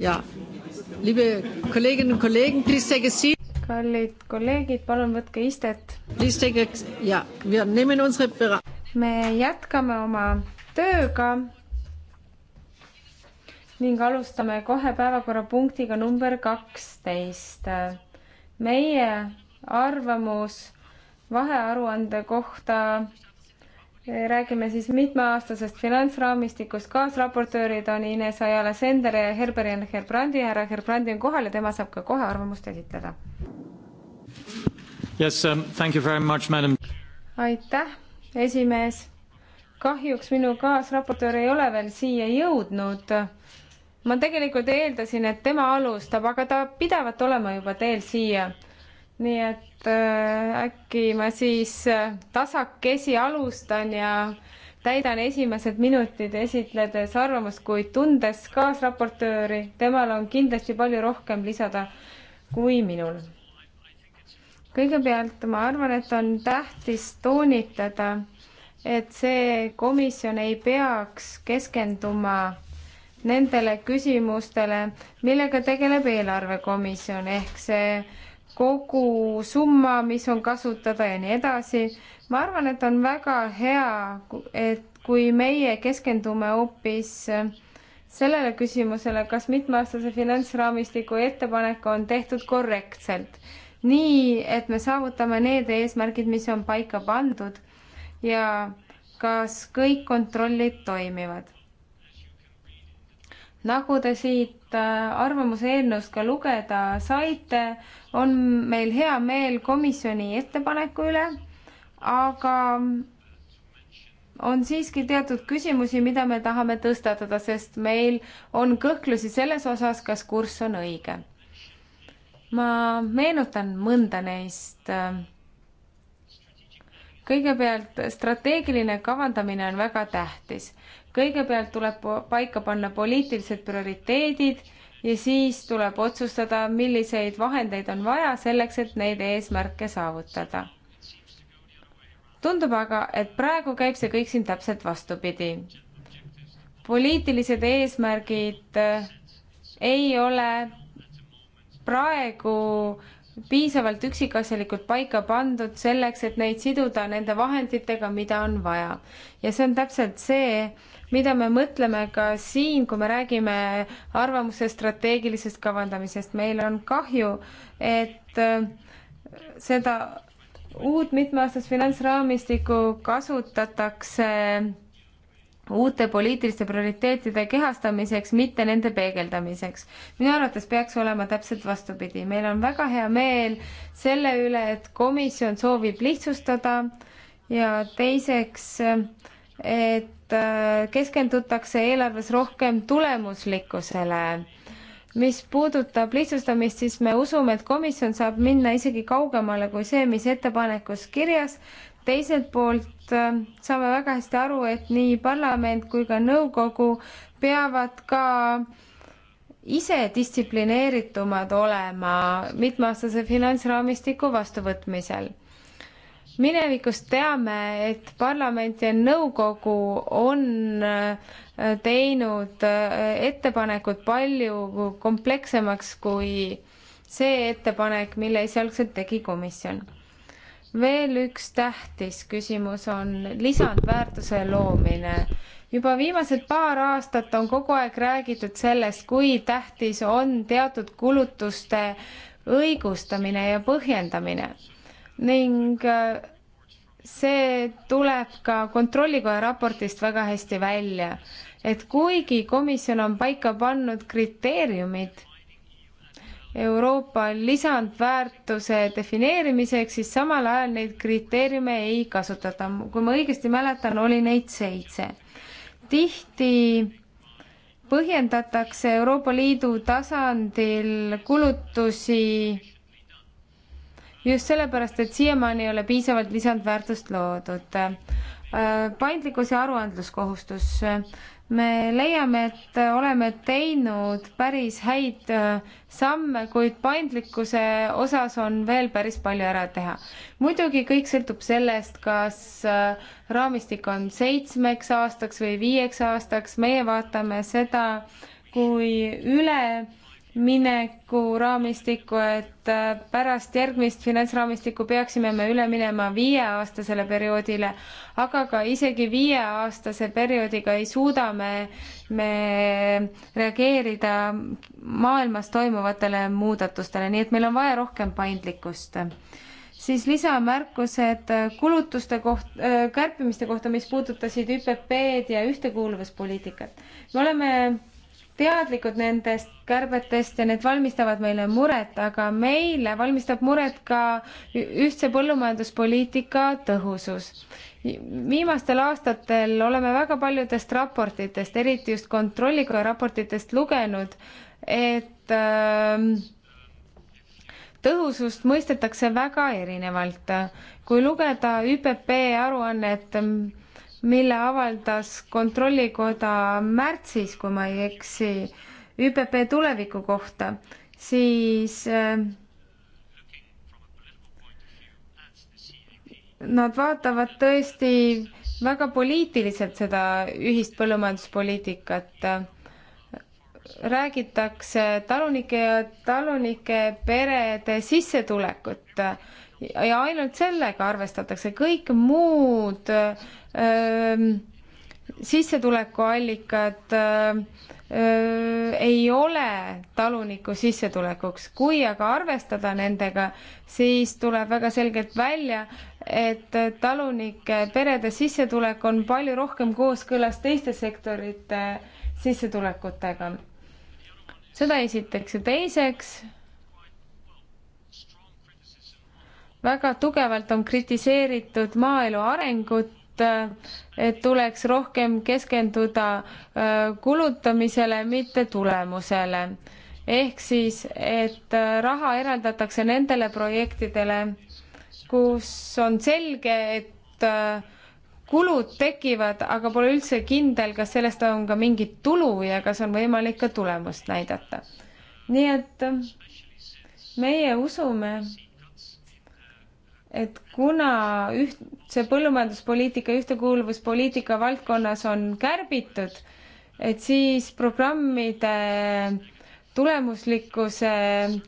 ja, liebe kolleegid ja kolleegid, please take a seat. kallid kolleegid, palun võtke istet. Please take a, ja, me nehmen unsere. me jätkame oma tööga ning alustame kohe päevakorrapunktiga number kaksteist. meie arvamus vahearuande kohta räägime siis mitmeaastasest finantsraamistikust, kaasraportöörid on Ines Ajala Sender ja Herberian Herbrandi, härra Herbrandi on kohal ja tema saab ka kohe arvamust esitleda. Yes um,, thank you very much, madam. aitäh, esimees. kahjuks minu kaasraportöör ei ole veel siia jõudnud. ma tegelikult eeldasin, et tema alustab, aga ta pidavat olema juba teel siia nii et äh, äkki ma siis äh, tasakesi alustan ja täidan esimesed minutid esitledes arvamust, kuid tundes kaasraportööri, temal on kindlasti palju rohkem lisada kui minul. kõigepealt ma arvan, et on tähtis toonitada, et see komisjon ei peaks keskenduma nendele küsimustele, millega tegeleb eelarvekomisjon ehk see kogu summa, mis on kasutada ja nii edasi. ma arvan, et on väga hea, et kui meie keskendume hoopis sellele küsimusele, kas mitmeaastase finantsraamistiku ettepanek on tehtud korrektselt, nii et me saavutame need eesmärgid, mis on paika pandud ja kas kõik kontrollid toimivad. nagu te siit sellest äh, arvamuse eelnõust ka lugeda saite, on meil hea meel komisjoni ettepaneku üle, aga on siiski teatud küsimusi, mida me tahame tõstatada, sest meil on kõhklusi selles osas, kas kurss on õige. ma meenutan mõnda neist. kõigepealt strateegiline kavandamine on väga tähtis kõigepealt tuleb paika panna poliitilised prioriteedid ja siis tuleb otsustada, milliseid vahendeid on vaja selleks, et neid eesmärke saavutada. tundub aga, et praegu käib see kõik siin täpselt vastupidi. poliitilised eesmärgid äh, ei ole praegu piisavalt üksikasjalikult paika pandud selleks, et neid siduda nende vahenditega, mida on vaja. ja see on täpselt see, mida me mõtleme ka siin, kui me räägime arvamuse strateegilisest kavandamisest. meil on kahju, et äh, seda uut mitmeaastast finantsraamistikku kasutatakse uute poliitiliste prioriteetide kehastamiseks, mitte nende peegeldamiseks. minu arvates peaks olema täpselt vastupidi, meil on väga hea meel selle üle, et komisjon soovib lihtsustada ja teiseks, et Äh, keskendutakse eelarves rohkem tulemuslikkusele. mis puudutab lihtsustamist, siis me usume, et komisjon saab minna isegi kaugemale kui see, mis ettepanekus kirjas. teiselt poolt äh, saame väga hästi aru, et nii parlament kui ka nõukogu peavad ka ise distsiplineeritumad olema mitmeaastase finantsraamistiku vastuvõtmisel minevikust teame, et parlament ja nõukogu on äh, teinud äh, ettepanekud palju komplekssemaks kui see ettepanek, mille esialgselt tegi komisjon. veel üks tähtis küsimus on lisandväärtuse loomine juba viimased paar aastat on kogu aeg räägitud sellest, kui tähtis on teatud kulutuste õigustamine ja põhjendamine ning äh, see tuleb ka kontrollikoja raportist väga hästi välja, et kuigi komisjon on paika pannud kriteeriumid Euroopa lisandväärtuse defineerimiseks, siis samal ajal neid kriteeriume ei kasutata. kui ma õigesti mäletan, oli neid seitse. tihti põhjendatakse Euroopa Liidu tasandil kulutusi just sellepärast, et siiamaani ei ole piisavalt lisandväärtust loodud. Äh, paindlikkus ja aruandluskohustus. me leiame, et oleme teinud päris häid äh, samme, kuid paindlikkuse osas on veel päris palju ära teha. muidugi kõik sõltub sellest, kas äh, raamistik on seitsmeks aastaks või viieks aastaks, meie vaatame seda kui üle mineku raamistikku, et äh, pärast järgmist finantsraamistikku peaksime me üle minema viieaastasele perioodile, aga ka isegi viieaastase perioodiga ei suuda me, me reageerida maailmas toimuvatele muudatustele, nii et meil on vaja rohkem paindlikkust siis lisamärkused kulutuste koht- äh,, kärpimiste kohta, mis puudutasid ÜPP-d ja ühtekuuluvuspoliitikat. me oleme teadlikud nendest kärbetest ja need valmistavad meile muret, aga meile valmistab muret ka ühtse põllumajanduspoliitika tõhusus. viimastel aastatel oleme väga paljudest raportitest, eriti just kontrollikoja raportitest lugenud, et äh, tõhusust mõistetakse väga erinevalt. kui lugeda ÜPP aruannet, mille avaldas Kontrollikoda märtsis, kui ma ei eksi, ÜPP tuleviku kohta, siis äh, nad vaatavad tõesti väga poliitiliselt seda ühist põllumajanduspoliitikat. räägitakse talunike ja talunike perede sissetulekut ja ainult sellega arvestatakse, kõik muud äh, sissetulekuallikad ei ole taluniku sissetulekuks. kui aga arvestada nendega, siis tuleb väga selgelt välja, et talunike perede sissetulek on palju rohkem kooskõlas teiste sektorite sissetulekutega. seda esiteks ja teiseks väga tugevalt on kritiseeritud maaelu arengut et tuleks rohkem keskenduda äh, kulutamisele, mitte tulemusele. ehk siis, et äh, raha eraldatakse nendele projektidele, kus on selge, et äh, kulud tekivad, aga pole üldse kindel, kas sellest on ka mingit tulu ja kas on võimalik ka tulemust näidata. nii et meie usume, et kuna üht, see põllumajanduspoliitika, ühtekuuluvuspoliitika valdkonnas on kärbitud, et siis programmide tulemuslikkuse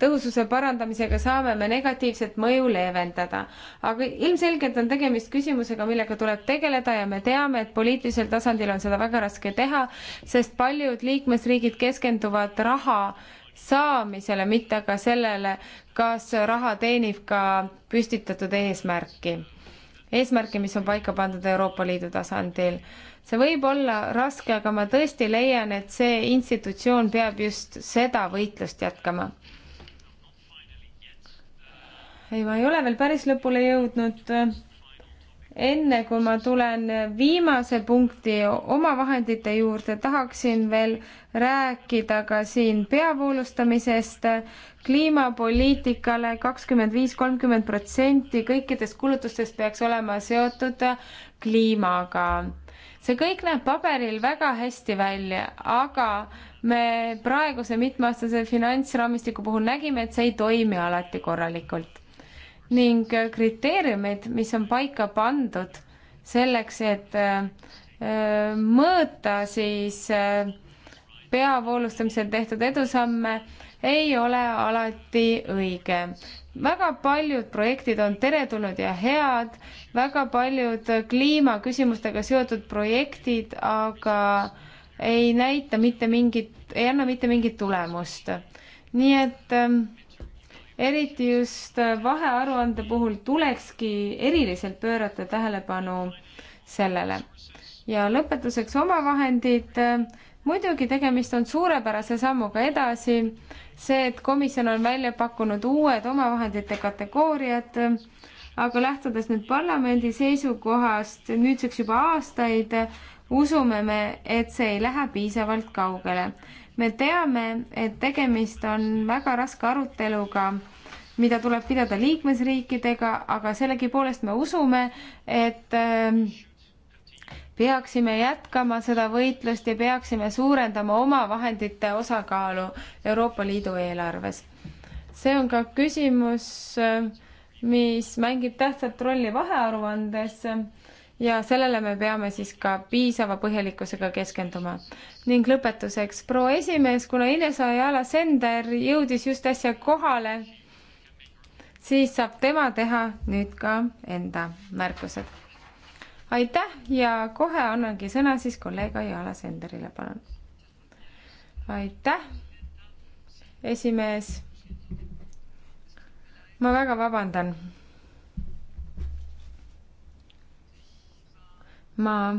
tõhususe parandamisega saame me negatiivset mõju leevendada. aga ilmselgelt on tegemist küsimusega, millega tuleb tegeleda ja me teame, et poliitilisel tasandil on seda väga raske teha, sest paljud liikmesriigid keskenduvad raha saamisele, mitte aga sellele, kas raha teenib ka püstitatud eesmärki. eesmärki, mis on paika pandud Euroopa Liidu tasandil. see võib olla raske, aga ma tõesti leian, et see institutsioon peab just seda võitlust jätkama. ei, ma ei ole veel päris lõpule jõudnud enne kui ma tulen viimase punkti omavahendite juurde, tahaksin veel rääkida ka siin peavoolustamisest, kliimapoliitikale kakskümmend viis, kolmkümmend protsenti kõikidest kulutustest peaks olema seotud kliimaga. see kõik näeb paberil väga hästi välja, aga me praeguse mitmeaastase finantsraamistiku puhul nägime, et see ei toimi alati korralikult ning kriteeriumid, mis on paika pandud selleks, et äh, mõõta siis äh, peavoolustamisel tehtud edusamme, ei ole alati õige. väga paljud projektid on teretulnud ja head, väga paljud kliimaküsimustega seotud projektid aga ei näita mitte mingit, ei anna mitte mingit tulemust. nii et äh, eriti just äh, vahearuande puhul tulekski eriliselt pöörata tähelepanu sellele. ja lõpetuseks omavahendid. muidugi tegemist on suurepärase sammuga edasi. see, et komisjon on välja pakkunud uued omavahendite kategooriad, aga lähtudes nüüd parlamendi seisukohast nüüdseks juba aastaid, usume me, et see ei lähe piisavalt kaugele me teame, et tegemist on väga raske aruteluga, mida tuleb pidada liikmesriikidega, aga sellegipoolest me usume, et ähm, peaksime jätkama seda võitlust ja peaksime suurendama omavahendite osakaalu Euroopa Liidu eelarves. see on ka küsimus, äh, mis mängib tähtsat rolli vahearuandes ja sellele me peame siis ka piisava põhjalikkusega keskenduma. ning lõpetuseks, proua esimees, kuna Ines Ajala Sender jõudis just äsja kohale, siis saab tema teha nüüd ka enda märkused. aitäh ja kohe annangi sõna siis kolleeg Ajala Senderile, palun. aitäh, esimees. ma väga vabandan ma,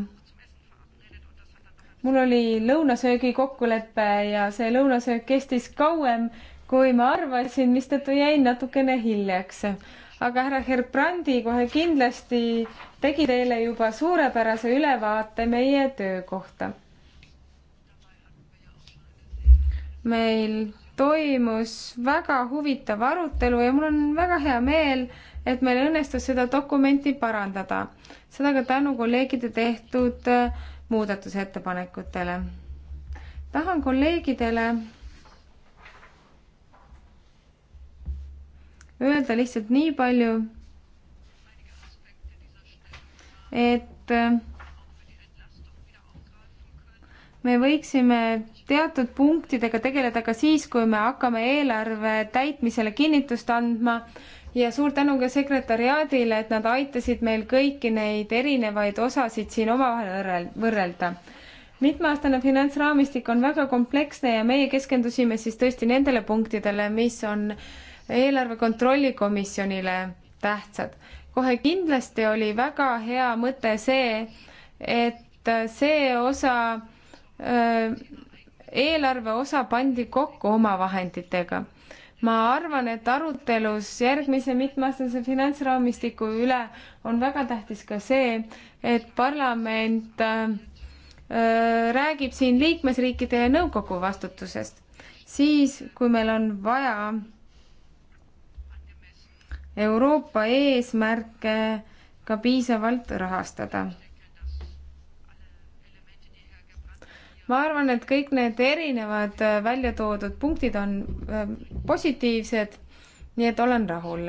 mul oli lõunasöögi kokkulepe ja see lõunasöök kestis kauem, kui ma arvasin, mistõttu jäin natukene hiljaks. aga härra Herbrandi kohe kindlasti tegi teile juba suurepärase ülevaate meie töö kohta. meil toimus väga huvitav arutelu ja mul on väga hea meel, et meil õnnestus seda dokumenti parandada. seda ka tänu kolleegide tehtud äh, muudatusettepanekutele. tahan kolleegidele öelda lihtsalt nii palju, et äh, me võiksime teatud punktidega tegeleda ka siis, kui me hakkame eelarve täitmisele kinnitust andma ja suur tänu ka sekretäriaadile, et nad aitasid meil kõiki neid erinevaid osasid siin omavahel võrrelda. mitmeaastane finantsraamistik on väga kompleksne ja meie keskendusime siis tõesti nendele punktidele, mis on eelarve kontrolli komisjonile tähtsad. kohe kindlasti oli väga hea mõte see, et see osa öö, eelarve osa pandi kokku omavahenditega ma arvan, et arutelus järgmise mitmeaastase finantsraamistiku üle on väga tähtis ka see, et parlament äh, räägib siin liikmesriikide ja nõukogu vastutusest. siis, kui meil on vaja Euroopa eesmärke ka piisavalt rahastada ma arvan, et kõik need erinevad äh, välja toodud punktid on äh, positiivsed, nii et olen rahul.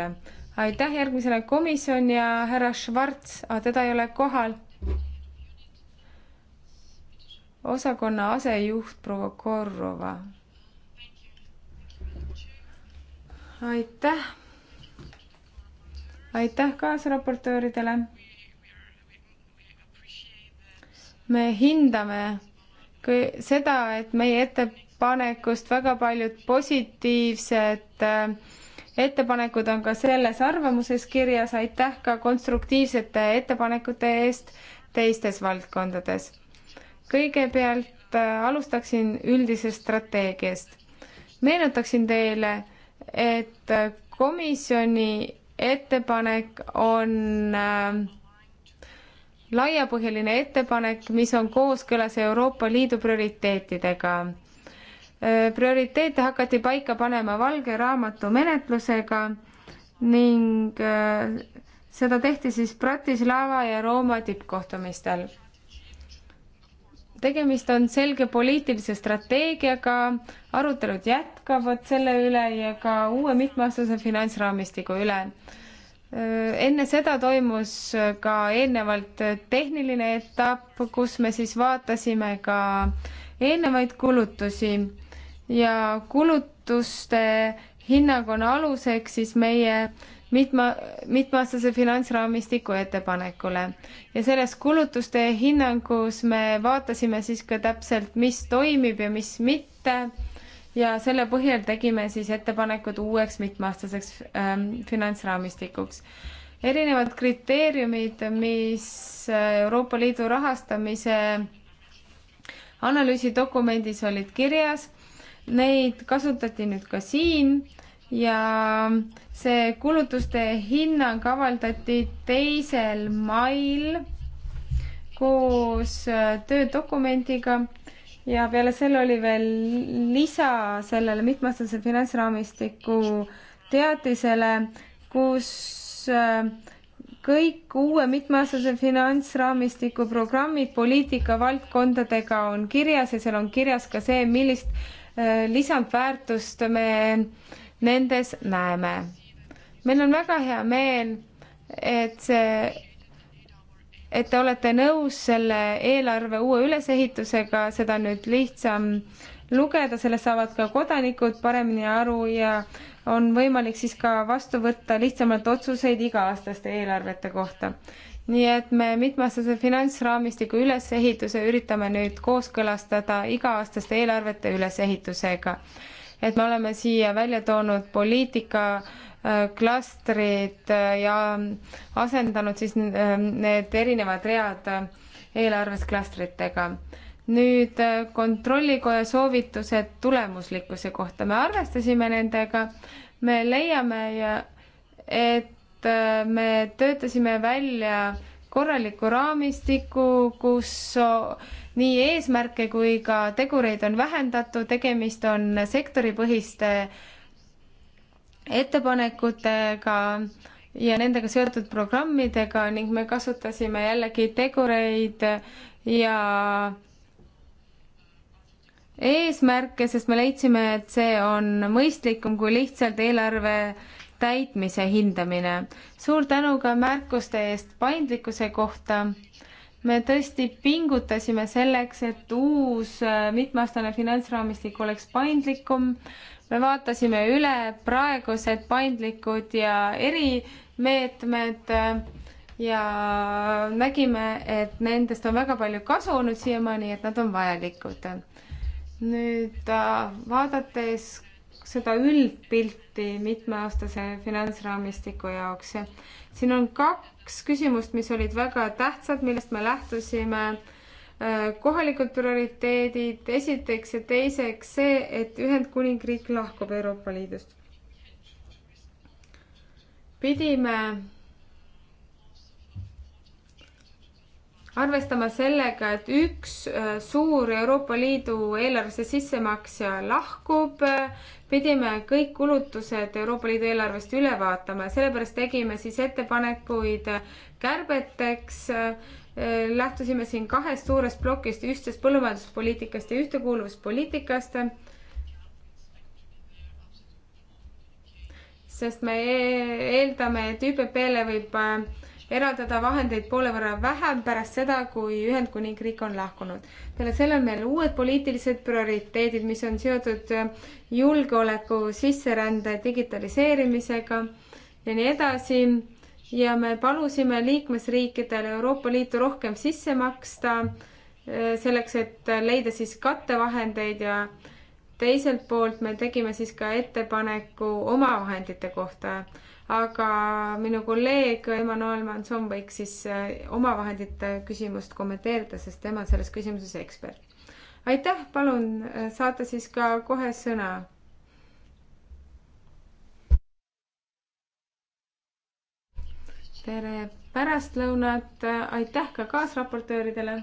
aitäh järgmisele komisjon ja härra Schwarz, ah, teda ei ole kohal. osakonna asejuht proua Korrova. aitäh. aitäh kaasraportööridele. me hindame kui seda, et meie ettepanekust väga paljud positiivsed äh, ettepanekud on ka selles arvamuses kirjas, aitäh ka konstruktiivsete ettepanekute eest teistes valdkondades. kõigepealt äh, alustaksin üldisest strateegiast. meenutaksin teile, et äh, komisjoni ettepanek on äh, laiapõhjaline ettepanek, mis on kooskõlas Euroopa Liidu prioriteetidega. Äh, prioriteete hakati paika panema valge raamatu menetlusega ning äh, seda tehti siis Bratislava ja Rooma tippkohtumistel. tegemist on selge poliitilise strateegiaga, arutelud jätkavad selle üle ja ka uue mitmeaastase finantsraamistiku üle enne seda toimus ka eelnevalt tehniline etapp, kus me siis vaatasime ka eelnevaid kulutusi ja kulutuste hinnakonna aluseks siis meie mitme, mitmeaastase finantsraamistiku ettepanekule. ja selles kulutuste hinnangus me vaatasime siis ka täpselt, mis toimib ja mis mitte ja selle põhjal tegime siis ettepanekud uueks mitmeaastaseks ähm, finantsraamistikuks. erinevad kriteeriumid, mis äh, Euroopa Liidu rahastamise analüüsidokumendis olid kirjas, neid kasutati nüüd ka siin ja see kulutuste hinnang avaldati teisel mail koos äh, töödokumendiga ja peale selle oli veel lisa sellele mitmeaastase finantsraamistiku teatisele, kus äh, kõik uue mitmeaastase finantsraamistiku programmid poliitikavaldkondadega on kirjas ja seal on kirjas ka see, millist äh, lisandväärtust me nendes näeme. meil on väga hea meel, et see et te olete nõus selle eelarve uue ülesehitusega, seda nüüd lihtsam lugeda, sellest saavad ka kodanikud paremini aru ja on võimalik siis ka vastu võtta lihtsamalt otsuseid iga-aastaste eelarvete kohta. nii et me mitmeaastase finantsraamistiku ülesehituse üritame nüüd kooskõlastada iga-aastaste eelarvete ülesehitusega. et me oleme siia välja toonud poliitika äh, Äh, klastrid äh, ja asendanud siis äh, need erinevad read eelarves klastritega. nüüd Kontrollikoja soovitused tulemuslikkuse kohta, me arvestasime nendega, me leiame ja et me töötasime välja korraliku raamistiku, kus nii eesmärke kui ka tegureid on vähendatud, tegemist on sektoripõhiste ettepanekutega ja nendega seotud programmidega ning me kasutasime jällegi tegureid ja eesmärke, sest me leidsime, et see on mõistlikum kui lihtsalt eelarve täitmise hindamine. suur tänu ka märkuste eest paindlikkuse kohta. me tõesti pingutasime selleks, et uus äh, mitmeaastane finantsraamistik oleks paindlikum me vaatasime üle praegused paindlikud ja erimeetmed äh, ja nägime, et nendest on väga palju kasu olnud siiamaani, et nad on vajalikud. nüüd äh, vaadates seda üldpilti mitmeaastase finantsraamistiku jaoks, siin on kaks küsimust, mis olid väga tähtsad, millest me lähtusime Äh, kohalikud prioriteedid esiteks ja teiseks see, et Ühendkuningriik lahkub Euroopa Liidust. pidime arvestama sellega, et üks äh, suur Euroopa Liidu eelarvesse sissemaksja lahkub, pidime kõik kulutused Euroopa Liidu eelarvest üle vaatama ja sellepärast tegime siis ettepanekuid kärbeteks lähtusime siin kahest suurest plokist, ühtsest põllumajanduspoliitikast ja ühtekuuluvuspoliitikast. sest me eeldame, et ÜPP-le võib äh, eraldada vahendeid poole võrra vähem pärast seda, kui Ühendkuningriik on lahkunud. peale selle on meil uued poliitilised prioriteedid, mis on seotud äh, julgeoleku, sisserände, digitaliseerimisega ja nii edasi ja me palusime liikmesriikidel Euroopa Liitu rohkem sisse maksta eh, selleks, et leida siis kattevahendeid ja teiselt poolt me tegime siis ka ettepaneku omavahendite kohta, aga minu kolleeg Emmanuel Manson võiks siis eh, omavahendite küsimust kommenteerida, sest tema selles küsimuses ekspert. aitäh, palun, eh, saate siis ka kohe sõna tere pärastlõunat, aitäh ka kaasraportööridele.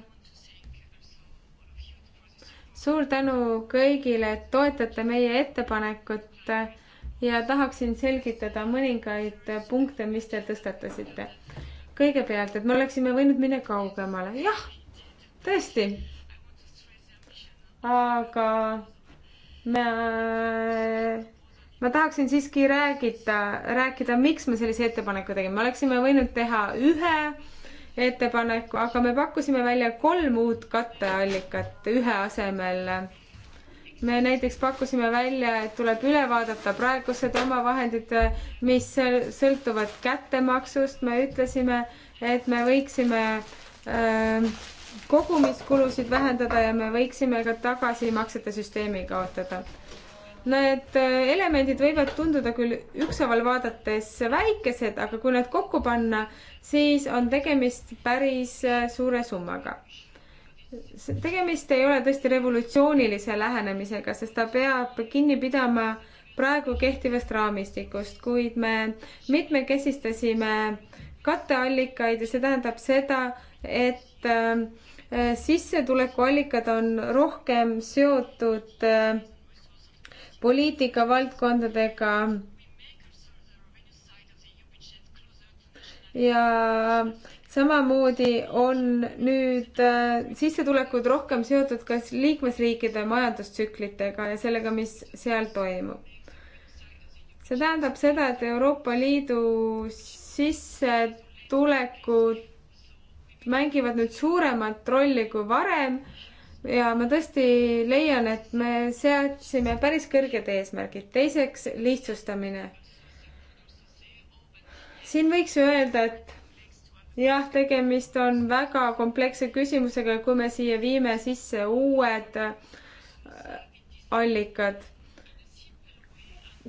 suur tänu kõigile, et toetate meie ettepanekut ja tahaksin selgitada mõningaid punkte, mis te tõstatasite. kõigepealt, et me oleksime võinud minna kaugemale, jah, tõesti. aga me ma tahaksin siiski räägida, rääkida, miks me sellise ettepaneku tegime, oleksime võinud teha ühe ettepaneku, aga me pakkusime välja kolm uut katteallikat ühe asemel. me näiteks pakkusime välja, et tuleb üle vaadata praegused omavahendid, mis sõltuvad kättemaksust, me ütlesime, et me võiksime äh, kogumiskulusid vähendada ja me võiksime ka tagasimaksete süsteemi kaotada Need äh, elemendid võivad tunduda küll ükshaaval vaadates väikesed, aga kui need kokku panna, siis on tegemist päris äh, suure summaga. tegemist ei ole tõesti revolutsioonilise lähenemisega, sest ta peab kinni pidama praegu kehtivast raamistikust, kuid me mitmekesistasime katteallikaid ja see tähendab seda, et äh, sissetulekuallikad on rohkem seotud äh, poliitikavaldkondadega ja samamoodi on nüüd äh, sissetulekud rohkem seotud kas liikmesriikide majandustsüklitega ja sellega, mis seal toimub. see tähendab seda, et Euroopa Liidu sissetulekud mängivad nüüd suuremat rolli kui varem ja ma tõesti leian, et me seadsime päris kõrged eesmärgid. teiseks, lihtsustamine. siin võiks öelda, et jah, tegemist on väga kompleksse küsimusega, kui me siia viime sisse uued äh, allikad.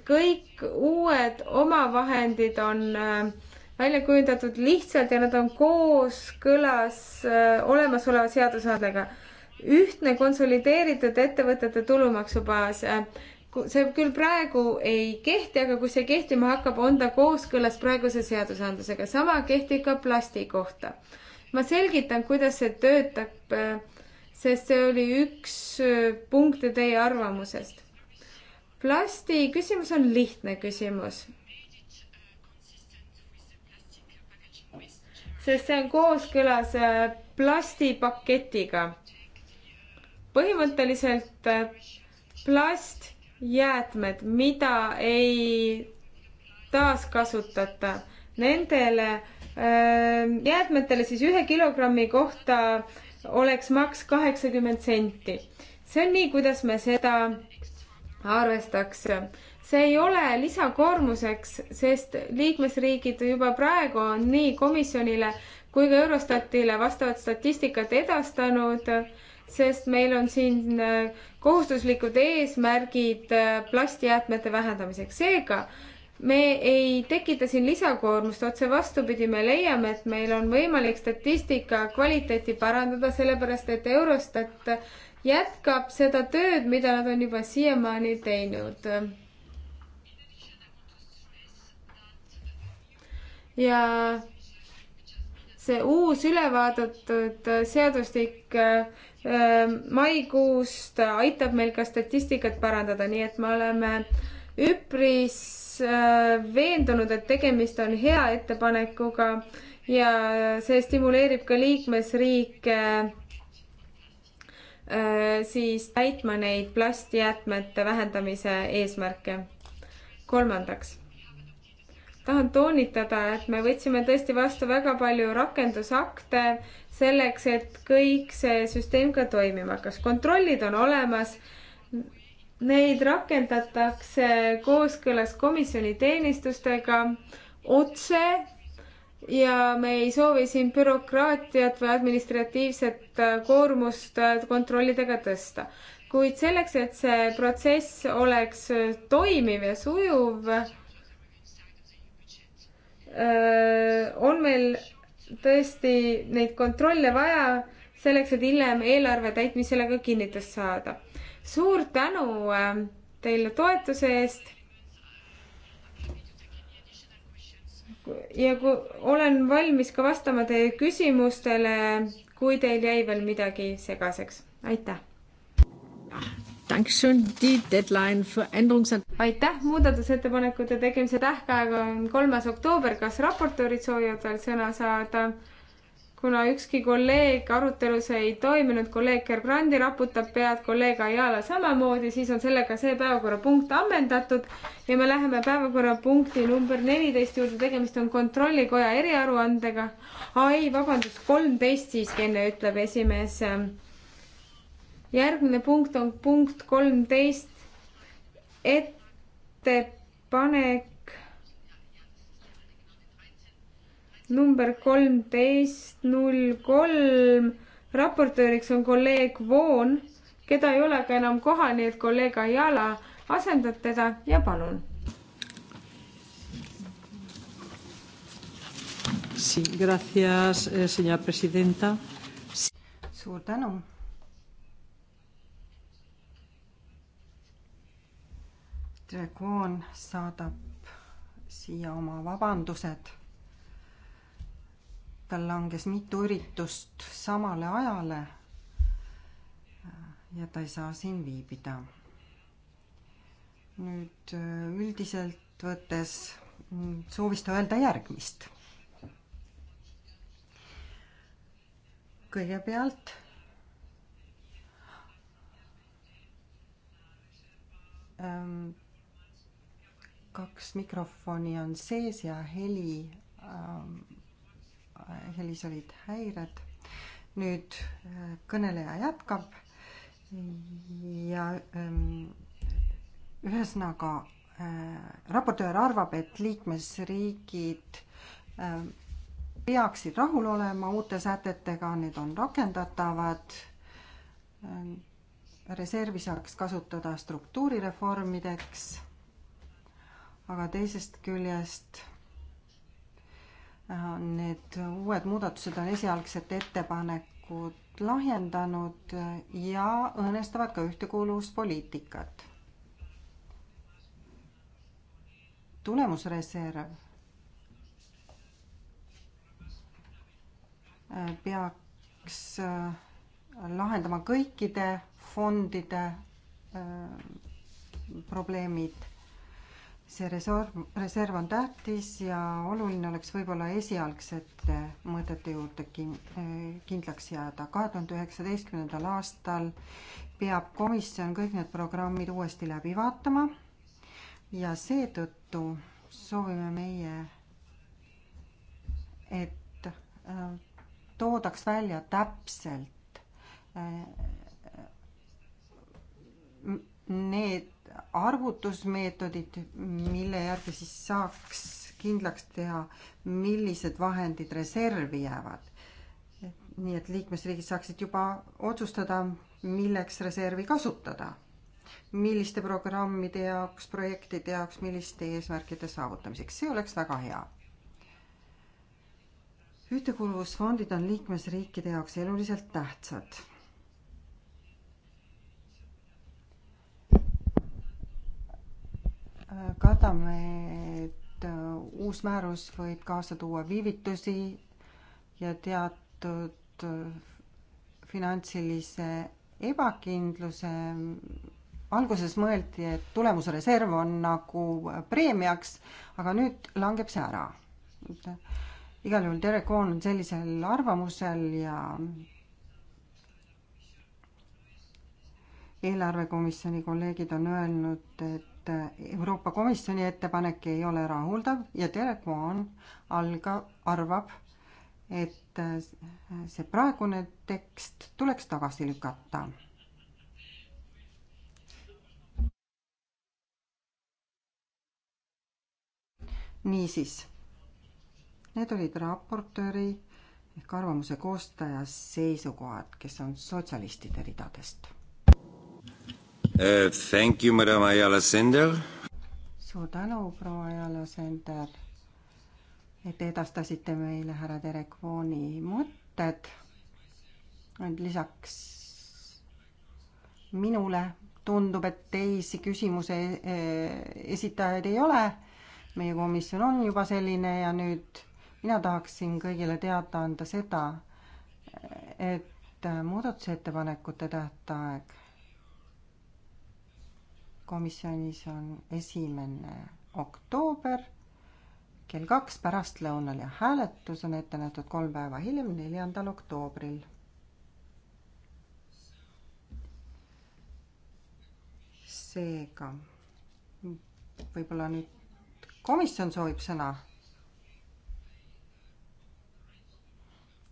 kõik uued omavahendid on äh, välja kujundatud lihtsalt ja nad on kooskõlas äh, olemasoleva seadusandega ühtne konsolideeritud ettevõtete tulumaksubaas. see küll praegu ei kehti, aga kui see kehtima hakkab, on ta kooskõlas praeguse seadusandlusega. sama kehtib ka plasti kohta. ma selgitan, kuidas see töötab, sest see oli üks punkte teie arvamusest. plasti küsimus on lihtne küsimus sest see on kooskõlas äh, plastipaketiga põhimõtteliselt äh, plastjäätmed, mida ei taaskasutata, nendele ähm, jäätmetele siis ühe kilogrammi kohta oleks maks kaheksakümmend senti. see on nii, kuidas me seda arvestaks. see ei ole lisakoormuseks, sest liikmesriigid juba praegu on nii komisjonile kui ka Eurostatile vastavat statistikat edastanud sest meil on siin äh, kohustuslikud eesmärgid äh, plastijäätmete vähendamiseks. seega me ei tekita siin lisakoormust, otse vastupidi, me leiame, et meil on võimalik statistika kvaliteeti parandada, sellepärast et Eurostat jätkab seda tööd, mida nad on juba siiamaani teinud. ja see uus ülevaadatud äh, seadustik maikuust aitab meil ka statistikat parandada, nii et me oleme üpris veendunud, et tegemist on hea ettepanekuga ja see stimuleerib ka liikmesriike siis täitma neid plastjäätmete vähendamise eesmärke. kolmandaks, tahan toonitada, et me võtsime tõesti vastu väga palju rakendusakte selleks, et kõik see süsteem ka toimima hakkas. kontrollid on olemas. Neid rakendatakse kooskõlas komisjoni teenistustega otse ja me ei soovi siin bürokraatiat või administratiivset äh, koormust äh, kontrollidega tõsta. kuid selleks, et see protsess oleks äh, toimiv ja sujuv, on meil tõesti neid kontrolle vaja selleks, et hiljem eelarve täitmisele ka kinnitust saada. suur tänu äh, teile toetuse eest. ja kui olen valmis ka vastama teie küsimustele, kui teil jäi veel midagi segaseks. aitäh aitäh, muudatusettepanekute tegemise tähtaeg on kolmas oktoober, kas raportöörid soovivad veel sõna saada? kuna ükski kolleeg arutelus ei toiminud, kolleeg Gerbrandi raputab pead, kolleeg Ajala samamoodi, siis on sellega see päevakorrapunkt ammendatud ja me läheme päevakorrapunkti number neliteist juurde, tegemist on Kontrollikoja eriaruandega. ei, vabandust, kolmteist siiski enne ütleb esimees järgmine punkt on punkt kolmteist, ettepanek number kolmteist null kolm. raportööriks on kolleeg Voon, keda ei ole ka enam kohal, nii et kolleeg Ayala asendab teda ja palun Sí, gracias, eh, señora presidenta. Suur tänu, Tregoon saadab siia oma vabandused. tal langes mitu üritust samale ajale ja ta ei saa siin viibida. nüüd üldiselt võttes soovis ta öelda järgmist. kõigepealt ähm, kaks mikrofoni on sees ja heli ähm,, helis olid häired. nüüd äh, kõneleja jätkab ja ähm, ühesõnaga äh, raportöör arvab, et liikmesriigid äh, peaksid rahul olema uute sätetega, need on rakendatavad äh,. reservi saaks kasutada struktuurireformideks aga teisest küljest äh, need uued muudatused on esialgset ettepanekut lahjendanud ja õõnestavad ka ühtekuuluvuspoliitikat. tulemusreserv äh, peaks äh, lahendama kõikide fondide probleemid see reserv, reserv on tähtis ja oluline oleks võib-olla esialgsete mõõdete juurde kin-, kindlaks jääda. kahe tuhande üheksateistkümnendal aastal peab komisjon kõik need programmid uuesti läbi vaatama ja seetõttu soovime meie, et äh, toodaks välja täpselt äh, need arvutusmeetodid, mille järgi siis saaks kindlaks teha, millised vahendid reservi jäävad. nii et liikmesriigid saaksid juba otsustada, milleks reservi kasutada. milliste programmide jaoks, projektide jaoks, milliste eesmärkide saavutamiseks, see oleks väga hea. ühtekuuluvusfondid on liikmesriikide jaoks eluliselt tähtsad kardame, et äh, uus määrus võib kaasa tuua viivitusi ja teatud äh, finantsilise ebakindluse. alguses mõeldi, et tulemusreserv on nagu preemiaks, aga nüüd langeb see ära. Äh, igal juhul Derek Vaughan on sellisel arvamusel ja eelarvekomisjoni kolleegid on öelnud, et et äh, Euroopa Komisjoni ettepanek ei ole rahuldav ja Derek Vaughan alga, arvab, et äh, see praegune tekst tuleks tagasi lükata. niisiis, need olid raportööri ehk arvamuse koostaja seisukohad, kes on sotsialistide ridadest uh,. Thank you, madam Ayala Sender. suur tänu, proua Ayala Sender, et edastasite meile härra Terek Vooni mõtted. lisaks minule tundub, et teisi küsimuse eh, esitajaid ei ole. meie komisjon on juba selline ja nüüd mina tahaksin kõigile teada anda seda, et eh, muudatusettepanekute tähtaeg komisjonis on esimene oktoober kell kaks pärastlõunal ja hääletus on ette nähtud kolm päeva hiljem, neljandal oktoobril. seega võib-olla nüüd komisjon soovib sõna.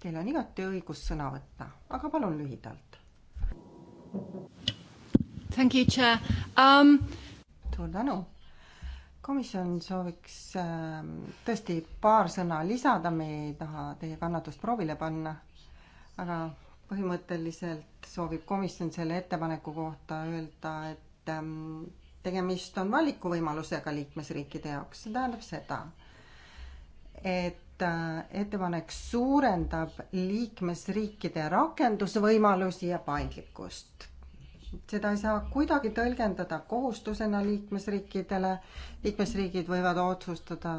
Teil on igati õigus sõna võtta, aga palun lühidalt. Thank you, Chair um.... suur tänu. komisjon sooviks äh, tõesti paar sõna lisada, me ei taha teie kannatust proovile panna, aga põhimõtteliselt soovib komisjon selle ettepaneku kohta öelda, et ähm, tegemist on valikuvõimalusega liikmesriikide jaoks, see tähendab seda, et äh, ettepanek suurendab liikmesriikide rakendusvõimalusi ja paindlikkust seda ei saa kuidagi tõlgendada kohustusena liikmesriikidele. liikmesriigid võivad otsustada,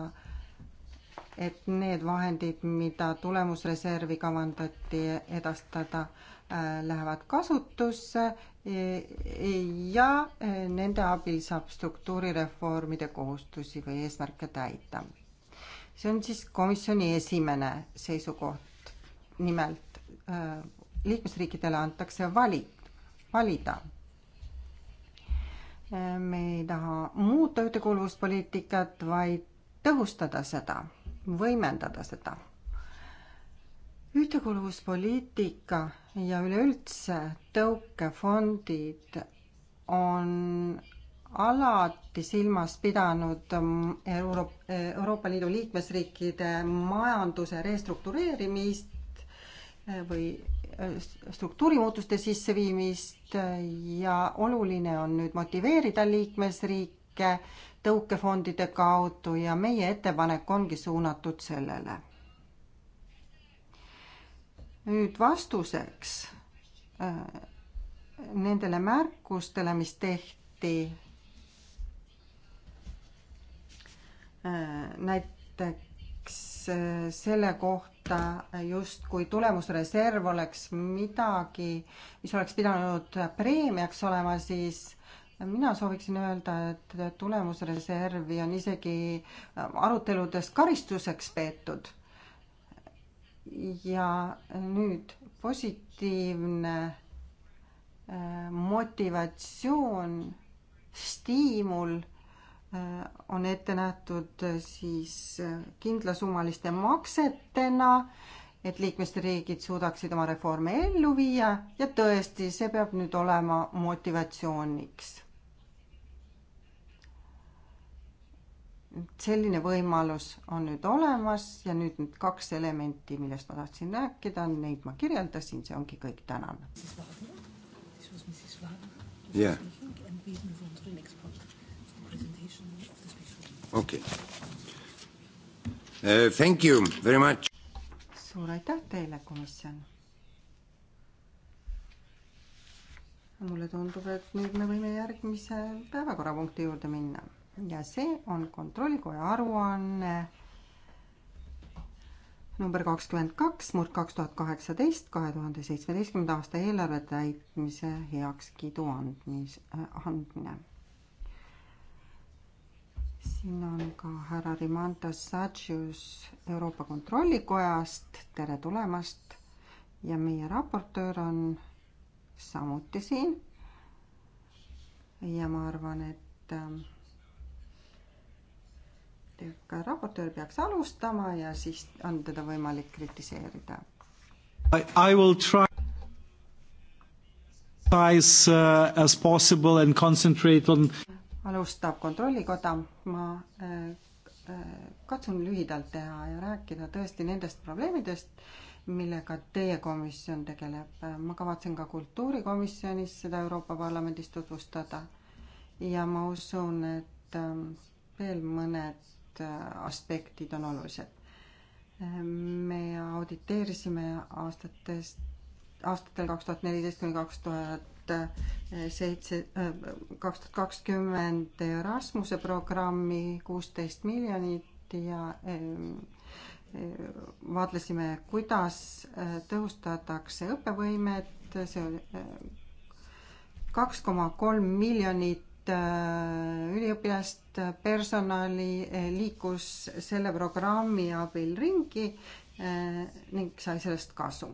et need vahendid, mida tulemusreservi kavandati edastada, äh, lähevad kasutusse e, e, ja e, nende abil saab struktuurireformide kohustusi või eesmärke täita. see on siis komisjoni esimene seisukoht. nimelt äh, liikmesriikidele antakse valik valida. me ei taha muuta ühtekuuluvuspoliitikat, vaid tõhustada seda, võimendada seda. ühtekuuluvuspoliitika ja üleüldse tõukefondid on alati silmas pidanud Euro Euroopa Liidu liikmesriikide majanduse restruktureerimist või struktuurimuutuste sisseviimist ja oluline on nüüd motiveerida liikmesriike tõukefondide kaudu ja meie ettepanek ongi suunatud sellele. nüüd vastuseks äh, nendele märkustele, mis tehti äh, näiteks äh, selle kohta, võtta, eh, justkui tulemusreserv oleks midagi, mis oleks pidanud preemiaks olema, siis mina sooviksin öelda, et tulemusreservi on isegi eh, aruteludes karistuseks peetud. ja nüüd positiivne eh, motivatsioon, stiimul Äh, on ette nähtud äh, siis äh, kindlasummaliste maksetena, et liikmesriigid suudaksid oma reforme ellu viia ja tõesti, see peab nüüd olema motivatsiooniks. selline võimalus on nüüd olemas ja nüüd need kaks elementi, millest ma tahtsin rääkida, neid ma kirjeldasin, see ongi kõik, tänan. jah yeah okei okay. uh,. Thank you very much. suur aitäh teile, komisjon. mulle tundub, et nüüd me võime järgmise päevakorrapunkti juurde minna ja see on kontrollikoja aruanne number kakskümmend kaks, murd kaks tuhat kaheksateist, kahe tuhande seitsmeteistkümnenda aasta eelarve täitmise heakskiidu andmis, eh, andmine siin on ka härra Rimantas Satsius Euroopa Kontrollikojast, tere tulemast. ja meie raportöör on samuti siin. ja ma arvan, et ähm, ka raportöör peaks alustama ja siis on teda võimalik kritiseerida. I will try äh, as possible and concentrate on alustab Kontrollikoda, ma äh, äh, katsun lühidalt teha ja rääkida tõesti nendest probleemidest, millega teie komisjon tegeleb. ma kavatsen ka kultuurikomisjonis seda Euroopa Parlamendis tutvustada ja ma usun, et ähm, veel mõned äh, aspektid on olulised. me auditeerisime aastatest, aastatel kaks tuhat neliteist kuni kaks tuhat tuhat eh, seitse, eh, kaks tuhat kakskümmend Erasmuse programmi kuusteist miljonit ja eh, vaatlesime, kuidas tõhustatakse õppevõimet, see oli kaks koma kolm miljonit üliõpilast, personali liikus selle programmi abil ringi ning sai sellest kasu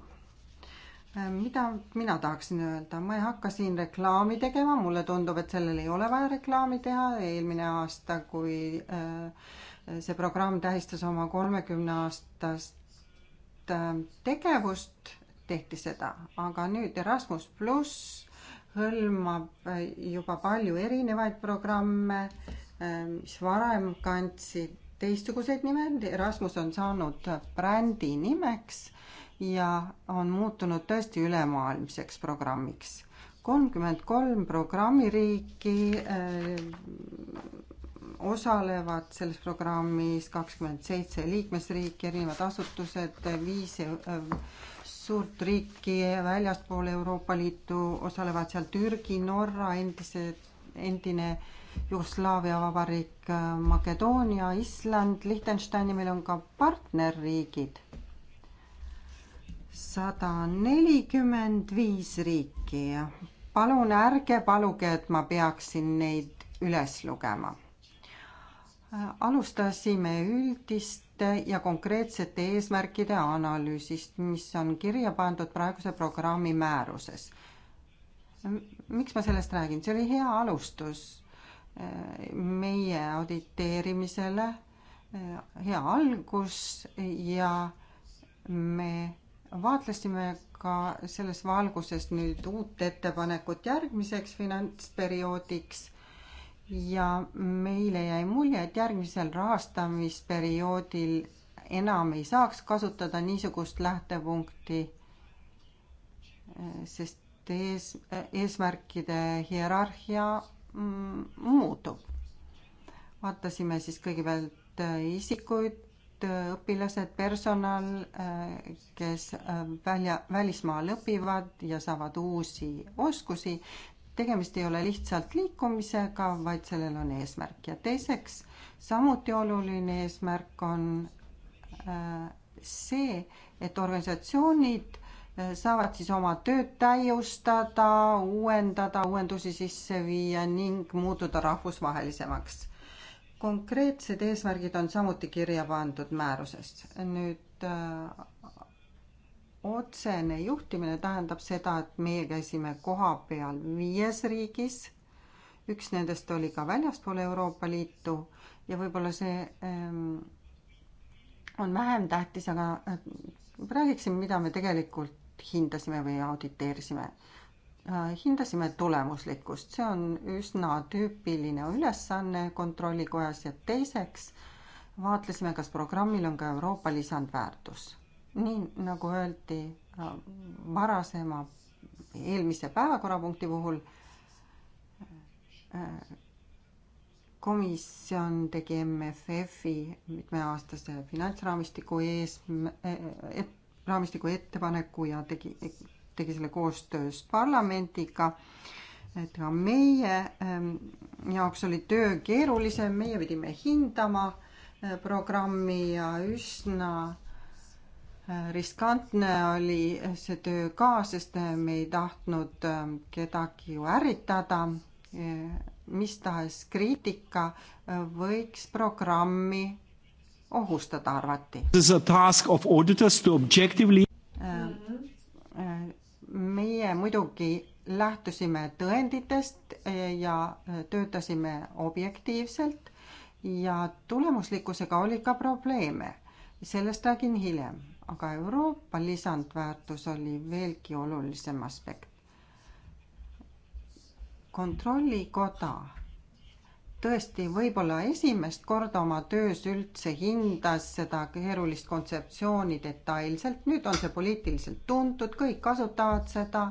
Äh, mida mina tahaksin öelda, ma ei hakka siin reklaami tegema, mulle tundub, et sellel ei ole vaja reklaami teha, eelmine aasta, kui äh, see programm tähistas oma kolmekümne aastast äh, tegevust, tehti seda, aga nüüd Erasmus pluss hõlmab juba palju erinevaid programme, mis varem kandsid teistsuguseid nimed, Erasmus on saanud brändi nimeks ja on muutunud tõesti ülemaailmseks programmiks. kolmkümmend kolm programmiriiki eh, osalevad selles programmis, kakskümmend seitse liikmesriiki, erinevad asutused, viis eh, suurt riiki väljaspool Euroopa Liitu osalevad seal Türgi, Norra, endised, endine Jugoslaavia vabariik, eh, Makedoonia, Island, Liechtenstein ja meil on ka partnerriigid sada nelikümmend viis riiki. palun ärge paluge, et ma peaksin neid üles lugema. alustasime üldiste ja konkreetsete eesmärkide analüüsist, mis on kirja pandud praeguse programmi määruses miks ma sellest räägin, see oli hea alustus eh, meie auditeerimisele, eh, hea algus ja me vaatlesime ka selles valguses nüüd uut ettepanekut järgmiseks finantsperioodiks ja meile jäi mulje, et järgmisel rahastamisperioodil enam ei saaks kasutada niisugust lähtepunkti, sest ees, eesmärkide hierarhia mm, muutub. vaatasime siis kõigepealt isikuid, need äh, õpilased, personal, äh, kes äh, välja, välismaal õpivad ja saavad uusi oskusi. tegemist ei ole lihtsalt liikumisega, vaid sellel on eesmärk ja teiseks samuti oluline eesmärk on see, et organisatsioonid saavad siis oma tööd täiustada, uuendada, uuendusi sisse viia ning muutuda rahvusvahelisemaks konkreetsed eesmärgid on samuti kirja pandud määruses. nüüd öö, äh, otsene juhtimine tähendab seda, et meie käisime koha peal viies riigis, üks nendest oli ka väljaspool Euroopa Liitu ja võib-olla see öö, ähm, on vähem tähtis, aga äh, räägiksin, mida me tegelikult hindasime või auditeerisime. Äh, hindasime tulemuslikkust, see on üsna tüüpiline ülesanne kontrollikojas ja teiseks vaatlesime, kas programmil on ka Euroopa lisandväärtus. nii nagu öeldi äh, varasema, eelmise päevakorrapunkti puhul, äh, komisjon tegi MFF-i mitmeaastase finantsraamistiku ees et, e-, raamistiku ettepaneku ja tegi, tegi selle koostöös parlamendiga et ka meie ähm, jaoks oli töö keerulisem, meie pidime hindama äh, programmi ja üsna äh, riskantne oli see töö ka, sest äh, me ei tahtnud ähm, kedagi ju ärritada. mis tahes kriitika võiks programmi ohustada, arvati. This is a task of auditors to objectively meie muidugi lähtusime tõenditest eh, ja eh, töötasime objektiivselt ja tulemuslikkusega oli ka probleeme. sellest räägin hiljem, aga Euroopa lisandväärtus oli veelgi olulisem aspekt. kontrollikoda tõesti võib-olla esimest korda oma töös üldse hindas seda keerulist kontseptsiooni detailselt, nüüd on see poliitiliselt tuntud, kõik kasutavad seda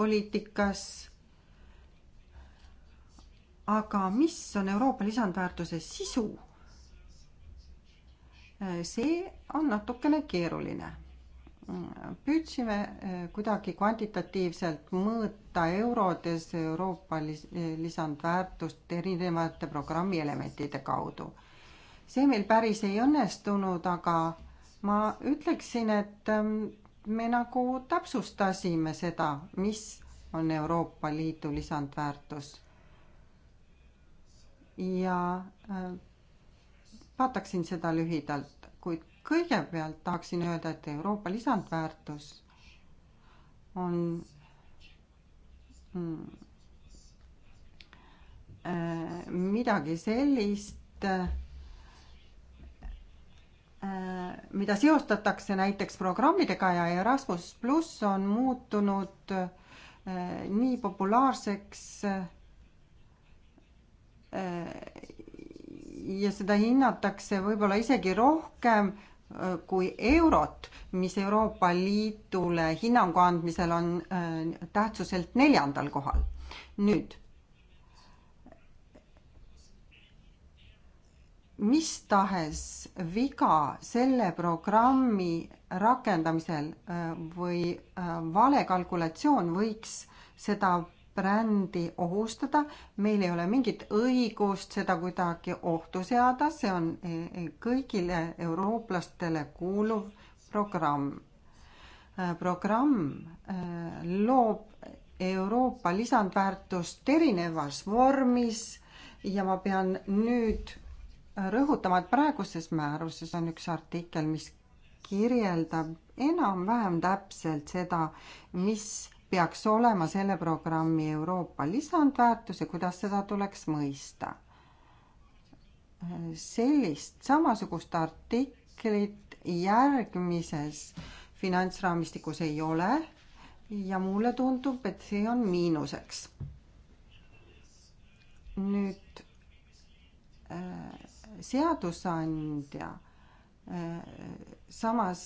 poliitikas. aga mis on Euroopa lisandväärtuse sisu? see on natukene keeruline püüdsime eh, kuidagi kvantitatiivselt mõõta eurodes Euroopa lisandväärtust erinevate programmi elementide kaudu. see meil päris ei õnnestunud, aga ma ütleksin, et mm, me nagu täpsustasime seda, mis on Euroopa Liidu lisandväärtus. ja eh, vaataksin seda lühidalt, kuid kõigepealt tahaksin öelda, et Euroopa lisandväärtus on mm, äh, midagi sellist, äh, mida seostatakse näiteks programmidega ja Erasmus pluss on muutunud äh, nii populaarseks ja seda hinnatakse võib-olla isegi rohkem kui eurot, mis Euroopa Liidule hinnangu andmisel on äh, tähtsuselt neljandal kohal. nüüd, mis tahes viga selle programmi rakendamisel äh, või äh, vale kalkulatsioon võiks seda brändi ohustada, meil ei ole mingit õigust seda kuidagi ohtu seada, see on e, e, kõigile eurooplastele kuuluv programm. E, programm loob Euroopa lisandväärtust erinevas vormis ja ma pean nüüd rõhutama, et praeguses määruses on üks artikkel, mis kirjeldab enam-vähem täpselt seda, mis peaks olema selle programmi Euroopa lisandväärtus ja kuidas seda tuleks mõista. sellist samasugust artiklit järgmises finantsraamistikus ei ole ja mulle tundub, et see on miinuseks. nüüd äh, seadusandja äh, samas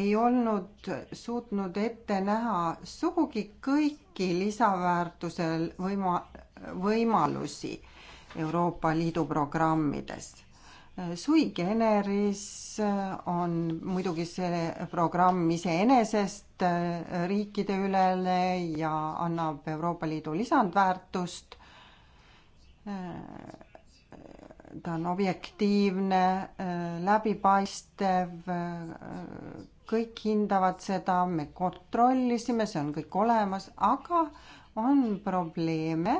ei olnud suutnud ette näha sugugi kõiki lisaväärtusel võima-, võimalusi Euroopa Liidu programmides. Sui generis on muidugi see programm iseenesest riikideülene ja annab Euroopa Liidu lisandväärtust ta on objektiivne, äh, läbipaistev, äh, kõik hindavad seda, me kontrollisime, see on kõik olemas, aga on probleeme,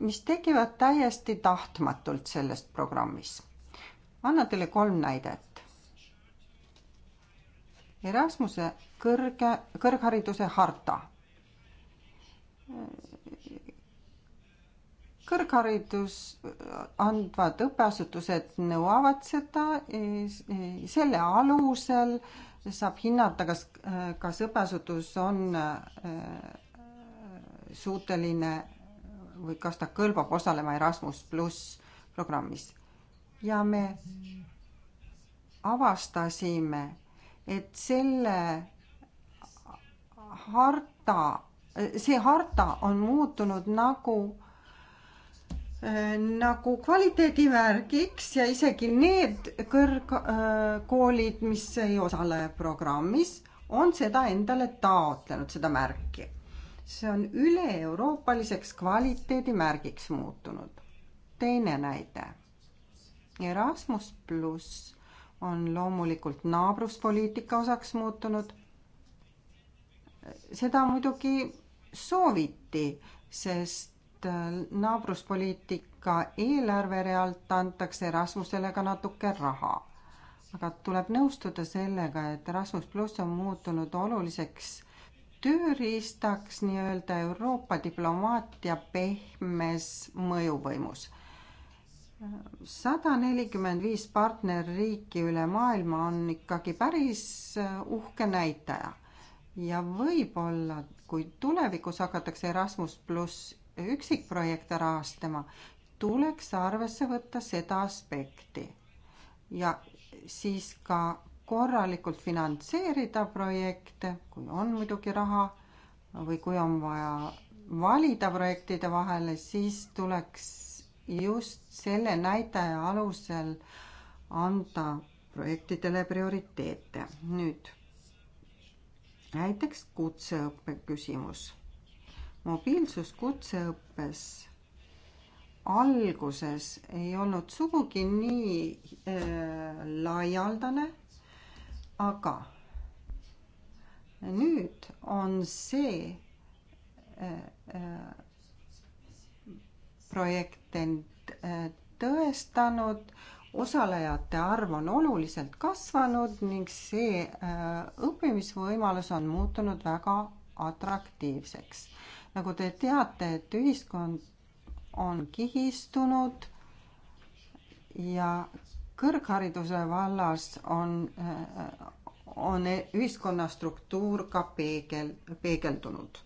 mis tekivad täiesti tahtmatult selles programmis. annan teile kolm näidet. Erasmuse kõrge, kõrghariduse harta kõrgharidus andvad õppeasutused nõuavad seda, selle alusel saab hinnata, kas, kas õppeasutus on äh, suuteline või kas ta kõlbab osalema Erasmus pluss programmis. ja me avastasime, et selle harta, see harta on muutunud nagu äh, nagu kvaliteedimärgiks ja isegi need kõrgkoolid, mis ei osale programmis, on seda endale taotlenud, seda märki. see on üle-euroopaliseks kvaliteedimärgiks muutunud. teine näide. Erasmus pluss on loomulikult naabruspoliitika osaks muutunud. seda muidugi sooviti, sest naabruspoliitika eelarverealt antakse Erasmusele ka natuke raha. aga tuleb nõustuda sellega, et Erasmus pluss on muutunud oluliseks tööriistaks nii-öelda Euroopa diplomaatia pehmes mõjuvõimus sada nelikümmend viis partnerriiki üle maailma on ikkagi päris äh, uhke näitaja. ja võib-olla, kui tulevikus hakatakse Erasmus pluss üksikprojekte rahastama, tuleks arvesse võtta seda aspekti ja siis ka korralikult finantseerida projekte, kui on muidugi raha või kui on vaja valida projektide vahele, siis tuleks just selle näitaja alusel anda projektidele prioriteete. nüüd näiteks kutseõppe küsimus mobiilsus kutseõppes alguses ei olnud sugugi nii äh, laialdane, aga nüüd on see äh, äh, projekt end äh, tõestanud, osalejate arv on oluliselt kasvanud ning see äh, õppimisvõimalus on muutunud väga atraktiivseks nagu te teate, et ühiskond on kihistunud ja kõrghariduse vallas on, on ühiskonna struktuur ka peegel, peegeldunud.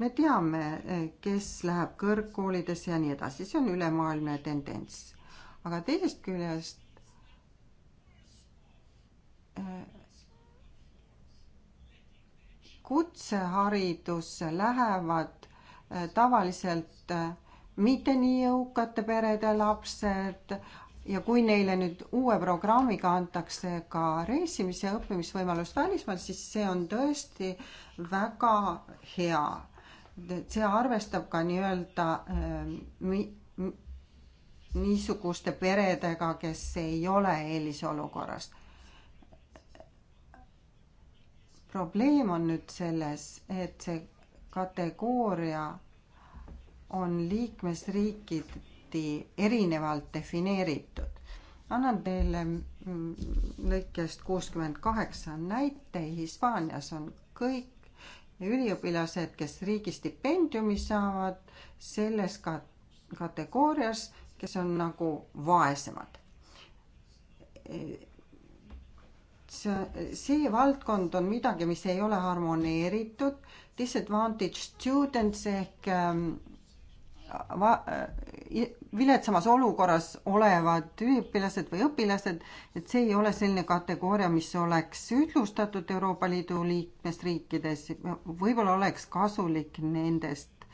me teame, kes läheb kõrgkoolidesse ja nii edasi, see on ülemaailmne tendents. aga teisest küljest kutseharidusse lähevad äh, tavaliselt äh, mitte nii jõukate perede lapsed ja kui neile nüüd uue programmiga antakse ka reisimise ja õppimisvõimalus välismaal, siis see on tõesti väga hea. see arvestab ka nii-öelda äh, niisuguste peredega, kes ei ole eelisolukorras. probleem on nüüd selles, et see kategooria on liikmesriikideti erinevalt defineeritud. annan teile lõikest kuuskümmend kaheksa näite, Hispaanias on kõik üliõpilased, kes riigi stipendiumi saavad, selles ka kategoorias, kes on nagu vaesemad Äh, see valdkond on midagi, mis ei ole harmoneeritud, disadvantage students ehk ähm, va-, äh, viletsamas olukorras olevad üliõpilased või õpilased, et see ei ole selline kategooria, mis oleks ühtlustatud Euroopa Liidu liikmesriikides, võib-olla oleks kasulik nendest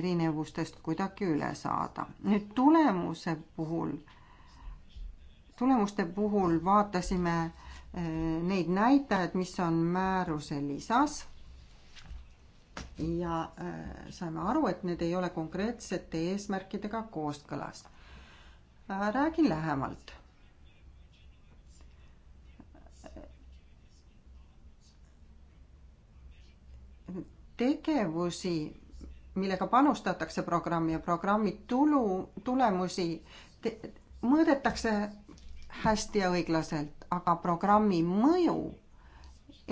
erinevustest kuidagi üle saada. nüüd tulemuse puhul, tulemuste puhul vaatasime äh, neid näitajaid, mis on määruse lisas. ja äh, saime aru, et need ei ole konkreetsete eesmärkidega kooskõlas. Äh, räägin lähemalt. tegevusi, millega panustatakse programmi ja programmi tulu, tulemusi te, mõõdetakse hästi ja õiglaselt aga programmi mõju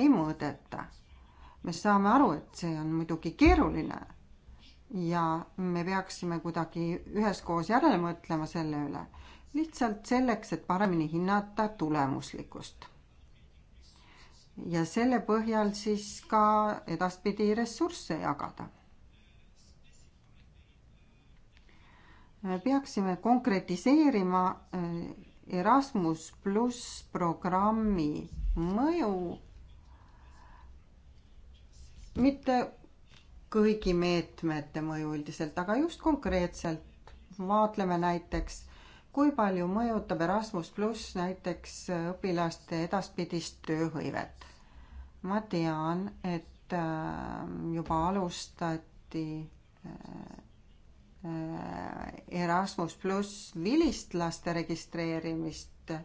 ei mõõdeta. me saame aru, et see on muidugi keeruline ja me peaksime kuidagi üheskoos järele mõtlema selle üle, lihtsalt selleks, et paremini hinnata tulemuslikkust. ja selle põhjal siis ka edaspidi ressursse jagada me peaksime konkretiseerima Erasmus pluss programmi mõju mitte kõigi meetmete mõju üldiselt, aga just konkreetselt vaatleme näiteks, kui palju mõjutab Erasmus pluss näiteks õpilaste edaspidist tööhõivet. ma tean, et äh, juba alustati äh, Äh, Erasmus pluss vilistlaste registreerimist äh,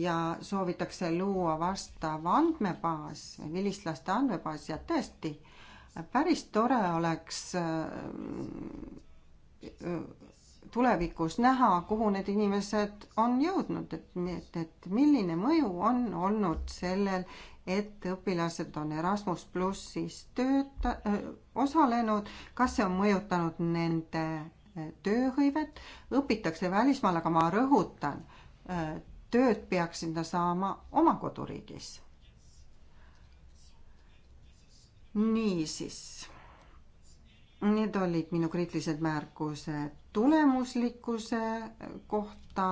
ja soovitakse luua vastav andmebaas, vilistlaste andmebaas ja tõesti, päris tore oleks äh, tulevikus näha, kuhu need inimesed on jõudnud, et, et milline mõju on olnud sellel et õpilased on Erasmus plussis tööta-, osalenud, kas see on mõjutanud nende tööhõivet, õpitakse välismaal, aga ma rõhutan, tööd peaksid nad saama oma koduriigis. niisiis, need olid minu kriitilised märkused tulemuslikkuse kohta,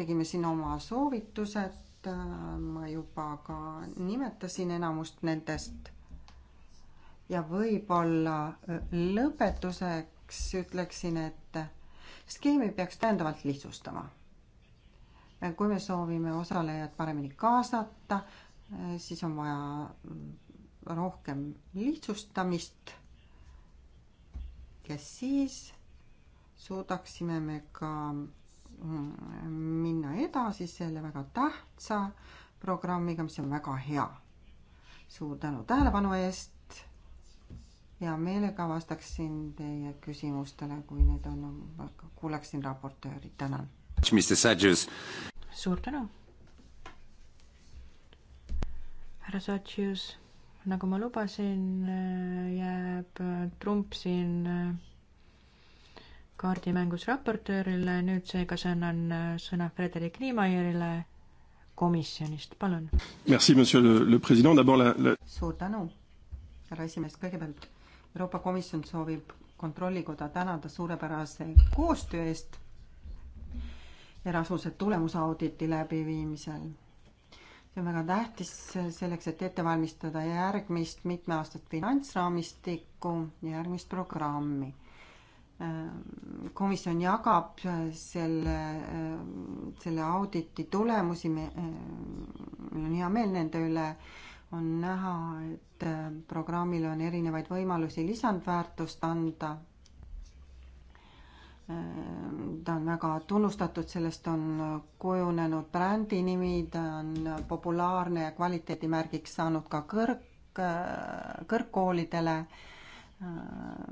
tegime siin oma soovitused Äh, ma juba ka nimetasin enamust nendest. ja võib-olla äh, lõpetuseks ütleksin, et äh, skeemi peaks täiendavalt lihtsustama. kui me soovime osalejad paremini kaasata, siis on vaja mm, rohkem lihtsustamist. ja siis suudaksime me ka minna edasi selle väga tähtsa programmiga, mis on väga hea. suur tänu tähelepanu eest. hea meelega vastaksin teie küsimustele, kui need on, kuulaksin raportööri, tänan. suur tänu. härra Sotšius, nagu ma lubasin, jääb Trump siin kaardimängus raportöörile, nüüd seega annan äh, sõna Frederik Niimaierile komisjonist, palun. Merci, monsieur le, le president, d'abord la, la.... suur tänu, härra esimees, kõigepealt Euroopa Komisjon soovib kontrollikoda tänada suurepärase koostöö eest Erasmuse tulemusauditi läbiviimisel. see on väga tähtis selleks, et ette valmistada järgmist mitmeaastast finantsraamistikku ja järgmist programmi komisjon jagab selle, selle auditi tulemusi, me, meil on hea meel nende üle, on näha, et programmil on erinevaid võimalusi lisandväärtust anda. ta on väga tunnustatud, sellest on kujunenud brändi nimi, ta on populaarne ja kvaliteedimärgiks saanud ka kõrg, kõrgkoolidele Äh,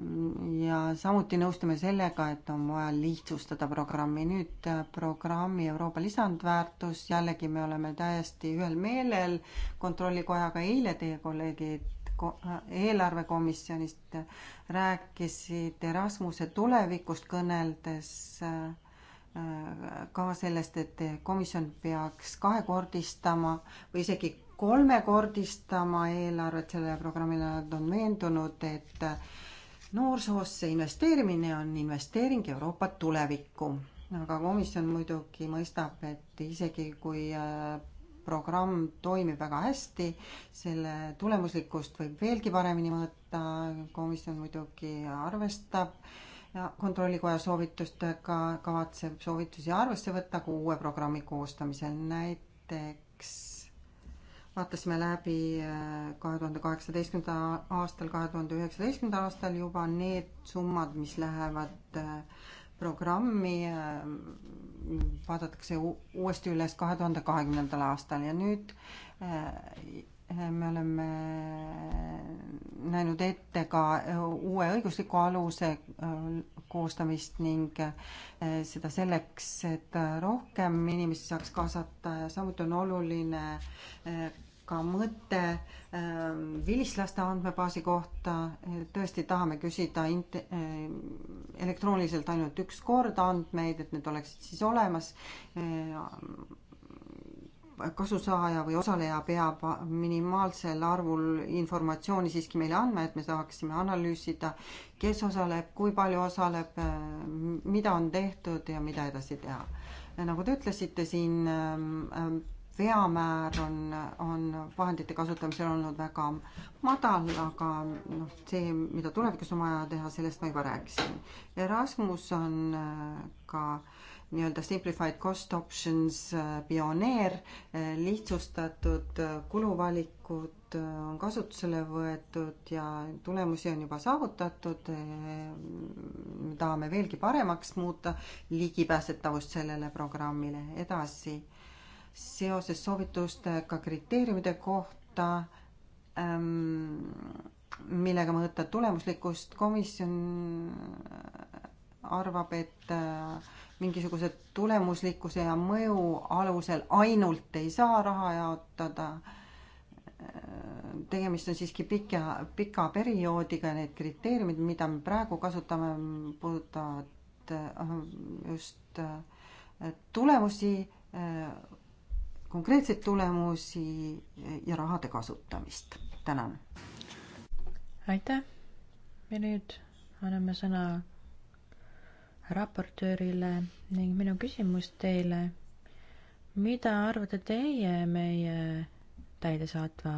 ja samuti nõustume sellega, et on vaja lihtsustada programmi. nüüd äh, programmi Euroopa lisandväärtus, jällegi me oleme täiesti ühel meelel kontrollikojaga, eile teie kolleegid äh, eelarvekomisjonist rääkisid Erasmuse tulevikust kõneldes ka sellest, et komisjon peaks kahekordistama või isegi kolmekordistama eelarvet sellele programmile, nad on veendunud, et noorsoosse investeerimine on investeering Euroopa tulevikku. aga komisjon muidugi mõistab, et isegi kui äh, programm toimib väga hästi, selle tulemuslikkust võib veelgi paremini mõõta, komisjon muidugi arvestab ja kontrollikoja soovitustega kavatseb soovitusi arvesse võtta ka uue programmi koostamisel, näiteks vaatasime läbi äh, kahe tuhande kaheksateistkümnenda aastal, kahe tuhande üheksateistkümnendal aastal juba need summad, mis lähevad äh, programmi, äh, vaadatakse uuesti üles kahe tuhande kahekümnendal aastal ja nüüd me oleme näinud ette ka uue õigusliku aluse koostamist ning seda selleks, et rohkem inimesi saaks kaasata ja samuti on oluline ka mõte ähm, vilistlaste andmebaasi kohta, tõesti tahame küsida int-, äh, elektrooniliselt ainult üks kord andmeid, et need oleksid siis olemas. Äh, kasusaaja või osaleja peab minimaalsel arvul informatsiooni siiski meile andma, et me saaksime analüüsida, kes osaleb, kui palju osaleb, äh, mida on tehtud ja mida edasi teha nagu te ütlesite siin ähm,, veamäär on, on vahendite kasutamisel olnud väga madal, aga noh, see, mida tulevikus on vaja teha, sellest ma juba rääkisin. Erasmus on äh, ka nii-öelda simplified cost options äh, pioneer, äh, lihtsustatud kuluvalikud on kasutusele võetud ja tulemusi on juba saavutatud. tahame veelgi paremaks muuta ligipääsetavust sellele programmile edasi seoses soovitustega kriteeriumide kohta, ähm, millega mõõta tulemuslikkust, komisjon äh, arvab, et äh, mingisuguse tulemuslikkuse ja mõju alusel ainult ei saa raha jaotada. Äh, tegemist on siiski pika, pika perioodiga, need kriteeriumid, mida me praegu kasutame, puudutavad just tulemusi konkreetseid tulemusi ja rahade kasutamist. tänan. aitäh ja nüüd anname sõna raportöörile ning minu küsimus teile. mida arvate teie meie täidesaatva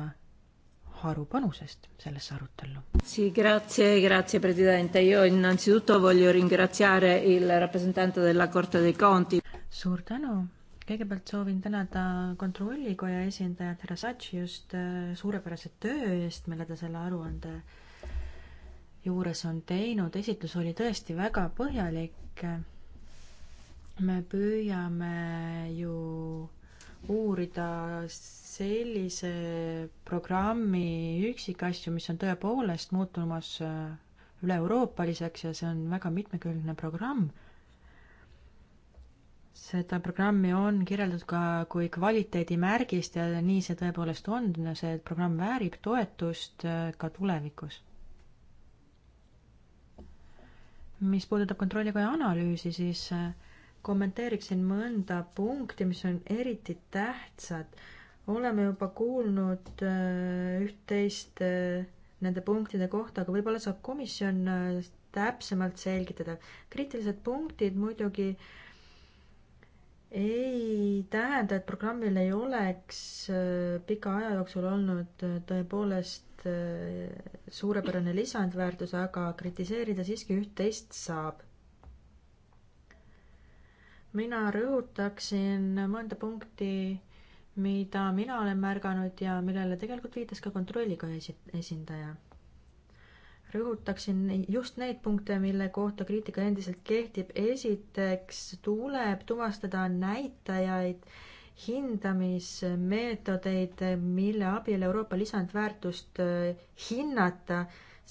haru panusest sellesse arutellu? Sì, grazie, grazie presidente. Io innanzitutto voglio ringraziare il rappresentante della Corte dei Conti. suur tänu kõigepealt soovin tänada Kontrollikoja esindajat härra Satši just äh, suurepärase töö eest, mille ta selle aruande juures on teinud. esitlus oli tõesti väga põhjalik. me püüame ju uurida sellise programmi üksikasju, mis on tõepoolest muutumas äh, üle-euroopaliseks ja see on väga mitmekülgne programm seda programmi on kirjeldatud ka kui kvaliteedimärgist ja nii see tõepoolest on, see programm väärib toetust äh, ka tulevikus. mis puudutab kontrollikoja analüüsi, siis äh, kommenteeriksin mõnda punkti, mis on eriti tähtsad. oleme juba kuulnud äh, üht-teist nende punktide kohta, aga võib-olla saab komisjon täpsemalt selgitada. kriitilised punktid muidugi äh, ei tähenda, et programmil ei oleks äh, pika aja jooksul olnud äh, tõepoolest äh, suurepärane lisandväärtus, aga kritiseerida siiski üht-teist saab. mina rõhutaksin mõnda punkti, mida mina olen märganud ja millele tegelikult viitas ka kontrollikoja esi-, esindaja rõhutaksin just neid punkte, mille kohta kriitika endiselt kehtib. esiteks tuleb tuvastada näitajaid, hindamismeetodeid, mille abil Euroopa lisandväärtust äh, hinnata,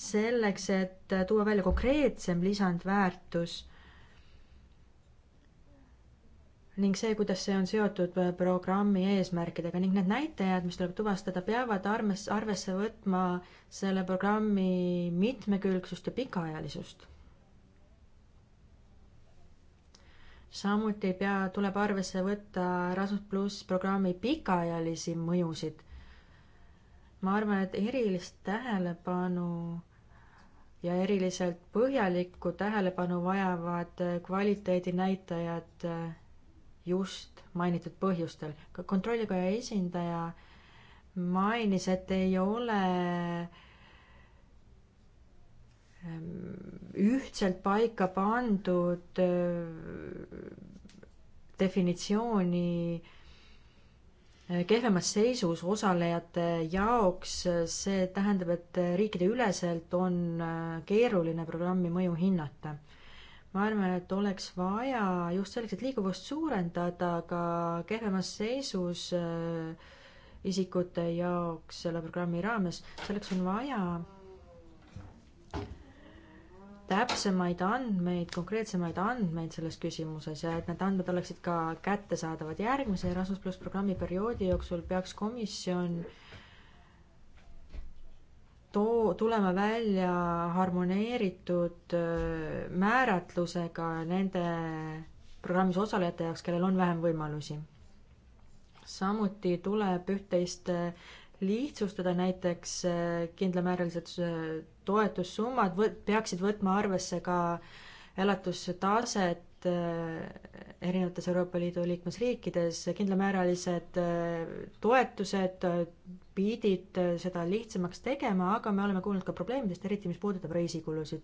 selleks et äh, tuua välja konkreetsem lisandväärtus ning see, kuidas see on seotud äh, programmi eesmärkidega ning need näitajad, mis tuleb tuvastada, peavad armes, arvesse võtma selle programmi mitmekülgsust ja pikaajalisust. samuti ei pea, tuleb arvesse võtta Erasmus pluss programmi pikaajalisi mõjusid. ma arvan, et erilist tähelepanu ja eriliselt põhjalikku tähelepanu vajavad äh, kvaliteedinäitajad äh, just mainitud põhjustel. ka kontrollikoja esindaja mainis, et ei ole ehm, ühtselt paika pandud ehm, definitsiooni ehm, kehvemas seisus osalejate jaoks, see tähendab, et riikideüleselt on keeruline programmi mõju hinnata ma arvan, et oleks vaja just selleks, et liikuvust suurendada ka kehvemas seisus äh, isikute jaoks selle programmi raames, selleks on vaja täpsemaid andmeid, konkreetsemaid andmeid selles küsimuses ja et need andmed oleksid ka kättesaadavad. järgmise Erasmus pluss programmi perioodi jooksul peaks komisjon äh, too, tulema välja harmoneeritud määratlusega nende programmis osalejate jaoks, kellel on vähem võimalusi. samuti tuleb üht-teist lihtsustada, näiteks kindlamäärilised toetussummad võt-, peaksid võtma arvesse ka elatustaset erinevates Euroopa Liidu liikmesriikides, kindlamäärilised toetused pidid äh, seda lihtsamaks tegema, aga me oleme kuulnud ka probleemidest, eriti mis puudutab reisikulusid.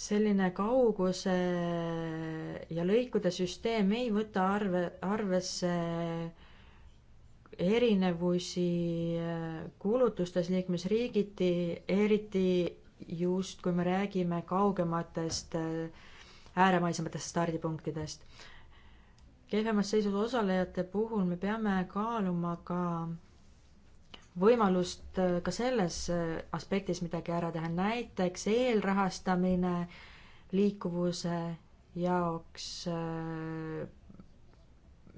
selline kauguse äh, ja lõikude süsteem ei võta arve, arvesse erinevusi äh, kulutustes liikmesriigiti, eriti just kui me räägime kaugematest ääremaisematest stardipunktidest kehvemas seisus osalejate puhul me peame kaaluma ka võimalust äh, ka selles äh, aspektis midagi ära teha, näiteks eelrahastamine liikuvuse jaoks äh,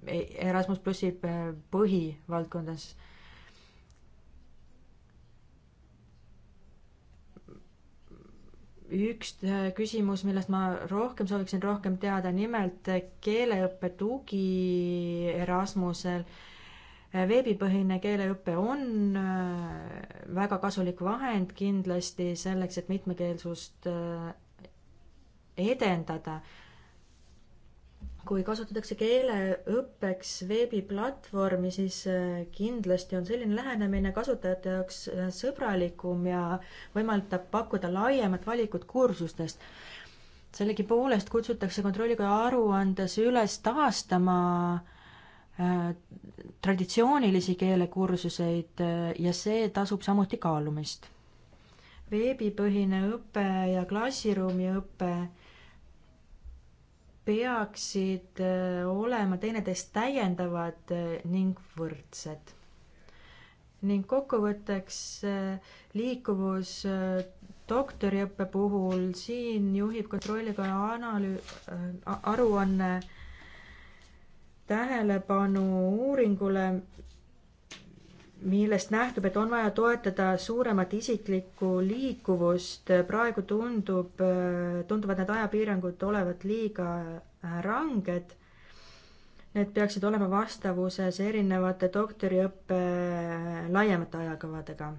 Erasmus plussi põhivaldkondades üks äh, küsimus, millest ma rohkem sooviksin rohkem teada, nimelt äh, keeleõppe tugi Erasmusel. Äh, veebipõhine keeleõpe on väga kasulik vahend kindlasti selleks, et mitmekeelsust edendada kui kasutatakse keeleõppeks veebiplatvormi, siis äh, kindlasti on selline lähenemine kasutajate jaoks äh, sõbralikum ja võimaldab pakkuda laiemat valikut kursustest. sellegipoolest kutsutakse Kontrollikoja aruandes üles taastama äh, traditsioonilisi keelekursuseid ja see tasub samuti kaalumist. veebipõhine õpe ja klassiruumi õpe peaksid äh, olema teineteist täiendavad äh, ning võrdsed. ning kokkuvõtteks äh, liikuvus doktoriõppe puhul, siin juhib kontrollikoja analüü-, aruanne tähelepanu uuringule, millest nähtub, et on vaja toetada suuremat isiklikku liikuvust. praegu tundub, tunduvad need ajapiirangud olevat liiga äh, ranged. Need peaksid olema vastavuses erinevate doktoriõppe äh, laiemate ajakavadega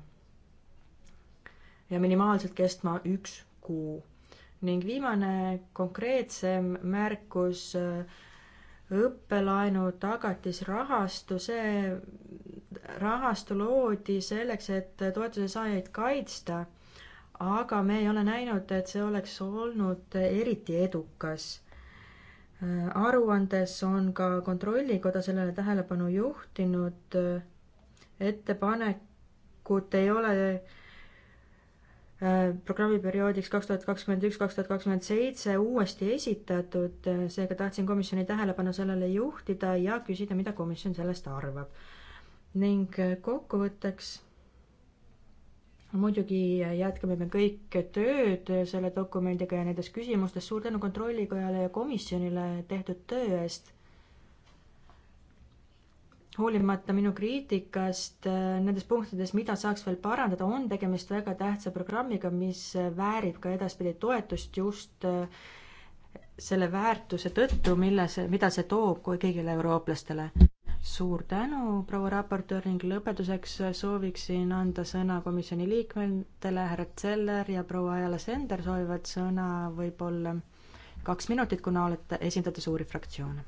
ja minimaalselt kestma üks kuu. ning viimane konkreetsem märkus äh, õppelaenu tagatisrahastu, see rahastu loodi selleks, et toetuse saajaid kaitsta, aga me ei ole näinud, et see oleks olnud eriti edukas. aruandes on ka Kontrollikoda sellele tähelepanu juhtinud, ettepanekut ei ole Äh, programmiperioodiks kaks tuhat kakskümmend üks, kaks tuhat kakskümmend seitse uuesti esitatud, äh, seega tahtsin komisjoni tähelepanu sellele juhtida ja küsida, mida komisjon sellest arvab. ning äh, kokkuvõtteks muidugi jätkame me kõik tööd selle dokumendiga ja nendes küsimustes, suur tänu Kontrollikojale ja komisjonile tehtud töö eest hoolimata minu kriitikast äh, nendes punktides, mida saaks veel parandada, on tegemist väga tähtsa programmiga, mis äh, väärib ka edaspidi toetust just äh, selle väärtuse tõttu, mille see, mida see toob kõigile eurooplastele. suur tänu, proua raportöör ning lõpetuseks sooviksin anda sõna komisjoni liikmetele, härra Zeller ja proua Ajala Sender soovivad sõna võib-olla kaks minutit, kuna olete, esindate suuri fraktsioone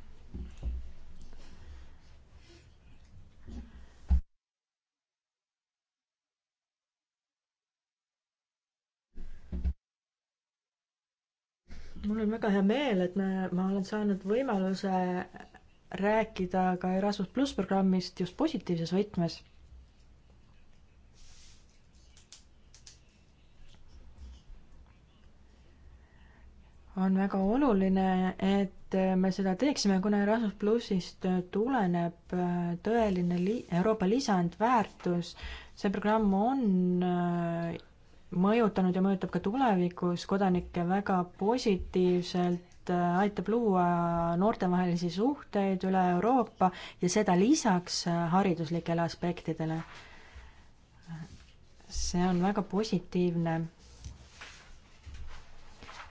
mul on väga hea meel, et me, ma olen saanud võimaluse rääkida ka Erasmus pluss programmist just positiivses võtmes. on väga oluline, et me seda teeksime, kuna Erasmus plussist tuleneb äh, tõeline li-, Euroopa lisandväärtus. see programm on äh, mõjutanud ja mõjutab ka tulevikus kodanikke väga positiivselt, aitab luua noortevahelisi suhteid üle Euroopa ja seda lisaks hariduslikele aspektidele. see on väga positiivne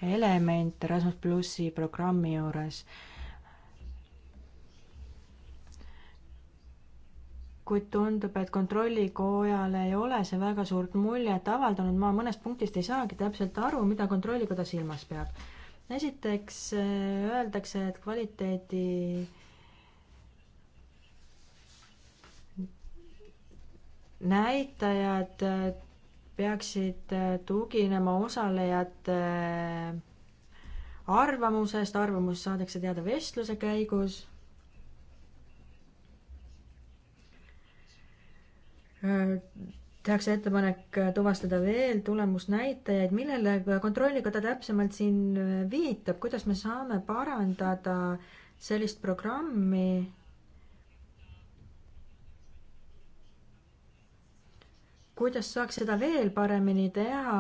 element Erasmus plussi programmi juures kuid tundub, et kontrollikojale ei ole see väga suurt muljet avaldanud, ma mõnest punktist ei saagi täpselt aru, mida kontrollikoda silmas peab. esiteks äh, öeldakse, et kvaliteedi näitajad äh, peaksid äh, tuginema osalejate arvamusest, arvamus saadakse teada vestluse käigus Äh, tehakse ettepanek äh, tuvastada veel tulemusnäitajaid, millele kontrollikoda täpsemalt siin äh, viitab, kuidas me saame parandada sellist programmi, kuidas saaks seda veel paremini teha,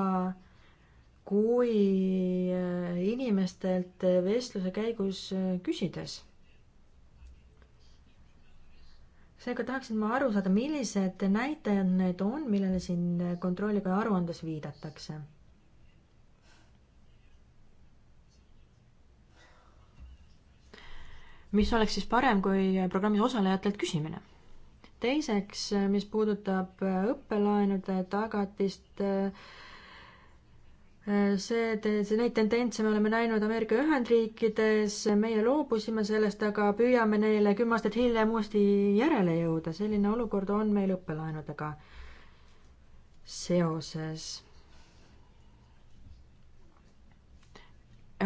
kui inimestelt vestluse käigus küsides seega tahaksin ma aru saada, millised näitajad need on, millele siin kontrollikoja aruandes viidatakse? mis oleks siis parem, kui programmis osalejatelt küsimine? teiseks, mis puudutab õppelaenude tagatist äh, Äh, see, see, neid tendentse me oleme näinud Ameerika Ühendriikides, meie loobusime sellest, aga püüame neile kümme aastat hiljem uuesti järele jõuda, selline olukord on meil õppelaenudega seoses.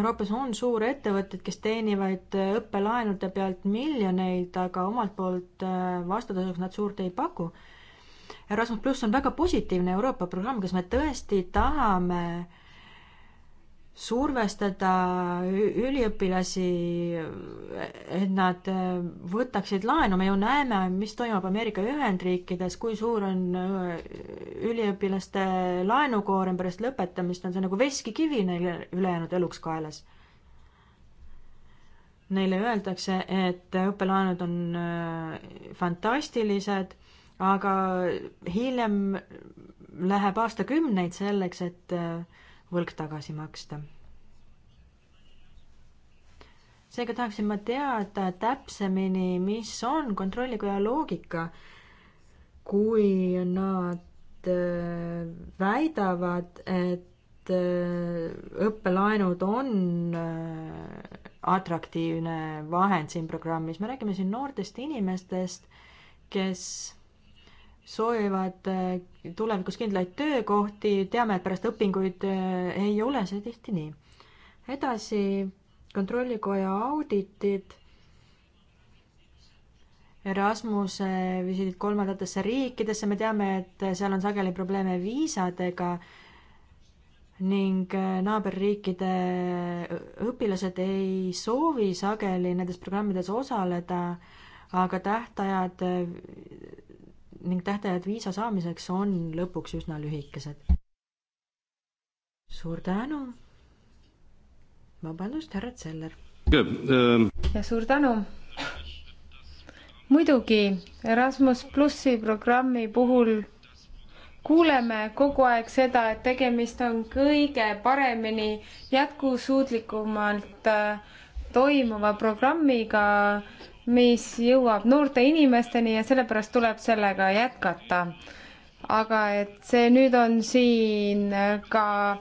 Euroopas on suurettevõtted, kes teenivad õppelaenude pealt miljoneid, aga omalt poolt äh, vastutasuks nad suurt ei paku Erasmus pluss on väga positiivne Euroopa programm, kas me tõesti tahame survestada üliõpilasi, et nad äh, võtaksid laenu, me ju näeme, mis toimub Ameerika Ühendriikides, kui suur on äh, üliõpilaste laenukoorem pärast lõpetamist, on see nagu veskikivi neile ülejäänud eluks kaelas. Neile öeldakse, et õppelaenud on äh, fantastilised, aga hiljem läheb aastakümneid selleks, et võlg tagasi maksta. seega tahaksin ma teada täpsemini, mis on kontrollikoja loogika, kui nad äh, väidavad, et äh, õppelaenud on äh, atraktiivne vahend siin programmis, me räägime siin noortest inimestest, kes soovivad äh, tulevikus kindlaid töökohti, teame, et pärast õpinguid äh, ei ole see tihti nii. edasi kontrollikoja auditid, Erasmuse visiidid kolmandatesse riikidesse, me teame, et seal on sageli probleeme viisadega ning äh, naaberriikide õpilased ei soovi sageli nendes programmides osaleda, aga tähtajad ning tähtajad viisa saamiseks on lõpuks üsna lühikesed. suur tänu. vabandust, härra Zeller. Um, ja suur tänu. muidugi Erasmus plussi programmi puhul kuuleme kogu aeg seda, et tegemist on kõige paremini jätkusuutlikumalt äh, toimuva programmiga mis jõuab noorte inimesteni ja sellepärast tuleb sellega jätkata. aga et see nüüd on siin äh, ka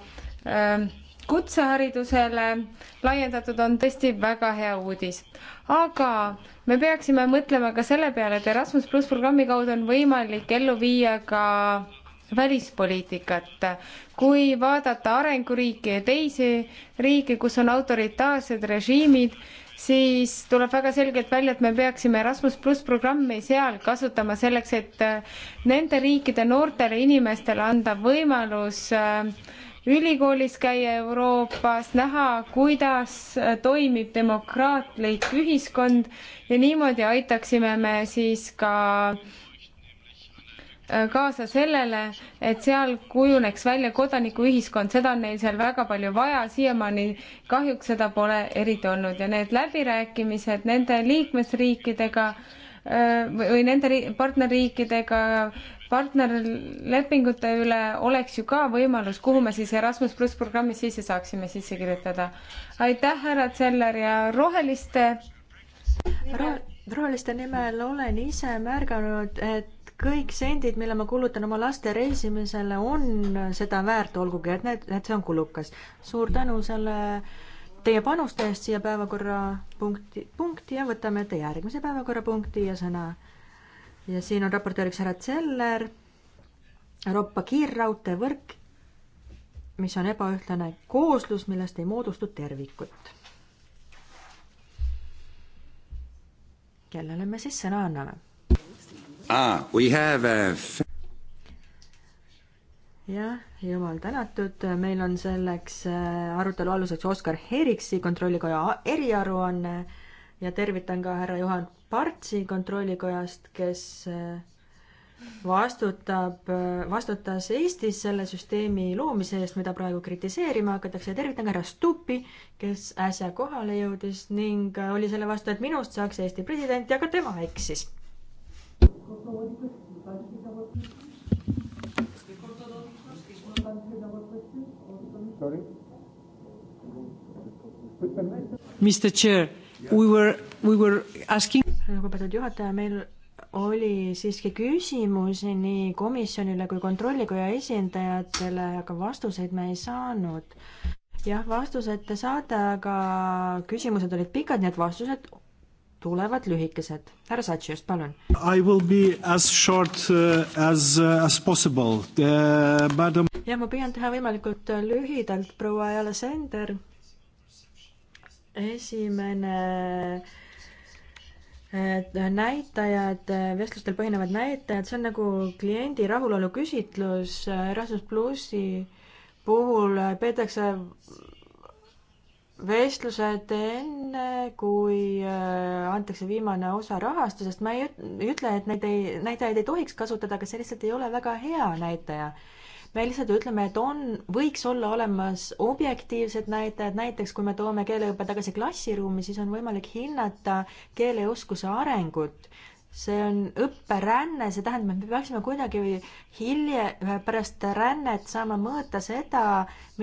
äh, kutseharidusele laiendatud, on tõesti väga hea uudis. aga me peaksime mõtlema ka selle peale, et Erasmus pluss programmi kaudu on võimalik ellu viia ka välispoliitikat. kui vaadata arenguriike ja teisi riike, kus on autoritaarsed režiimid, siis tuleb väga selgelt välja, et me peaksime Erasmus pluss programmi seal kasutama selleks, et äh, nende riikide noortele inimestele anda võimalus äh, ülikoolis käia Euroopas, näha, kuidas äh, toimib demokraatlik ühiskond ja niimoodi aitaksime me siis ka äh, kaasa sellele, et seal kujuneks välja kodanikuühiskond, seda on neil seal väga palju vaja, siiamaani kahjuks seda pole eriti olnud ja need läbirääkimised nende liikmesriikidega või nende partnerriikidega partnerlepingute üle oleks ju ka võimalus, kuhu me siis Erasmus pluss programmi sisse saaksime sisse kirjutada. aitäh, härra Zeller ja roheliste Roh. roheliste nimel olen ise märganud, et kõik sendid, mille ma kulutan oma laste reisimisele, on seda väärt, olgugi et need, et see on kulukas. suur tänu selle teie panuste eest siia päevakorrapunkti, punkti ja võtame ette järgmise päevakorrapunkti ja sõna. ja siin on raportööriks härra Zeller, Euroopa kiirraudteevõrk, mis on ebaühtlane kooslus, millest ei moodustu tervikut. kellele me siis sõna anname? ah,. Uh, jah, jumal tänatud, meil on selleks äh, arutelu aluseks Oskar Heriksi kontrollikoja eriaruanne ja tervitan ka härra Juhan Partsi kontrollikojast, kes äh, vastutab, äh, vastutas Eestis selle süsteemi loomise eest, mida praegu kritiseerima hakatakse ja tervitan ka härra Stupi, kes äsja kohale jõudis ning oli selle vastu, et minust saaks Eesti president ja ka tema eksis Mr Chair, we were, we were asking. lugupeetud juhataja, meil oli siiski küsimusi nii komisjonile kui kontrollikoja esindajatele, aga vastuseid me ei saanud. jah, vastused te saate, aga küsimused olid pikad, nii et vastused tulevad lühikesed. härra Satšius, palun. I will be as short uh, as uh,, as possible uh,, madam. ja ma püüan teha võimalikult uh, lühidalt, proua Ayala Sender. esimene uh, näitajad, uh, vestlustel põhinevad näitajad, see on nagu kliendi rahulolu küsitlus Erasmus plussi puhul peetakse vestlused enne, kui äh, antakse viimane osa rahastusest, ma ei ütle, et neid ei, näitajaid ei tohiks kasutada, aga see lihtsalt ei ole väga hea näitaja. me lihtsalt ütleme, et on, võiks olla olemas objektiivsed näitajad, näiteks kui me toome keeleõppe tagasi klassiruumi, siis on võimalik hinnata keeleoskuse arengut see on õpperänne, see tähendab, et me peaksime kuidagi hiljem, pärast rännet saama mõõta seda,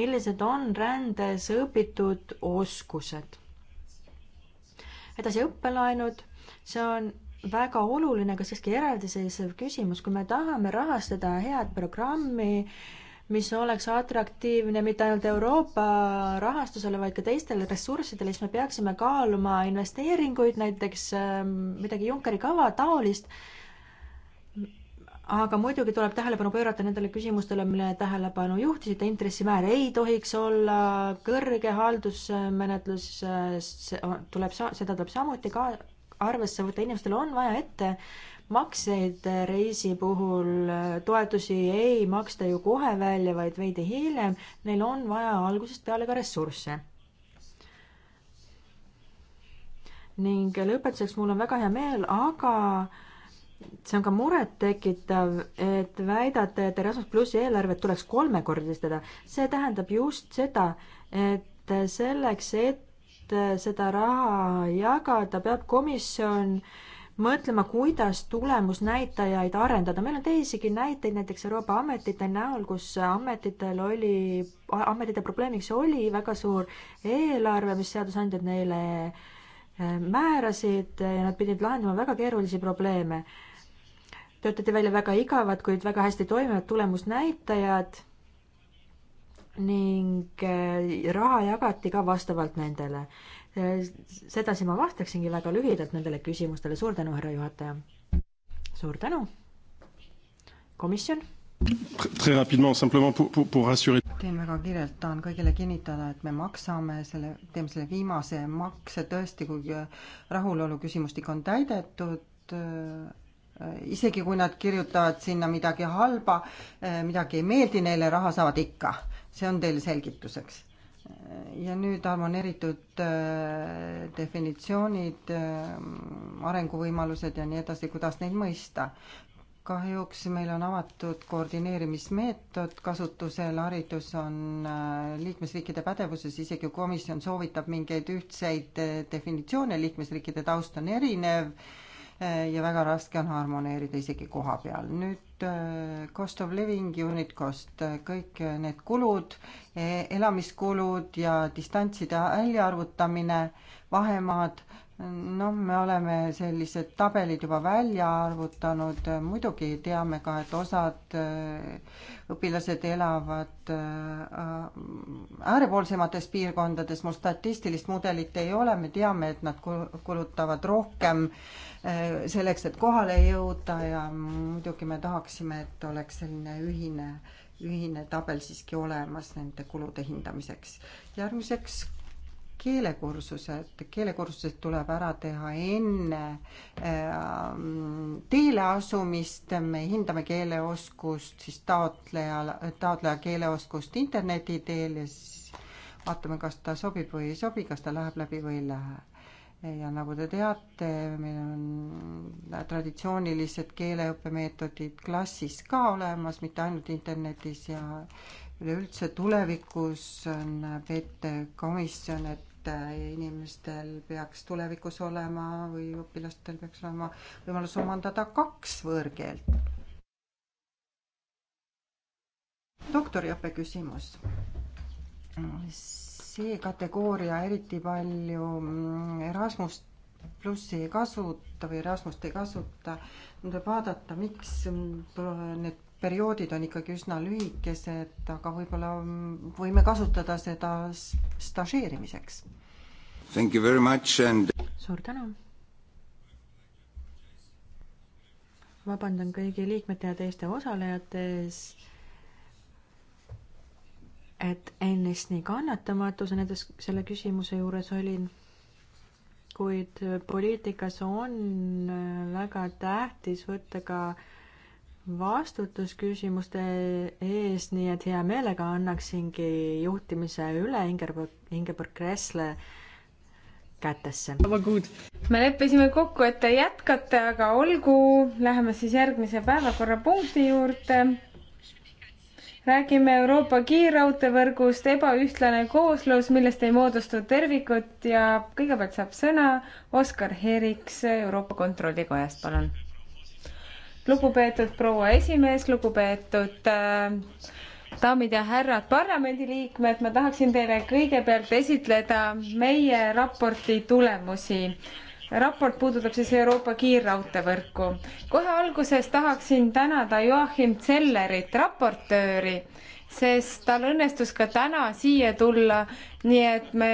millised on rändes õpitud oskused. edasi õppelaenud, see on väga oluline, aga siiski eraldiseisev küsimus, kui me tahame rahastada head programmi, mis oleks atraktiivne mitte ainult Euroopa rahastusele, vaid ka teistele ressurssidele, siis me peaksime kaaluma investeeringuid, näiteks ähm, midagi Junckeri kava taolist, aga muidugi tuleb tähelepanu pöörata nendele küsimustele, millele tähelepanu juhtisite, intressimäär ei tohiks olla kõrge, haldusmenetlus äh, tuleb, seda tuleb samuti ka arvesse võtta, inimestel on vaja ette makseid reisi puhul, toetusi ei maksta ju kohe välja, vaid veidi hiljem, neil on vaja algusest peale ka ressursse. ning lõpetuseks, mul on väga hea meel, aga see on ka murettekitav, et väidate, et Erasmus plussi eelarvet tuleks kolmekordistada. see tähendab just seda, et selleks, et seda raha jagada, peab komisjon äh, mõtlema, kuidas tulemusnäitajaid arendada. meil on teisigi näiteid näiteks Euroopa ametite näol, kus ametitel oli, ametite probleemiks oli väga suur eelarve, mis seadusandjad neile eh, määrasid ja nad pidid lahendama väga keerulisi probleeme. töötati välja väga igavad, kuid väga hästi toimivad tulemusnäitajad ning eh, raha jagati ka vastavalt nendele. Äh, sedasi ma vastaksingi väga lühidalt nendele küsimustele, suur tänu, härra juhataja. suur tänu. komisjon? teen väga kiirelt, tahan kõigile kinnitada, et me maksame selle, teeme selle viimase makse tõesti, kui äh, rahulolu küsimustik on täidetud äh, isegi kui nad kirjutavad sinna midagi halba, midagi ei meeldi neile, raha saavad ikka. see on teile selgituseks ja nüüd harmoneeritud äh, definitsioonid, äh, arenguvõimalused ja nii edasi, kuidas neid mõista. kahjuks meil on avatud koordineerimismeetod kasutusel, haridus on äh, liikmesriikide pädevuses, isegi komisjon soovitab mingeid ühtseid definitsioone, liikmesriikide taust on erinev ja väga raske on harmoneerida isegi koha peal. nüüd Äh, cost of living, unit cost, äh, kõik äh, need kulud, e-, elamiskulud ja distantside väljaarvutamine, vahemaad, noh, me oleme sellised tabelid juba välja arvutanud, muidugi teame ka, et osad äh, õpilased elavad äh, äärepoolsemates piirkondades, mul statistilist mudelit ei ole, me teame, et nad kulutavad rohkem äh, selleks, et kohale jõuda ja muidugi me tahaksime, et oleks selline ühine ühine tabel siiski olemas nende kulude hindamiseks. järgmiseks keelekursused, keelekursused tuleb ära teha enne ähm, teele asumist, me hindame keeleoskust siis taotlejal, taotleja keeleoskust interneti teel ja siis vaatame, kas ta sobib või ei sobi, kas ta läheb läbi või ei lähe. ja nagu te teate, meil on traditsioonilised keeleõppemeetodid klassis ka olemas, mitte ainult internetis ja üleüldse tulevikus näeb ette komisjon, et Äh, inimestel peaks tulevikus olema või õpilastel peaks olema võimalus omandada kaks võõrkeelt. doktoriõppe küsimus. see kategooria eriti palju mm, Erasmust plussi ei kasuta või Erasmust ei kasuta, tuleb vaadata, miks mm, need perioodid on ikkagi üsna lühikesed, aga võib-olla mm, võime kasutada seda stažeerimiseks Thank you very much and suur tänu! vabandan kõigi liikmete ja teiste osalejate ees, et ennist nii kannatamatuse nendes, selle küsimuse juures olin, kuid poliitikas on väga tähtis võtta ka vastutusküsimuste ees, nii et hea meelega annaksingi juhtimise üle Ingeborg, Ingeborg Kressle kätesse. me leppisime kokku, et te jätkate, aga olgu, läheme siis järgmise päevakorrapunkti juurde. räägime Euroopa kiirraudteevõrgust, ebaühtlane kooslus, millest ei moodustu tervikut ja kõigepealt saab sõna Oskar Heriks Euroopa Kontrollikojast, palun. lugupeetud proua esimees, lugupeetud äh, daamid ja härrad parlamendiliikmed, ma tahaksin teile kõigepealt esitleda meie raporti tulemusi raport puudutab siis Euroopa kiirraudteevõrku. kohe alguses tahaksin tänada Joachim Zellerit, raportööri, sest tal õnnestus ka täna siia tulla, nii et me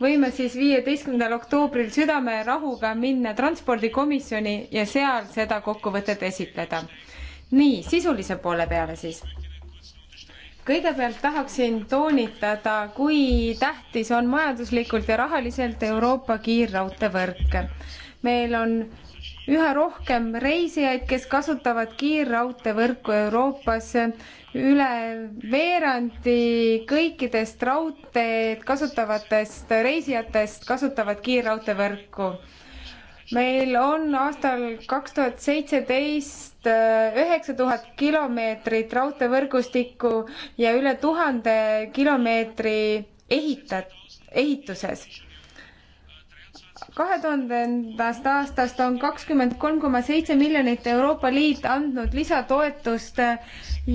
võime siis viieteistkümnendal oktoobril südamerahuga minna transpordikomisjoni ja seal seda kokkuvõtet esitleda. nii, sisulise poole peale siis kõigepealt tahaksin toonitada, kui tähtis on majanduslikult ja rahaliselt Euroopa kiirraudteevõrk. meil on üha rohkem reisijaid, kes kasutavad kiirraudteevõrku Euroopas. üle veerandi kõikidest raudteed kasutavatest reisijatest kasutavad kiirraudteevõrku meil on aastal kaks tuhat seitseteist äh, üheksa tuhat kilomeetrit raudteevõrgustikku ja üle tuhande kilomeetri ehitat-, ehituses kahe tuhandendast aastast on kakskümmend kolm koma seitse miljonit Euroopa Liit andnud lisatoetust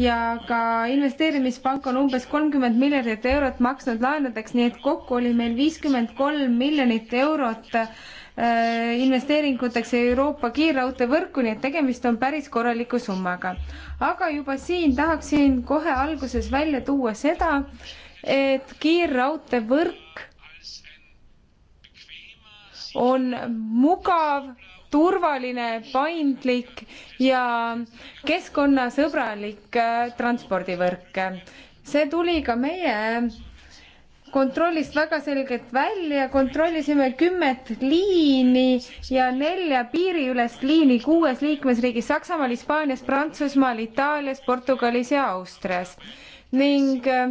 ja ka investeerimispank on umbes kolmkümmend miljardit eurot maksnud laenudeks, nii et kokku oli meil viiskümmend kolm miljonit eurot Äh, investeeringuteks Euroopa kiirraudteevõrku, nii et tegemist on päris korraliku summaga. aga juba siin tahaksin kohe alguses välja tuua seda, et kiirraudteevõrk on mugav, turvaline, paindlik ja keskkonnasõbralik äh, transpordivõrk. see tuli ka meie kontrollist väga selgelt välja, kontrollisime kümmet liini ja nelja piiriülest liini kuues liikmesriigis Saksamaal, Hispaanias, Prantsusmaal, Itaalias, Portugalis ja Austrias ning äh,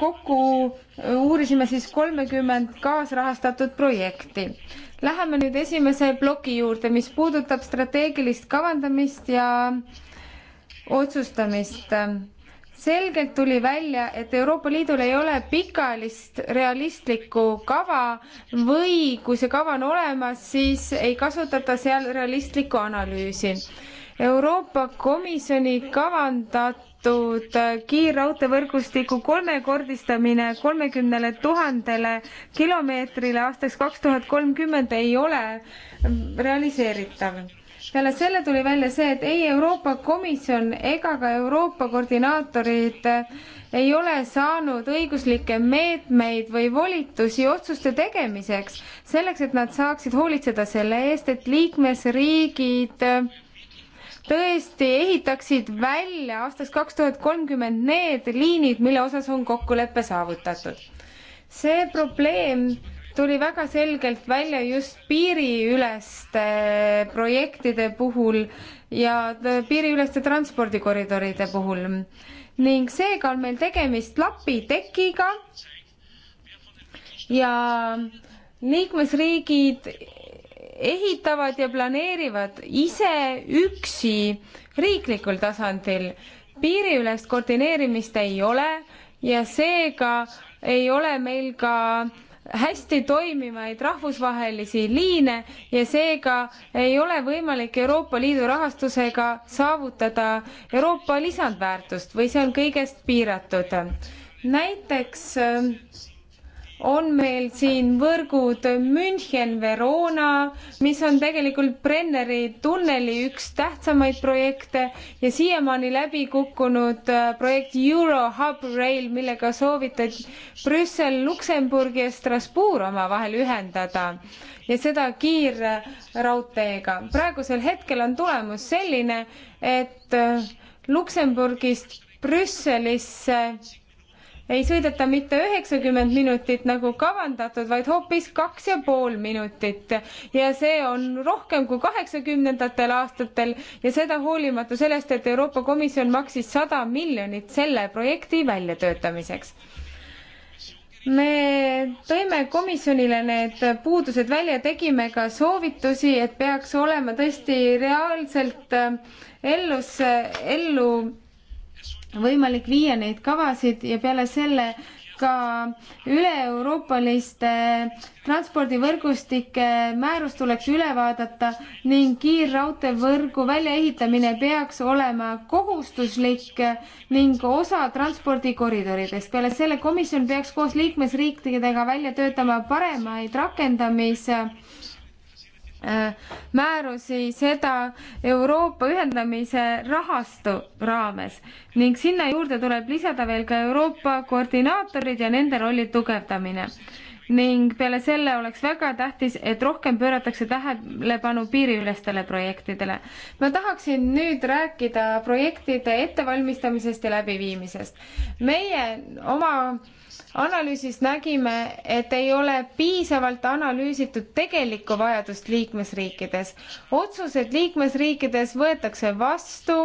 kokku uurisime siis kolmekümmend kaasrahastatud projekti. Läheme nüüd esimese ploki juurde, mis puudutab strateegilist kavandamist ja otsustamist selgelt tuli välja, et Euroopa Liidul ei ole pikaajalist realistlikku kava või kui see kava on olemas, siis ei kasutata seal realistlikku analüüsi. Euroopa Komisjoni kavandatud kiirraudteevõrgustiku kolmekordistamine kolmekümnele tuhandele kilomeetrile aastaks kaks tuhat kolmkümmend ei ole realiseeritav peale selle tuli välja see, et ei Euroopa Komisjon ega ka Euroopa koordinaatorid ei ole saanud õiguslikke meetmeid või volitusi otsuste tegemiseks, selleks et nad saaksid hoolitseda selle eest, et liikmesriigid tõesti ehitaksid välja aastaks kaks tuhat kolmkümmend need liinid, mille osas on kokkulepe saavutatud. see probleem tuli väga selgelt välja just piiriüleste projektide puhul ja piiriüleste transpordikoridoride puhul. ning seega on meil tegemist lapitekiga ja liikmesriigid ehitavad ja planeerivad ise üksi riiklikul tasandil. piiriülest koordineerimist ei ole ja seega ei ole meil ka äh, hästi toimivaid rahvusvahelisi liine ja seega ei ole võimalik Euroopa Liidu rahastusega saavutada Euroopa lisandväärtust või see on kõigest piiratud. näiteks ähm, on meil siin võrgud München, Verona, mis on tegelikult Brenneri tunneli üks tähtsamaid projekte ja siiamaani läbi kukkunud äh, projekt Euro Hub Rail, millega soovitati Brüssel, Luksemburg ja Strasbourg omavahel ühendada ja seda kiirraudteega. praegusel hetkel on tulemus selline, et äh, Luksemburgist Brüsselisse ei sõideta mitte üheksakümmend minutit nagu kavandatud, vaid hoopis kaks ja pool minutit ja see on rohkem kui kaheksakümnendatel aastatel ja seda hoolimata sellest, et Euroopa Komisjon maksis sada miljonit selle projekti väljatöötamiseks me tõime komisjonile need puudused välja, tegime ka soovitusi, et peaks olema tõesti reaalselt äh, ellus, äh, ellu võimalik viia neid kavasid ja peale selle ka üle-euroopaliste transpordivõrgustike määrus tuleks üle vaadata ning kiirraudteevõrgu väljaehitamine peaks olema kohustuslik ning osa transpordikoridoridest. peale selle komisjon peaks koos liikmesriikidega välja töötama paremaid rakendamis- Äh, määrusi seda Euroopa ühendamise rahastu raames ning sinna juurde tuleb lisada veel ka Euroopa koordinaatorid ja nende rolli tugevdamine. ning peale selle oleks väga tähtis, et rohkem pööratakse tähelepanu piiriülestele projektidele. ma tahaksin nüüd rääkida projektide ettevalmistamisest ja läbiviimisest. meie oma analüüsis nägime, et ei ole piisavalt analüüsitud tegelikku vajadust liikmesriikides. otsused liikmesriikides võetakse vastu,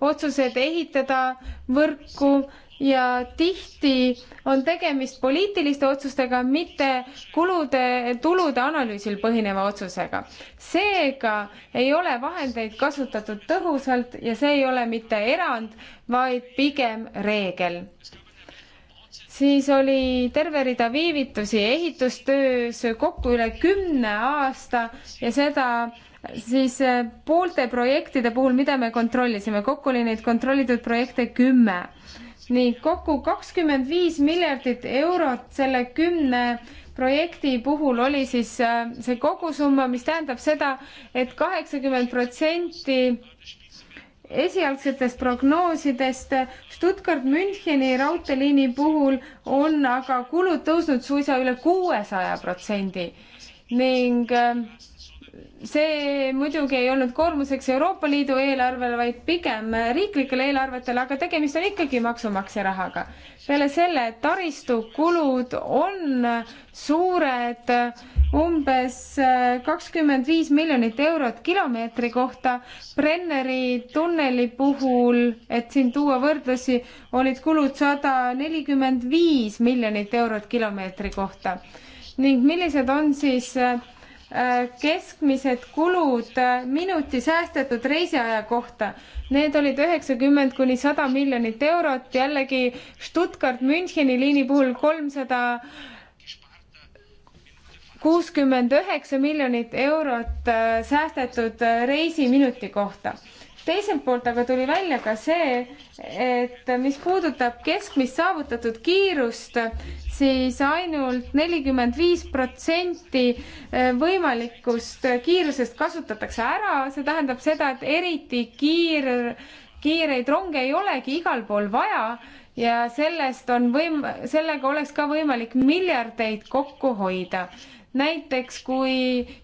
otsused ehitada võrku ja tihti on tegemist poliitiliste otsustega, mitte kulude, tulude analüüsil põhineva otsusega. seega ei ole vahendeid kasutatud tõhusalt ja see ei ole mitte erand, vaid pigem reegel siis oli terve rida viivitusi ehitustöös kokku üle kümne aasta ja seda siis eh, poolte projektide puhul, mida me kontrollisime, kokku oli neid kontrollitud projekte kümme. nii kokku kakskümmend viis miljardit eurot selle kümne projekti puhul oli siis eh, see kogusumma, mis tähendab seda et, et kaheksakümmend protsenti esialgsetest prognoosidest. Stuttgart Müncheni raudteeliini puhul on aga kulud tõusnud suisa üle kuuesaja protsendi ning äh, see muidugi ei olnud koormuseks Euroopa Liidu eelarvele, vaid pigem riiklikele eelarvetele, aga tegemist on ikkagi maksumaksja rahaga. peale selle taristukulud on suured, umbes kakskümmend viis miljonit eurot kilomeetri kohta. Brenneri tunneli puhul, et siin tuua võrdlusi, olid kulud sada nelikümmend viis miljonit eurot kilomeetri kohta. ning millised on siis äh, Äh, keskmised kulud äh, minuti säästetud reisiaja kohta. Need olid üheksakümmend kuni sada miljonit eurot, jällegi Stuttgart-Müncheni liini puhul kolmsada kuuskümmend üheksa miljonit eurot äh, säästetud reisiminuti kohta. teiselt poolt aga tuli välja ka see, et mis puudutab keskmist saavutatud kiirust, siis ainult nelikümmend viis protsenti äh, võimalikust kiirusest kasutatakse ära, see tähendab seda, et eriti kiir, kiireid ronge ei olegi igal pool vaja ja sellest on võim-, sellega oleks ka võimalik miljardeid kokku hoida näiteks kui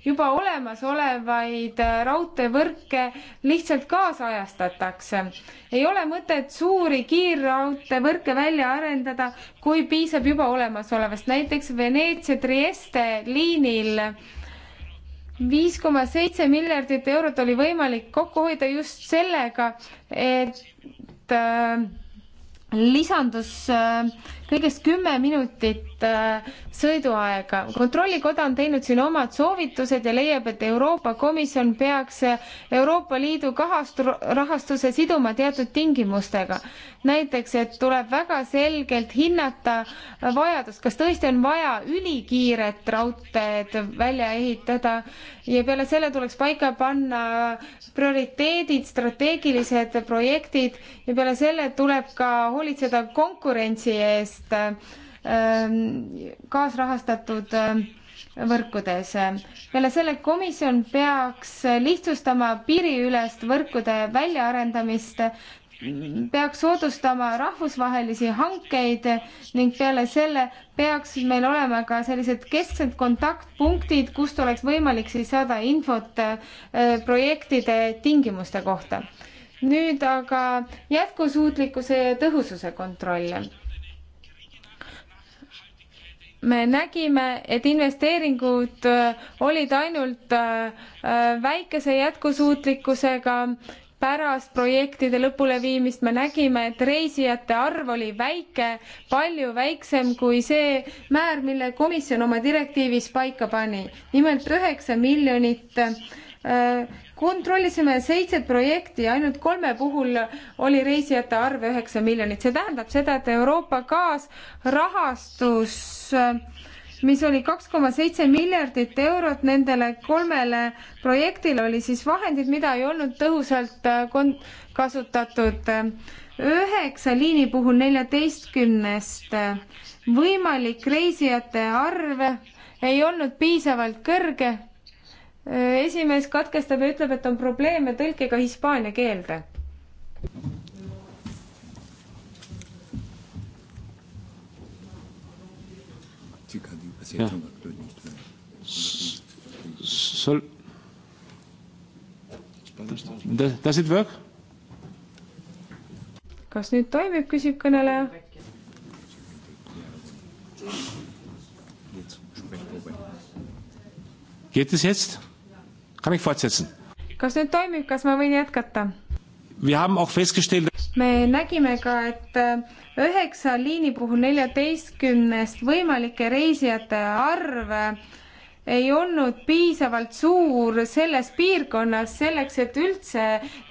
juba olemasolevaid äh, raudteevõrke lihtsalt kaasajastatakse. ei ole mõtet suuri kiirraudteevõrke välja arendada, kui piisab juba olemasolevast, näiteks Veneetsia-Trieste liinil viis koma seitse miljardit eurot oli võimalik kokku hoida just sellega, et äh, lisandus äh, kõigest kümme minutit äh, sõiduaega. kontrollikoda on teinud siin omad soovitused ja leiab, et Euroopa Komisjon peaks äh, Euroopa Liidu kahastu-, rahastuse siduma teatud tingimustega. näiteks, et tuleb väga selgelt hinnata vajadust, kas tõesti on vaja ülikiiret raudteed välja ehitada ja peale selle tuleks paika panna prioriteedid, strateegilised projektid ja peale selle tuleb ka hoolitseda hoolitseda konkurentsi eest ähm, kaasrahastatud ähm, võrkudes. peale selle komisjon peaks lihtsustama piiriülest võrkude väljaarendamist, peaks soodustama rahvusvahelisi hankeid ning peale selle peaks meil olema ka sellised kesksed kontaktpunktid, kust oleks võimalik siis saada infot äh, projektide tingimuste kohta nüüd aga jätkusuutlikkuse ja tõhususe kontroll. me nägime, et investeeringud olid ainult äh, väikese jätkusuutlikkusega pärast projektide lõpuleviimist me nägime, et reisijate arv oli väike, palju väiksem kui see määr, mille komisjon oma direktiivis paika pani. nimelt üheksa miljonit äh, kontrollisime seitset projekti ja ainult kolme puhul oli reisijate arv üheksa miljonit. see tähendab seda, et Euroopa kaasrahastus mis oli kaks koma seitse miljardit eurot nendele kolmele projektile, oli siis vahendid, mida ei olnud tõhusalt äh, kon-, kasutatud üheksa liini puhul neljateistkümnest. Äh, võimalik reisijate arv ei olnud piisavalt kõrge esimees katkestab ja ütleb, et on probleeme tõlkega hispaania keelde. Sol... Does it work? kas nüüd toimib, küsib kõneleja. Geht es jetzt? Kann ich fortsetzen? kas nüüd toimib, kas ma võin jätkata? me nägime ka, et äh, üheksa liini puhul neljateistkümnest võimalike reisijate arv äh, ei olnud piisavalt suur selles piirkonnas selleks, et üldse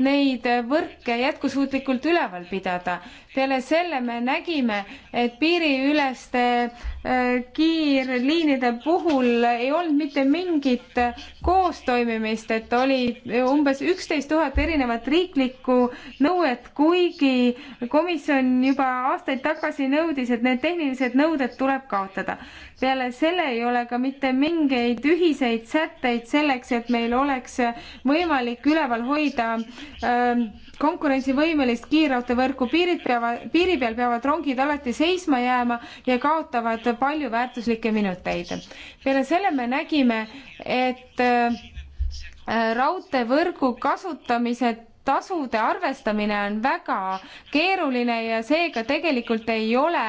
neid võrke jätkusuutlikult üleval pidada peale selle me nägime, et piiriüleste äh, kiirliinide puhul ei olnud mitte mingit koostoimimist, et oli umbes üksteist tuhat erinevat riiklikku nõuet, kuigi komisjon juba aastaid tagasi nõudis, et need tehnilised nõuded tuleb kaotada. peale selle ei ole ka mitte mingeid ühiseid sätteid selleks, et meil oleks võimalik üleval hoida öö, ähm, konkurentsivõimelist kiirraudteevõrku, piirid peavad, piiri peal peavad rongid alati seisma jääma ja kaotavad palju väärtuslikke minuteid. peale selle me nägime, et äh, raudteevõrgu kasutamised tasude arvestamine on väga keeruline ja seega tegelikult ei ole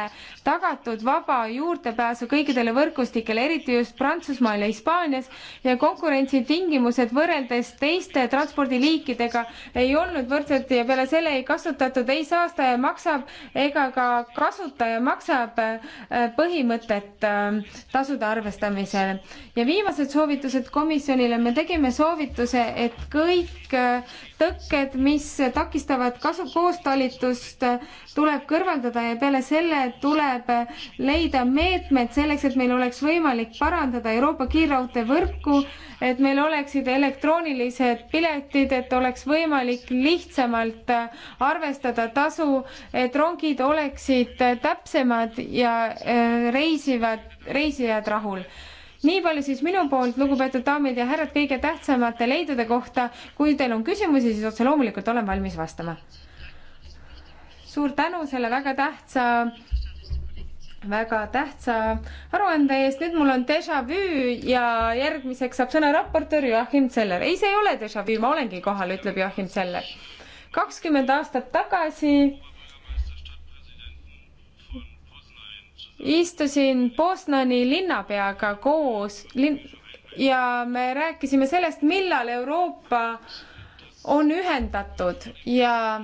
tagatud vaba juurdepääsu kõikidele võrgustikele, eriti just Prantsusmaal ja Hispaanias ja konkurentsitingimused võrreldes teiste transpordiliikidega ei olnud võrdsed ja peale selle ei kasutatud ei saastaja maksab ega ka kasutaja maksab äh, põhimõtet äh, tasude arvestamisel. ja viimased soovitused komisjonile, me tegime soovituse, et kõik äh, tõkked tõkked, mis takistavad kasu koostalitust, tuleb kõrvaldada ja peale selle tuleb leida meetmed selleks, et meil oleks võimalik parandada Euroopa kiirraudteevõrku, et meil oleksid elektroonilised piletid, et oleks võimalik lihtsamalt arvestada tasu, et rongid oleksid täpsemad ja äh, reisivad, reisijad rahul nii palju siis minu poolt, lugupeetud daamid ja härrad, kõige tähtsamate leidude kohta. kui teil on küsimusi, siis otse loomulikult olen valmis vastama. suur tänu selle väga tähtsa väga tähtsa aruande eest, nüüd mul on déjà vu ja järgmiseks saab sõna raportöör Joachim Zeller. ei, see ei ole déjà vu, ma olengi kohal, ütleb Joachim Zeller. kakskümmend aastat tagasi istusin Bosnani linnapeaga koos lin ja me rääkisime sellest, millal Euroopa on ühendatud ja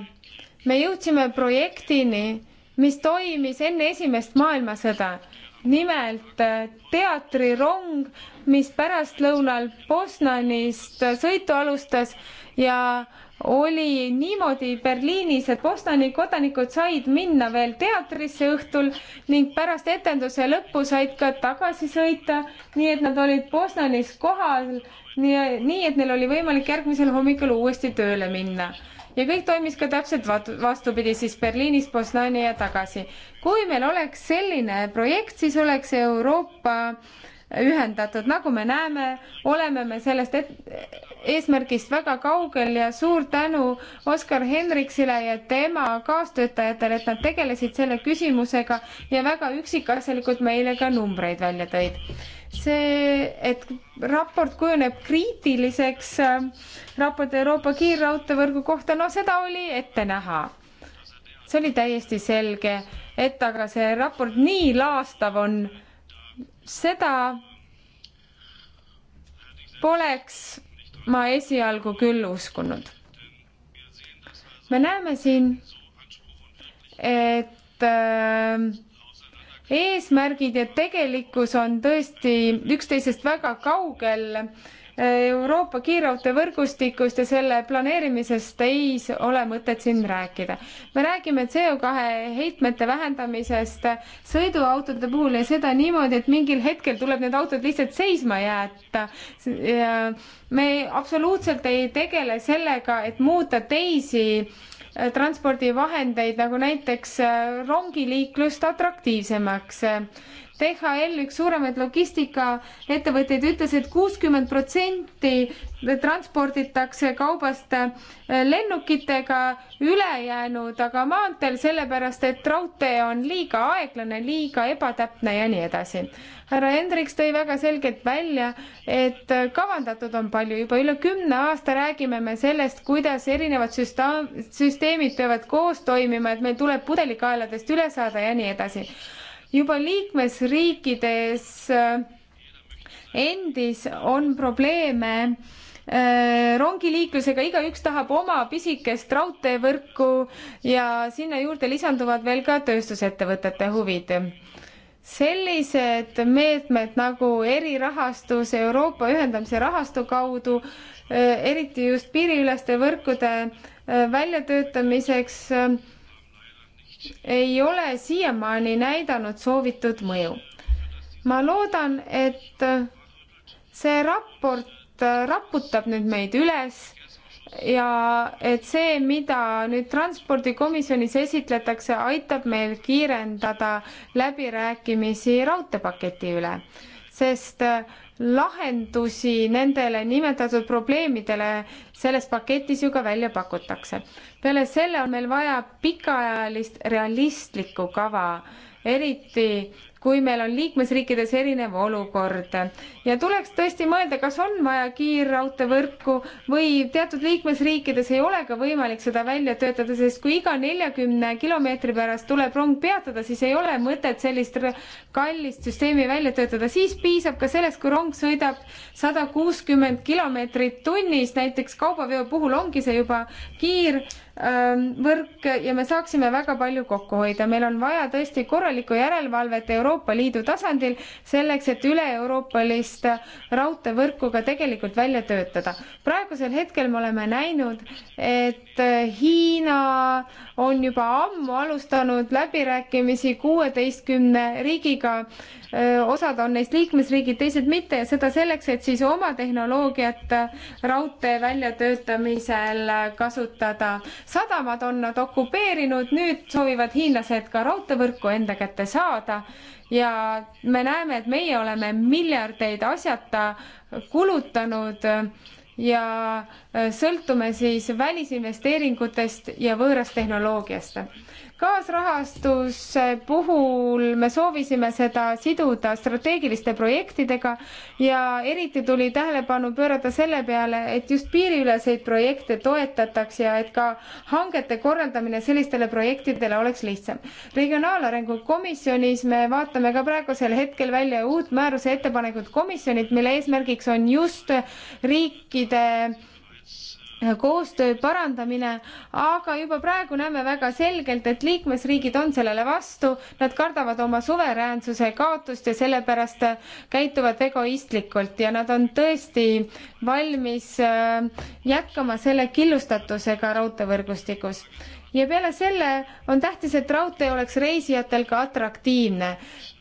me jõudsime projektini, mis toimis enne esimest maailmasõda. nimelt äh, teatrirong, mis pärastlõunal Bosnanist äh, sõitu alustas ja oli niimoodi Berliinis, et Bostoni kodanikud said minna veel teatrisse õhtul ning pärast etenduse lõppu said ka tagasi sõita, nii et nad olid Bostonis kohal, nii, nii et neil oli võimalik järgmisel hommikul uuesti tööle minna. ja kõik toimis ka täpselt vastupidi, siis Berliinis, Bostoni ja tagasi. kui meil oleks selline projekt, siis oleks Euroopa äh, ühendatud. nagu me näeme, oleme me sellest eesmärgist väga kaugel ja suur tänu Oskar Henriksile ja tema kaastöötajatele, et nad tegelesid selle küsimusega ja väga üksikasjalikult meile ka numbreid välja tõid. see, et raport kujuneb kriitiliseks, äh, raport Euroopa kiirraudteevõrgu kohta, no seda oli ette näha see oli täiesti selge, et aga see raport nii laastav on, seda poleks ma esialgu küll uskunud. me näeme siin, et äh, eesmärgid ja tegelikkus on tõesti üksteisest väga kaugel Euroopa kiirraudteevõrgustikust ja selle planeerimisest ei ole mõtet siin rääkida. me räägime CO2 heitmete vähendamisest sõiduautode puhul ja seda niimoodi, et mingil hetkel tuleb need autod lihtsalt seisma jätta. me absoluutselt ei tegele sellega, et muuta teisi äh, transpordivahendeid nagu näiteks äh, rongiliiklust atraktiivsemaks. DHL, üks suuremaid logistikaettevõtteid, ütles et, et kuuskümmend protsenti transporditakse kaubast äh, lennukitega, ülejäänud aga maanteel, sellepärast et raudtee on liiga aeglane, liiga ebatäpne ja nii edasi. härra Hendriks tõi väga selgelt välja, et äh, kavandatud on palju, juba üle kümne aasta räägime me sellest, kuidas erinevad süsta-, süsteemid peavad koos toimima, et meil tuleb pudelikaeladest üle saada ja nii edasi juba liikmesriikides äh, endis on probleeme äh, rongiliiklusega, igaüks tahab oma pisikest raudteevõrku ja sinna juurde lisanduvad veel ka tööstusettevõtete huvid. sellised meetmed nagu erirahastus Euroopa ühendamise rahastu kaudu, äh, eriti just piiriüleste võrkude väljatöötamiseks, ei ole siiamaani näidanud soovitud mõju. ma loodan, et see raport äh, raputab nüüd meid üles ja et see, mida nüüd transpordikomisjonis esitletakse, aitab meil kiirendada läbirääkimisi raudteepaketi üle, sest äh, lahendusi nendele nimetatud probleemidele selles paketis ju ka välja pakutakse. peale selle on meil vaja pikaajalist realistlikku kava eriti kui meil on liikmesriikides erinev olukord ja tuleks tõesti mõelda, kas on vaja kiirraudteevõrku või teatud liikmesriikides ei ole ka võimalik seda välja töötada, sest kui iga neljakümne kilomeetri pärast tuleb rong peatada, siis ei ole mõtet sellist kallist süsteemi välja töötada, siis piisab ka sellest, kui rong sõidab sada kuuskümmend kilomeetrit tunnis, näiteks kaubaveo puhul ongi see juba kiir võrk ja me saaksime väga palju kokku hoida. meil on vaja tõesti korralikku järelevalvet Euroopa Liidu tasandil selleks, et üle-euroopalist raudteevõrku ka tegelikult välja töötada. praegusel hetkel me oleme näinud, et Hiina on juba ammu alustanud läbirääkimisi kuueteistkümne riigiga osad on neist liikmesriigid, teised mitte ja seda selleks, et siis oma tehnoloogiat äh, raudtee väljatöötamisel äh, kasutada. sadamad on nad okupeerinud, nüüd soovivad hiinlased ka raudteevõrku enda kätte saada ja me näeme, et meie oleme miljardeid asjata kulutanud äh, ja Äh, sõltume siis välisinvesteeringutest ja võõrast tehnoloogiast. kaasrahastuse puhul me soovisime seda siduda strateegiliste projektidega ja eriti tuli tähelepanu pöörata selle peale, et just piiriüleseid projekte toetataks ja et ka hangete korraldamine sellistele projektidele oleks lihtsam. regionaalarengu komisjonis me vaatame ka praegusel hetkel välja uut määruse ettepanekut komisjonilt, mille eesmärgiks on just riikide koostöö parandamine, aga juba praegu näeme väga selgelt, et liikmesriigid on sellele vastu, nad kardavad oma suveräänsuse kaotust ja sellepärast käituvad egoistlikult ja nad on tõesti valmis äh, jätkama selle killustatusega raudteevõrgustikus ja peale selle on tähtis, et raudtee oleks reisijatel ka atraktiivne.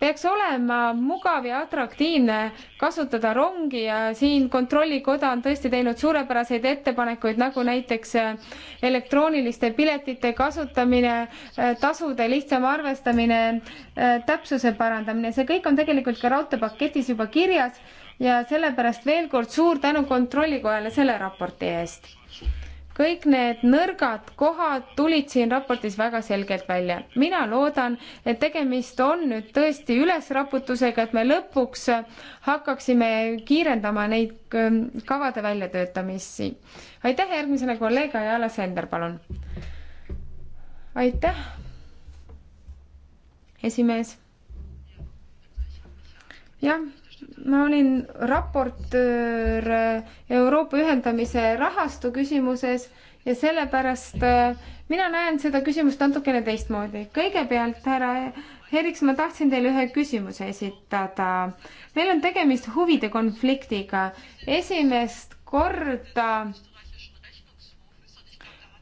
peaks olema mugav ja atraktiivne kasutada rongi ja siin Kontrollikoda on tõesti teinud suurepäraseid ettepanekuid, nagu näiteks äh, elektrooniliste piletite kasutamine, äh, tasude lihtsam arvestamine, äh, täpsuse parandamine, see kõik on tegelikult ka raudteepaketis juba kirjas ja sellepärast veel kord suur tänu Kontrollikojale selle raporti eest kõik need nõrgad kohad tulid siin raportis väga selgelt välja. mina loodan, et tegemist on nüüd tõesti ülesraputusega, et me lõpuks hakkaksime kiirendama neid ähm, kavade väljatöötamisi. aitäh, järgmisele kolleeg Ajala Sender, palun. aitäh, esimees. jah ma olin raportöör Euroopa ühendamise rahastu küsimuses ja sellepärast äh, mina näen seda küsimust natukene teistmoodi. kõigepealt, härra Heriks, ma tahtsin teile ühe küsimuse esitada. meil on tegemist huvide konfliktiga. esimest korda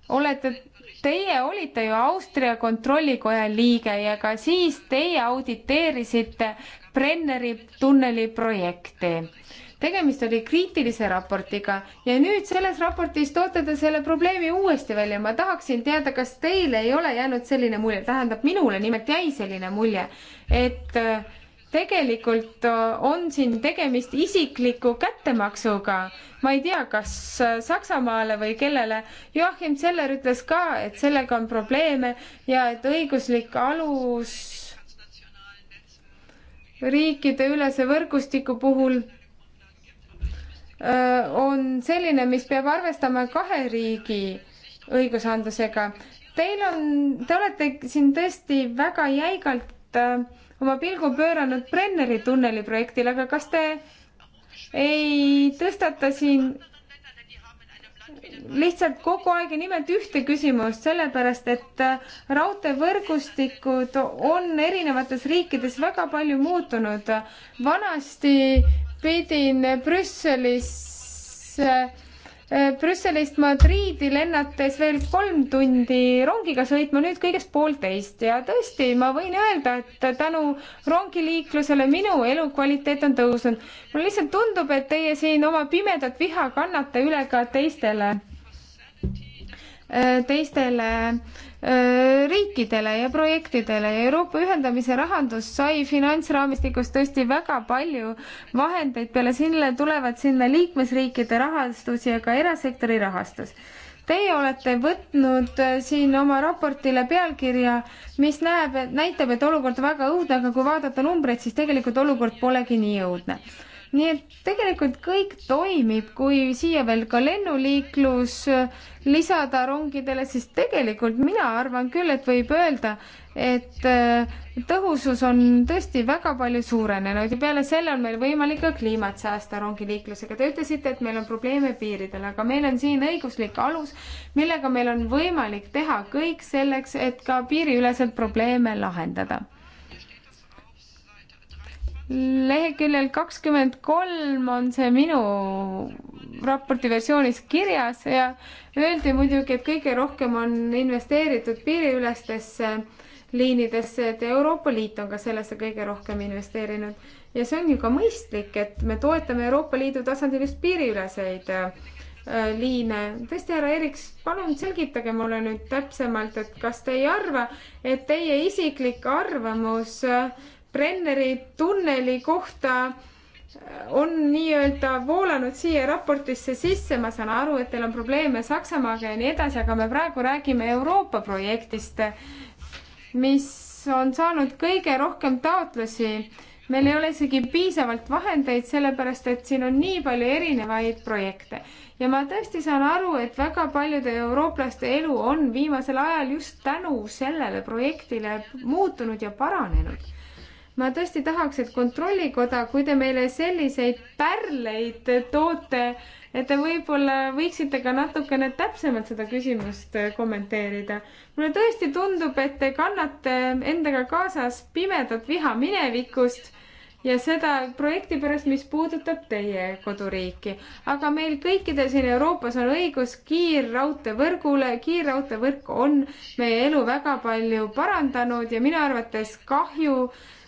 olete Teie olite ju Austria kontrollikoja liige ja ka siis teie auditeerisite Brenneri tunneli projekti. tegemist oli kriitilise raportiga ja nüüd selles raportis toote te selle probleemi uuesti välja. ma tahaksin teada, kas teile ei ole jäänud selline mulje, tähendab minule nimelt jäi selline mulje, et äh, tegelikult äh, on siin tegemist isikliku kättemaksuga. ma ei tea, kas äh, Saksamaale või kellele. Joachim Zeller ütles ka, et sellega on probleeme ja et õiguslik alus riikideülese võrgustiku puhul on selline, mis peab arvestama kahe riigi õigusandlusega. Teil on, te olete siin tõesti väga jäigalt oma pilgu pööranud Brenneri tunneli projektile, aga kas te ei tõstata siin lihtsalt kogu aeg ei nimeta ühte küsimust, sellepärast et äh, raudteevõrgustikud on erinevates riikides väga palju muutunud. vanasti pidin Brüsselisse Äh, Brüsselist Madriidi lennates veel kolm tundi rongiga sõitma, nüüd kõigest poolteist ja tõesti, ma võin öelda, et tänu rongiliiklusele minu elukvaliteet on tõusnud. mulle lihtsalt tundub, et teie siin oma pimedat viha kannate üle ka teistele. Äh, teistele äh, riikidele ja projektidele ja Euroopa ühendamise rahandus sai finantsraamistikust tõesti väga palju vahendeid, peale selle tulevad sinna liikmesriikide rahastus ja ka erasektori rahastus. Teie olete võtnud äh, siin oma raportile pealkirja, mis näeb, näitab, et olukord väga õudne, aga kui vaadata numbreid, siis tegelikult olukord polegi nii õudne nii et tegelikult kõik toimib, kui siia veel ka lennuliiklus lisada rongidele, siis tegelikult mina arvan küll, et võib öelda, et äh, tõhusus on tõesti väga palju suurenenud ja peale selle on meil võimalik ka kliimat säästa rongiliiklusega. Te ütlesite, et meil on probleeme piiridel, aga meil on siin õiguslik alus, millega meil on võimalik teha kõik selleks, et ka piiriüleselt probleeme lahendada leheküljel kakskümmend kolm on see minu raporti versioonis kirjas ja öeldi muidugi, et kõige rohkem on investeeritud piiriülestesse liinidesse, et Euroopa Liit on ka sellesse kõige rohkem investeerinud. ja see on ju ka mõistlik, et me toetame Euroopa Liidu tasandil just piiriüleseid äh, liine. tõesti, härra Eriks, palun selgitage mulle nüüd täpsemalt, et kas te ei arva, et teie isiklik arvamus äh, Brenneri tunneli kohta äh, on nii-öelda voolanud siia raportisse sisse, ma saan aru, et teil on probleeme Saksamaaga ja nii edasi, aga me praegu räägime Euroopa projektist, mis on saanud kõige rohkem taotlusi. meil ei ole isegi piisavalt vahendeid, sellepärast et siin on nii palju erinevaid projekte ja ma tõesti saan aru, et väga paljude eurooplaste elu on viimasel ajal just tänu sellele projektile muutunud ja paranenud ma tõesti tahaks, et Kontrollikoda, kui te meile selliseid pärleid toote, et te võib-olla võiksite ka natukene täpsemalt seda küsimust äh, kommenteerida. mulle tõesti tundub, et te kannate endaga kaasas pimedat viha minevikust ja seda projekti pärast, mis puudutab teie koduriiki. aga meil kõikidel siin Euroopas on õigus kiirraudteevõrgule, kiirraudteevõrk on meie elu väga palju parandanud ja minu arvates kahju,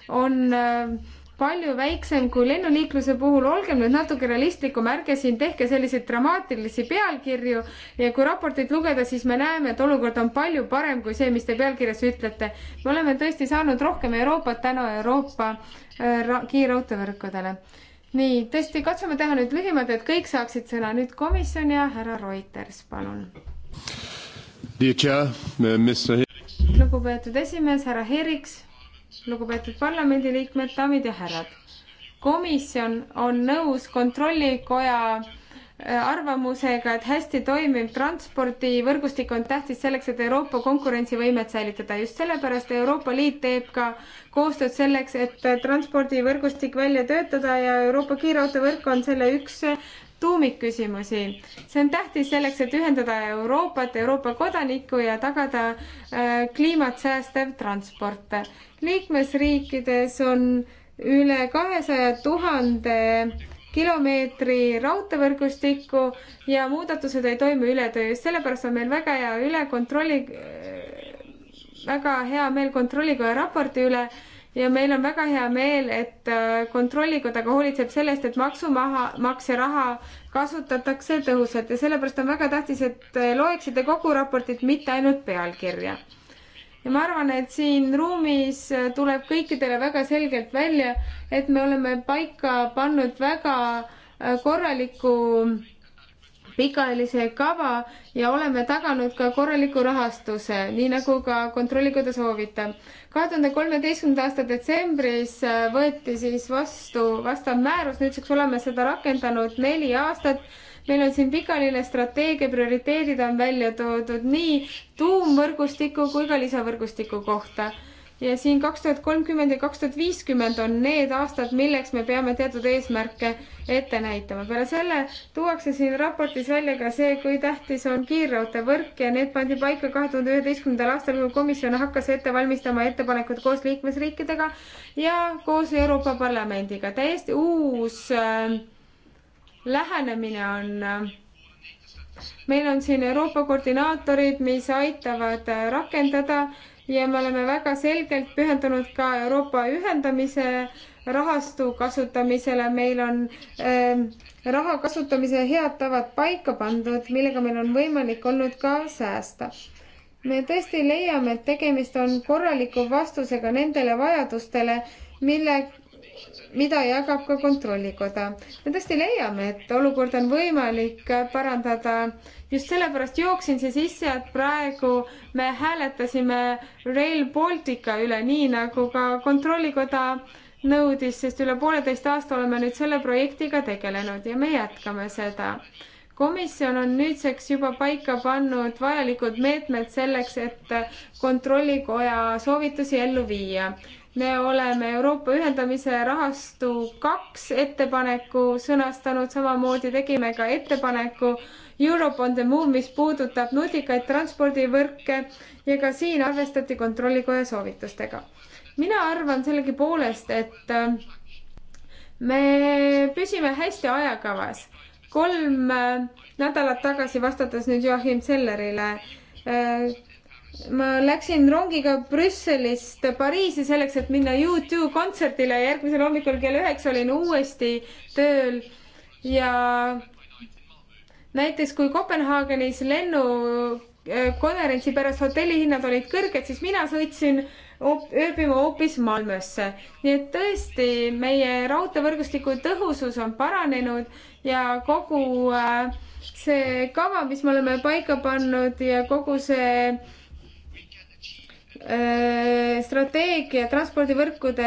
on äh, palju väiksem kui lennuliikluse puhul, olgem nüüd natuke realistlikum, ärge siin tehke selliseid dramaatilisi pealkirju ja kui raportit lugeda, siis me näeme, et olukord on palju parem kui see, mis te pealkirjas ütlete. me oleme tõesti saanud rohkem Euroopat tänu Euroopa äh, kiirraudteevõrkudele. nii, tõesti, katsume teha nüüd lühimalt, et kõik saaksid sõna. nüüd komisjon ja härra Reuters, palun. lugupeetud esimees, härra Heriks lugupeetud parlamendiliikmed, daamid ja härrad. komisjon on nõus kontrollikoja äh, arvamusega, et hästi toimiv transpordivõrgustik on tähtis selleks, et Euroopa konkurentsivõimet säilitada. just sellepärast Euroopa Liit teeb ka koostööd selleks, et transpordivõrgustik välja töötada ja Euroopa kiirautovõrk on selle üks tuumikküsimusi. see on tähtis selleks, et ühendada Euroopat, Euroopa kodanikku ja tagada äh, kliimat säästev transport. liikmesriikides on üle kahesaja tuhande kilomeetri raudteevõrgustikku ja muudatused ei toimu ületöö, just sellepärast on meil väga hea üle kontrolli, äh, väga hea meel kontrollikoja raporti üle äh,, ja meil on väga hea meel, et äh, Kontrollikoda ka hoolitseb sellest, et maksumaha, maksja raha kasutatakse tõhusalt ja sellepärast on väga tähtis, et äh, loeksite kogu raportit, mitte ainult pealkirja. ja ma arvan, et siin ruumis äh, tuleb kõikidele väga selgelt välja, et me oleme paika pannud väga korraliku pikaajalise kava ja oleme taganud ka korraliku rahastuse, nii nagu ka Kontrollikoda soovitab. kahe tuhande kolmeteistkümnenda aasta detsembris äh, võeti siis vastu vastav määrus, nüüdseks oleme seda rakendanud neli aastat. meil on siin pikaajaline strateegia, prioriteedid on välja toodud nii tuumvõrgustiku kui ka lisavõrgustiku kohta ja siin kaks tuhat kolmkümmend ja kaks tuhat viiskümmend on need aastad, milleks me peame teatud eesmärke ette näitama. peale selle tuuakse siin raportis välja ka see, kui tähtis on kiirraudteevõrk ja need pandi paika kahe tuhande üheteistkümnendal aastal, kui komisjon hakkas ette valmistama ettepanekut koos liikmesriikidega ja koos Euroopa Parlamendiga. täiesti uus äh, lähenemine on äh, meil on siin Euroopa koordinaatorid, mis aitavad äh, rakendada ja me oleme väga selgelt pühendunud ka Euroopa ühendamise rahastu kasutamisele. meil on äh, raha kasutamise head tavad paika pandud, millega meil on võimalik olnud ka säästa me tõesti leiame, et tegemist on korraliku vastusega nendele vajadustele, mille mida jagab ka Kontrollikoda. me tõesti leiame, et olukorda on võimalik parandada. just sellepärast jooksin siia sisse, et praegu me hääletasime Rail Baltica üle, nii nagu ka Kontrollikoda nõudis, sest üle pooleteist aasta oleme nüüd selle projektiga tegelenud ja me jätkame seda. komisjon on nüüdseks juba paika pannud vajalikud meetmed selleks, et kontrollikoja soovitusi ellu viia me oleme Euroopa ühendamise rahastu kaks ettepaneku sõnastanud, samamoodi tegime ka ettepaneku Europe on the move, mis puudutab nutikaid transpordivõrke ja ka siin arvestati Kontrollikoja soovitustega. mina arvan sellegipoolest, et äh, me püsime hästi ajakavas. kolm äh, nädalat tagasi, vastates nüüd Joachim Sellerile, äh, ma läksin rongiga Brüsselist Pariisi selleks, et minna U2 kontserdile ja järgmisel hommikul kell üheksa olin uuesti tööl ja näiteks kui Kopenhaagenis lennukonverentsi äh, pärast hotellihinnad olid kõrged, siis mina sõitsin ööbima hoopis Malmösse. nii et tõesti, meie raudteevõrgustiku tõhusus on paranenud ja kogu äh, see kava, mis me oleme paika pannud ja kogu see Äh, strateegia transpordivõrkude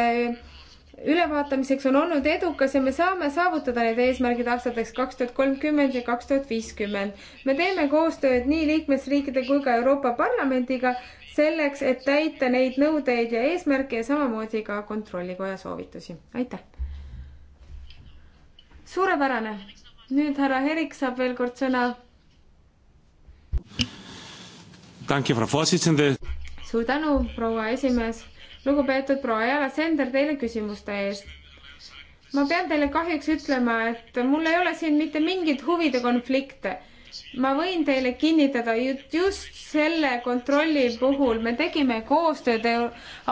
ülevaatamiseks on olnud edukas ja me saame saavutada need eesmärgid aastateks kaks tuhat kolmkümmend ja kaks tuhat viiskümmend. me teeme koostööd nii liikmesriikide kui ka Euroopa Parlamendiga selleks, et täita neid nõudeid ja eesmärke ja samamoodi ka Kontrollikoja soovitusi. aitäh! suurepärane, nüüd härra Herik saab veel kord sõna suur tänu, proua esimees. lugupeetud proua Jala Sender, teile küsimuste eest. ma pean teile kahjuks ütlema, et mul ei ole siin mitte mingit huvide konflikte. ma võin teile kinnitada, et just selle kontrolli puhul me tegime koostööd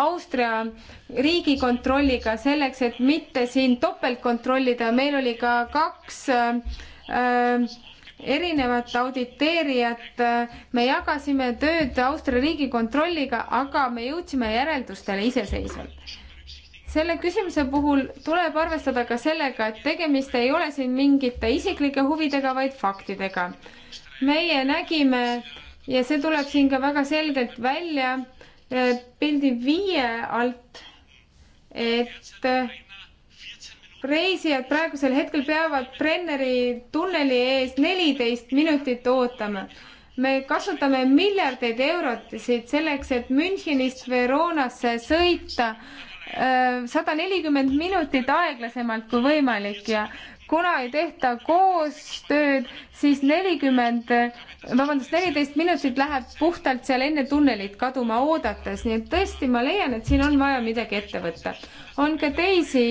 Austria riigikontrolliga selleks, et mitte siin topelt kontrollida. meil oli ka kaks äh, äh, erinevat auditeerijat, me jagasime tööd Austria riigikontrolliga, aga me jõudsime järeldustele iseseisvalt. selle küsimuse puhul tuleb arvestada ka sellega, et tegemist ei ole siin mingite isiklike huvidega, vaid faktidega. meie nägime ja see tuleb siin ka väga selgelt välja eh, pildi viie alt, et reisijad praegusel hetkel peavad Brenneri tunneli ees neliteist minutit ootama. me kasutame miljardeid eurotisid selleks, et Münchenist Veroonasse sõita äh, sada nelikümmend minutit aeglasemalt kui võimalik ja kuna ei tehta koostööd, siis nelikümmend, vabandust, neliteist minutit läheb puhtalt seal enne tunnelit kaduma oodates, nii et tõesti, ma leian, et siin on vaja midagi ette võtta. on ka teisi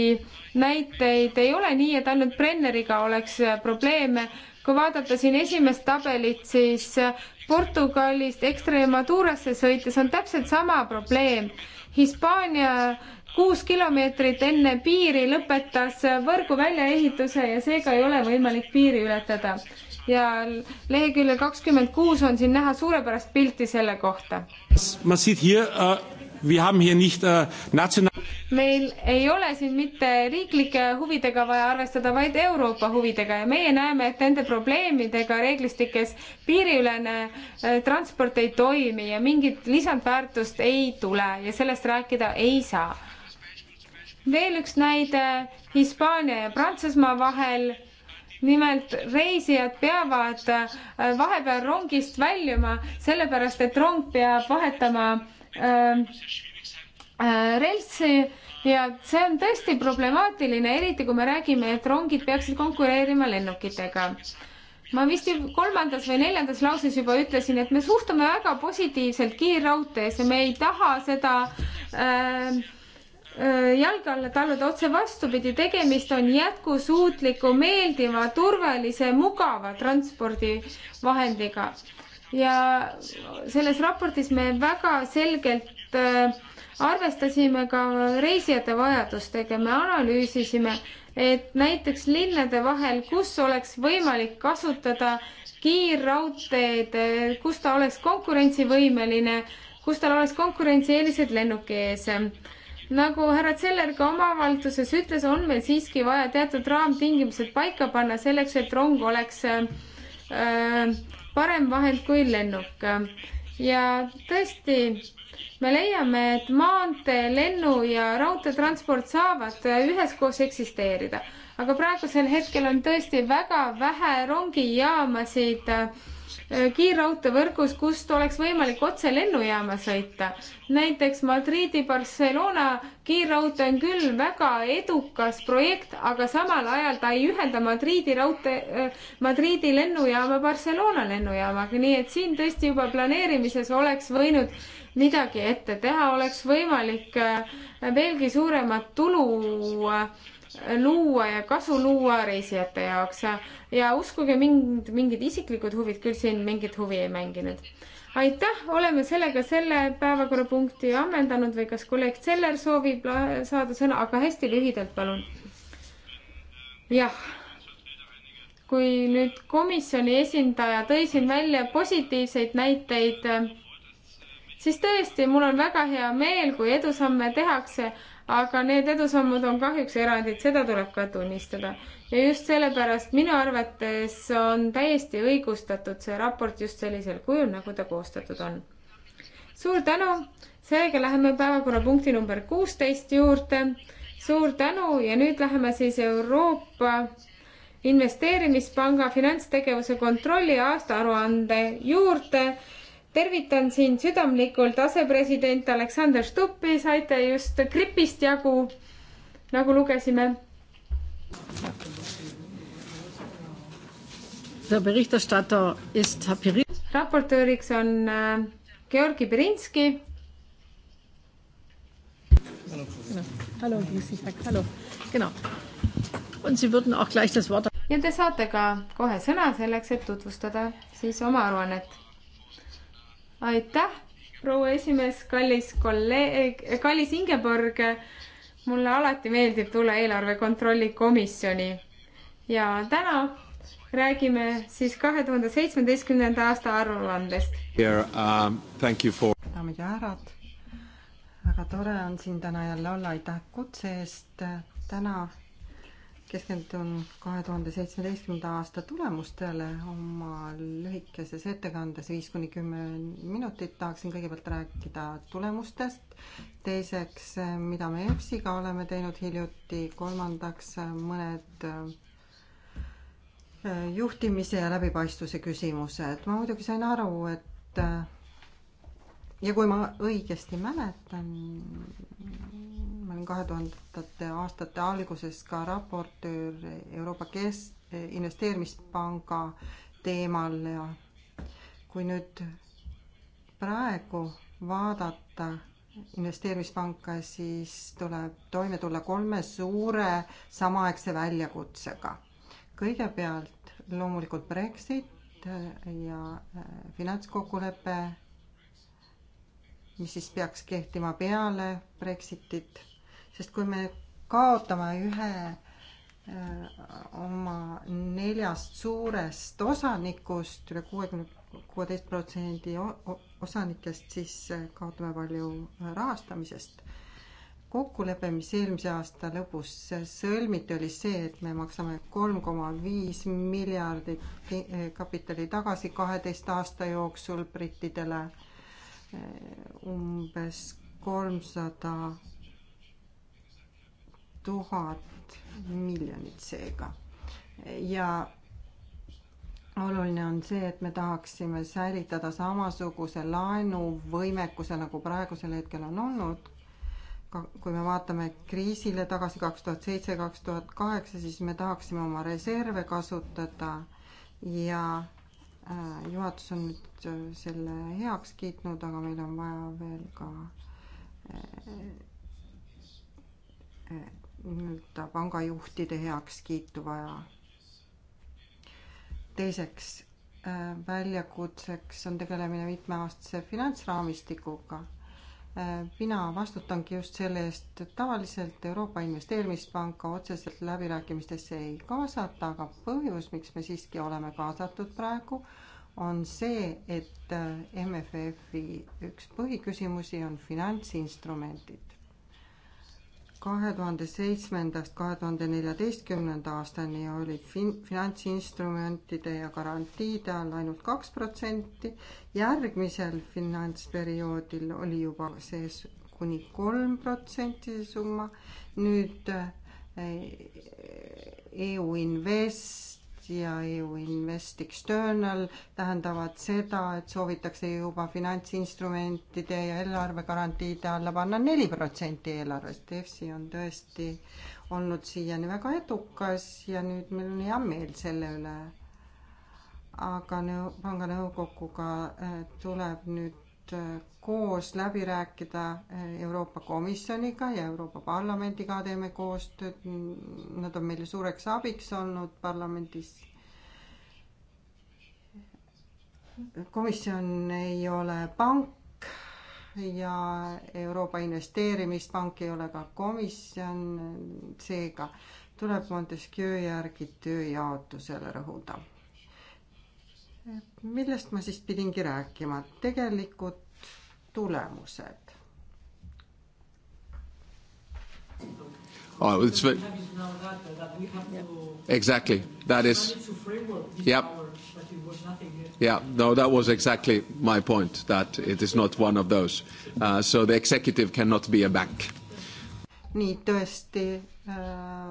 näiteid, ei ole nii, et ainult Brenneriga oleks äh, probleeme. kui vaadata siin esimest tabelit, siis äh, Portugalist Extremadurasse sõites on täpselt sama probleem. Hispaania kuus kilomeetrit enne piiri lõpetas võrgu väljaehituse ja seega ei ole võimalik piiri ületada. ja leheküljel kakskümmend kuus on siin näha suurepärast pilti selle kohta. Äh, äh, meil ei ole siin mitte riiklike huvidega vaja arvestada, vaid Euroopa huvidega ja meie näeme, et nende probleemidega reeglistikes piiriülene äh, transport ei toimi ja mingit lisandväärtust ei tule ja sellest rääkida ei saa veel üks näide Hispaania ja Prantsusmaa vahel. nimelt reisijad peavad äh, vahepeal rongist väljuma, sellepärast et rong peab vahetama ähm, äh, äh, reltsi ja see on tõesti problemaatiline, eriti kui me räägime, et rongid peaksid konkureerima lennukitega ma vist kolmandas või neljandas lauses juba ütlesin, et me suhtume väga positiivselt kiirraudteesse, me ei taha seda äh, Äh, jalge alla talluda, otse vastupidi, tegemist on jätkusuutliku, meeldiva, turvalise, mugava transpordivahendiga. ja selles raportis me väga selgelt äh, arvestasime ka reisijate vajadustega, me analüüsisime, et näiteks linnade vahel, kus oleks võimalik kasutada kiirraudteed, kus ta oleks konkurentsivõimeline, kus tal oleks konkurentsieelised lennuki ees nagu härra Zeller ka oma avalduses ütles, on meil siiski vaja teatud raamtingimused paika panna selleks, et rong oleks äh, parem vahend kui lennuk. ja tõesti, me leiame, et maantee, lennu ja raudteetransport saavad äh, üheskoos eksisteerida, aga praegusel hetkel on tõesti väga vähe rongijaamasid äh, kiirraudteevõrgus, kust oleks võimalik otse lennujaama sõita. näiteks Madridi Barcelona kiirraudtee on küll väga edukas projekt, aga samal ajal ta ei ühenda Madridi raudtee, Madridi lennujaama Barcelona lennujaamaga, nii et siin tõesti juba planeerimises oleks võinud midagi ette teha, oleks võimalik äh, veelgi suuremat tulu äh, luua ja kasu luua reisijate jaoks. ja uskuge mind, mingid isiklikud huvid küll siin mingit huvi ei mänginud. aitäh, oleme sellega selle päevakorrapunkti ammendanud või kas kolleeg Zeller soovib saada sõna, aga hästi lühidalt, palun. jah. kui nüüd komisjoni esindaja tõi siin välja positiivseid näiteid, siis tõesti, mul on väga hea meel, kui edusamme tehakse aga need edusammud on kahjuks erandid, seda tuleb ka tunnistada. ja just sellepärast minu arvates on täiesti õigustatud see raport just sellisel kujul, nagu ta koostatud on. suur tänu, seega läheme päevakorrapunkti number kuusteist juurde. suur tänu ja nüüd läheme siis Euroopa investeerimispanga finantstegevuse kontrolli aastaaruande juurde tervitan sind südamlikult, asepresident Aleksander Stuppi, saite just gripist jagu, nagu lugesime. raportööriks on äh, Georgi Pirinski. ja te saate ka kohe sõna selleks, et tutvustada siis oma aruannet aitäh, proua esimees, kallis kolleeg, kallis Ingeborg. mulle alati meeldib tulla eelarve kontrolli komisjoni ja täna räägime siis kahe tuhande seitsmeteistkümnenda aasta aruandest. Um, daamid ja härrad, väga tore on siin täna jälle olla, aitäh kutse eest. täna keskendun kahe tuhande seitsmeteistkümnenda aasta tulemustele oma lühikeses ettekandes viis kuni kümme minutit tahaksin kõigepealt rääkida tulemustest, teiseks, mida me EPS-iga oleme teinud hiljuti, kolmandaks mõned eh, juhtimise ja läbipaistvuse küsimused. ma muidugi sain aru, et ja kui ma õigesti mäletan, ma olin kahe tuhandete aastate alguses ka raportöör Euroopa Kes-, investeerimispanga teemal ja kui nüüd praegu vaadata investeerimispanka, siis tuleb toime tulla kolme suure samaaegse väljakutsega. kõigepealt loomulikult Brexit ja äh, finantskokkulepe mis siis peaks kehtima peale Brexitit, sest kui me kaotame ühe äh, oma neljast suurest osanikust üle kuuekümne, kuueteist protsendi osanikest, siis äh, kaotame palju rahastamisest. kokkulepe, mis eelmise aasta lõpus sõlmiti, oli see, et me maksame kolm koma viis miljardit äh, kapitali tagasi kaheteist aasta jooksul brittidele umbes kolmsada tuhat miljonit seega. ja oluline on see, et me tahaksime säilitada samasuguse laenuvõimekuse, nagu praegusel hetkel on olnud. kui me vaatame kriisile tagasi kaks tuhat seitse, kaks tuhat kaheksa, siis me tahaksime oma reserve kasutada ja Äh, juhatus on nüüd äh, selle heaks kiitnud, aga meil on vaja veel ka äh, nii-öelda pangajuhtide heakskiitu vaja. teiseks väljakutseks on tegelemine mitmeaastase finantsraamistikuga Äh, mina vastutangi just selle eest, et tavaliselt Euroopa Investeerimispanka otseselt läbirääkimistesse ei kaasata, aga põhjus, miks me siiski oleme kaasatud praegu, on see, et äh, MFF-i üks põhiküsimusi on finantsinstrumendid kahe tuhande seitsmendast kahe tuhande neljateistkümnenda aastani oli fin-, finantsinstrumentide ja garantiide all ainult kaks protsenti, järgmisel finantsperioodil oli juba sees kuni kolm protsenti see summa, nüüd EU eh, e Invest ja EU Invest External tähendavad seda, et soovitakse juba finantsinstrumentide ja eelarvegarantiide alla panna neli protsenti eelarvest. EFSI on tõesti olnud siiani väga edukas ja nüüd meil on hea meel selle üle. aga nõu-, panga nõukoguga äh, tuleb nüüd Äh, koos läbi rääkida äh, Euroopa Komisjoniga ja Euroopa Parlamendiga teeme koostööd. Nad on meile suureks abiks olnud parlamendis. komisjon ei ole pank ja Euroopa Investeerimispank ei ole ka komisjon, seega tuleb Montesquieu järgi tööjaotusele rõhuda millest ma siis pidingi rääkima, tegelikult tulemused oh,. Very... Exactly, that is. Yep. Yeah, no, that was exactly my point, that it is not one of those. Uh, so the executive cannot be a bank. nii, tõesti äh,,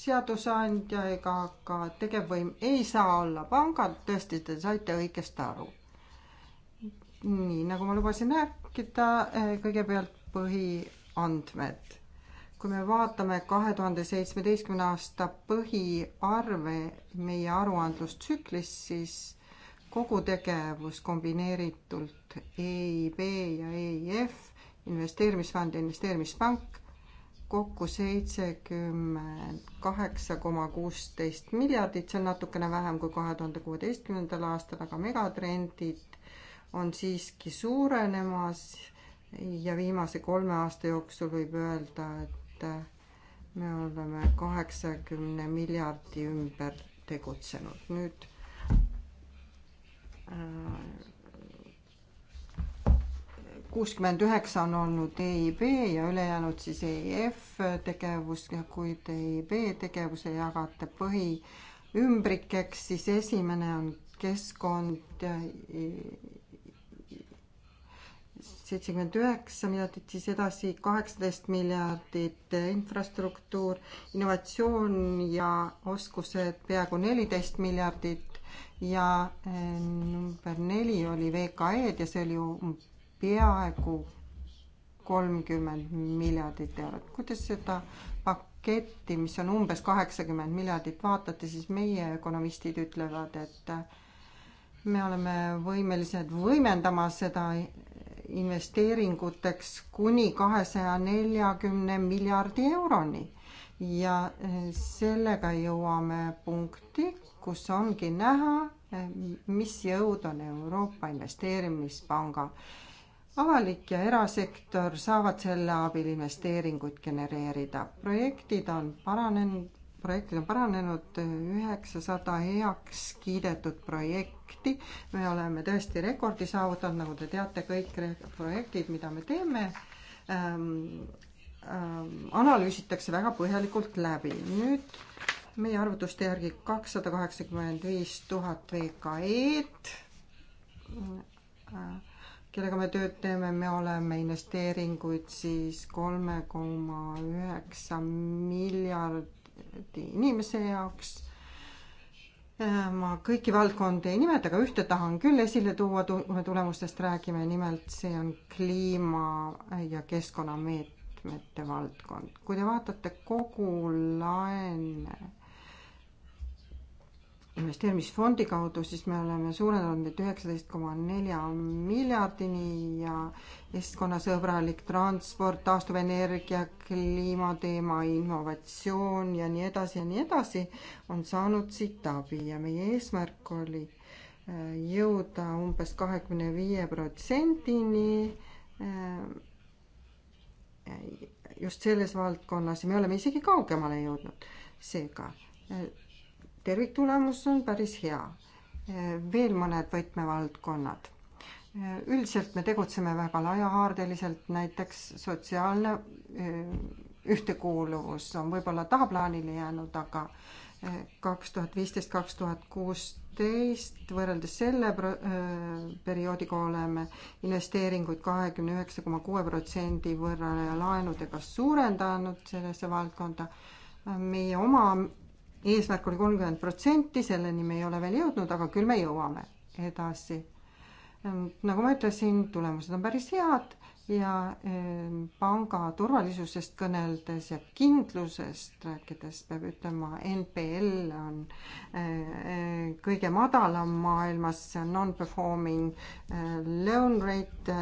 seadusandja ega ka tegevvõim ei saa olla pangad, tõesti, te saite õigesti aru nii nagu ma lubasin rääkida, eh, kõigepealt põhiandmed. kui me vaatame kahe tuhande seitsmeteistkümne aasta põhiarve meie aruandlustsüklis, siis kogu tegevus kombineeritult EIB ja EIF, investeerimisfond ja investeerimispank, kokku seitsekümmend kaheksa koma kuusteist miljardit, see on natukene vähem kui kahe tuhande kuueteistkümnendal aastal, aga megatrendid on siiski suurenemas ja viimase kolme aasta jooksul võib öelda, et me oleme kaheksakümne miljardi ümber tegutsenud. nüüd äh, kuuskümmend üheksa on olnud EIB ja ülejäänud siis EIF tegevus ja kuid EIB tegevuse jagate põhiümbrikeks, siis esimene on keskkond seitsekümmend üheksa miljardit, siis edasi kaheksateist miljardit infrastruktuur, innovatsioon ja oskused peaaegu neliteist miljardit ja eh, number neli oli VKE-d ja see oli ju peaaegu kolmkümmend miljardit eurot. kuidas seda paketti, mis on umbes kaheksakümmend miljardit, vaatate, siis meie ökonomistid ütlevad, et me oleme võimelised võimendama seda investeeringuteks kuni kahesaja neljakümne miljardi euroni. ja eh, sellega jõuame punkti, kus ongi näha, eh, mis jõud on Euroopa Investeerimispangal. avalik ja erasektor saavad selle abil investeeringuid genereerida. projektid on paranenud, projektid on paranenud, üheksasada heaks kiidetud projekti. me oleme tõesti rekordi saavutanud, nagu te teate, kõik projektid, mida me teeme ähm,, ähm, analüüsitakse väga põhjalikult läbi. nüüd meie arvutuste järgi kakssada kaheksakümmend viis tuhat VKE-d, kellega me tööd teeme, me oleme investeeringuid siis kolme koma üheksa miljard inimese jaoks. Äh, ma kõiki valdkondi ei nimeta, aga ühte tahan küll esile tuua, kui me tulemustest räägime, nimelt see on kliima ja keskkonnameetmete valdkond. kui te vaatate kogu laene investeerimisfondi kaudu, siis me oleme suurendanud neid üheksateist koma nelja miljardini ja keskkonnasõbralik transport, taastuvenergia, kliimateema, innovatsioon ja nii edasi ja nii edasi on saanud siit abi ja meie eesmärk oli äh, jõuda umbes kahekümne viie protsendini äh, just selles valdkonnas ja me oleme isegi kaugemale jõudnud. seega äh, terviktulemus on päris hea. veel mõned võtmevaldkonnad. üldiselt me tegutseme väga laiahaardeliselt, näiteks sotsiaalne eh, ühtekuuluvus on võib-olla tahaplaanile jäänud, aga eh, kaks tuhat viisteist, kaks tuhat kuusteist võrreldes selle eh, perioodiga oleme investeeringuid kahekümne üheksa koma kuue protsendi võrra ja laenudega suurendanud sellesse valdkonda. meie oma eesmärk oli kolmkümmend protsenti, selleni me ei ole veel jõudnud, aga küll me jõuame edasi. nagu ma ütlesin, tulemused on päris head ja ehm, panga turvalisusest kõneldes ja kindlusest rääkides peab ütlema, NPL on ehm, kõige madalam maailmas, see on non-performing ehm, loan rate,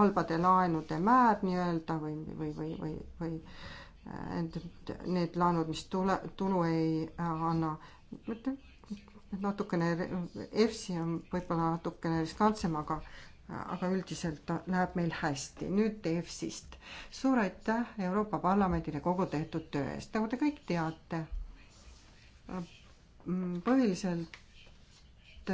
halbade laenude määr nii-öelda või, või, või, või, või et need laenud, mis tule, tulu ei äh, anna, natukene EFSI on võib-olla natukene riskantsem, aga aga üldiselt läheb meil hästi. nüüd EFSist. suur aitäh Euroopa Parlamendile kogu tehtud töö eest, nagu te kõik teate, äh, põhiliselt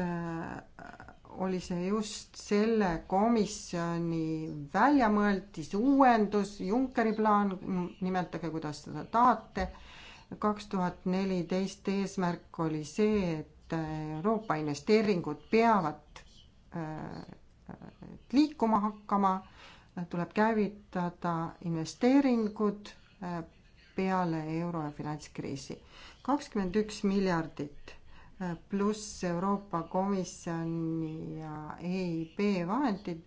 äh, oli see just selle komisjoni väljamõeldis, uuendus, Junckeri plaan, nimetage, kuidas seda tahate. kaks tuhat neliteist eesmärk oli see, et Euroopa investeeringud peavad äh, liikuma hakkama, tuleb käivitada investeeringud äh, peale euro ja finantskriisi. kakskümmend üks miljardit pluss Euroopa Komisjoni ja EIB vahendid.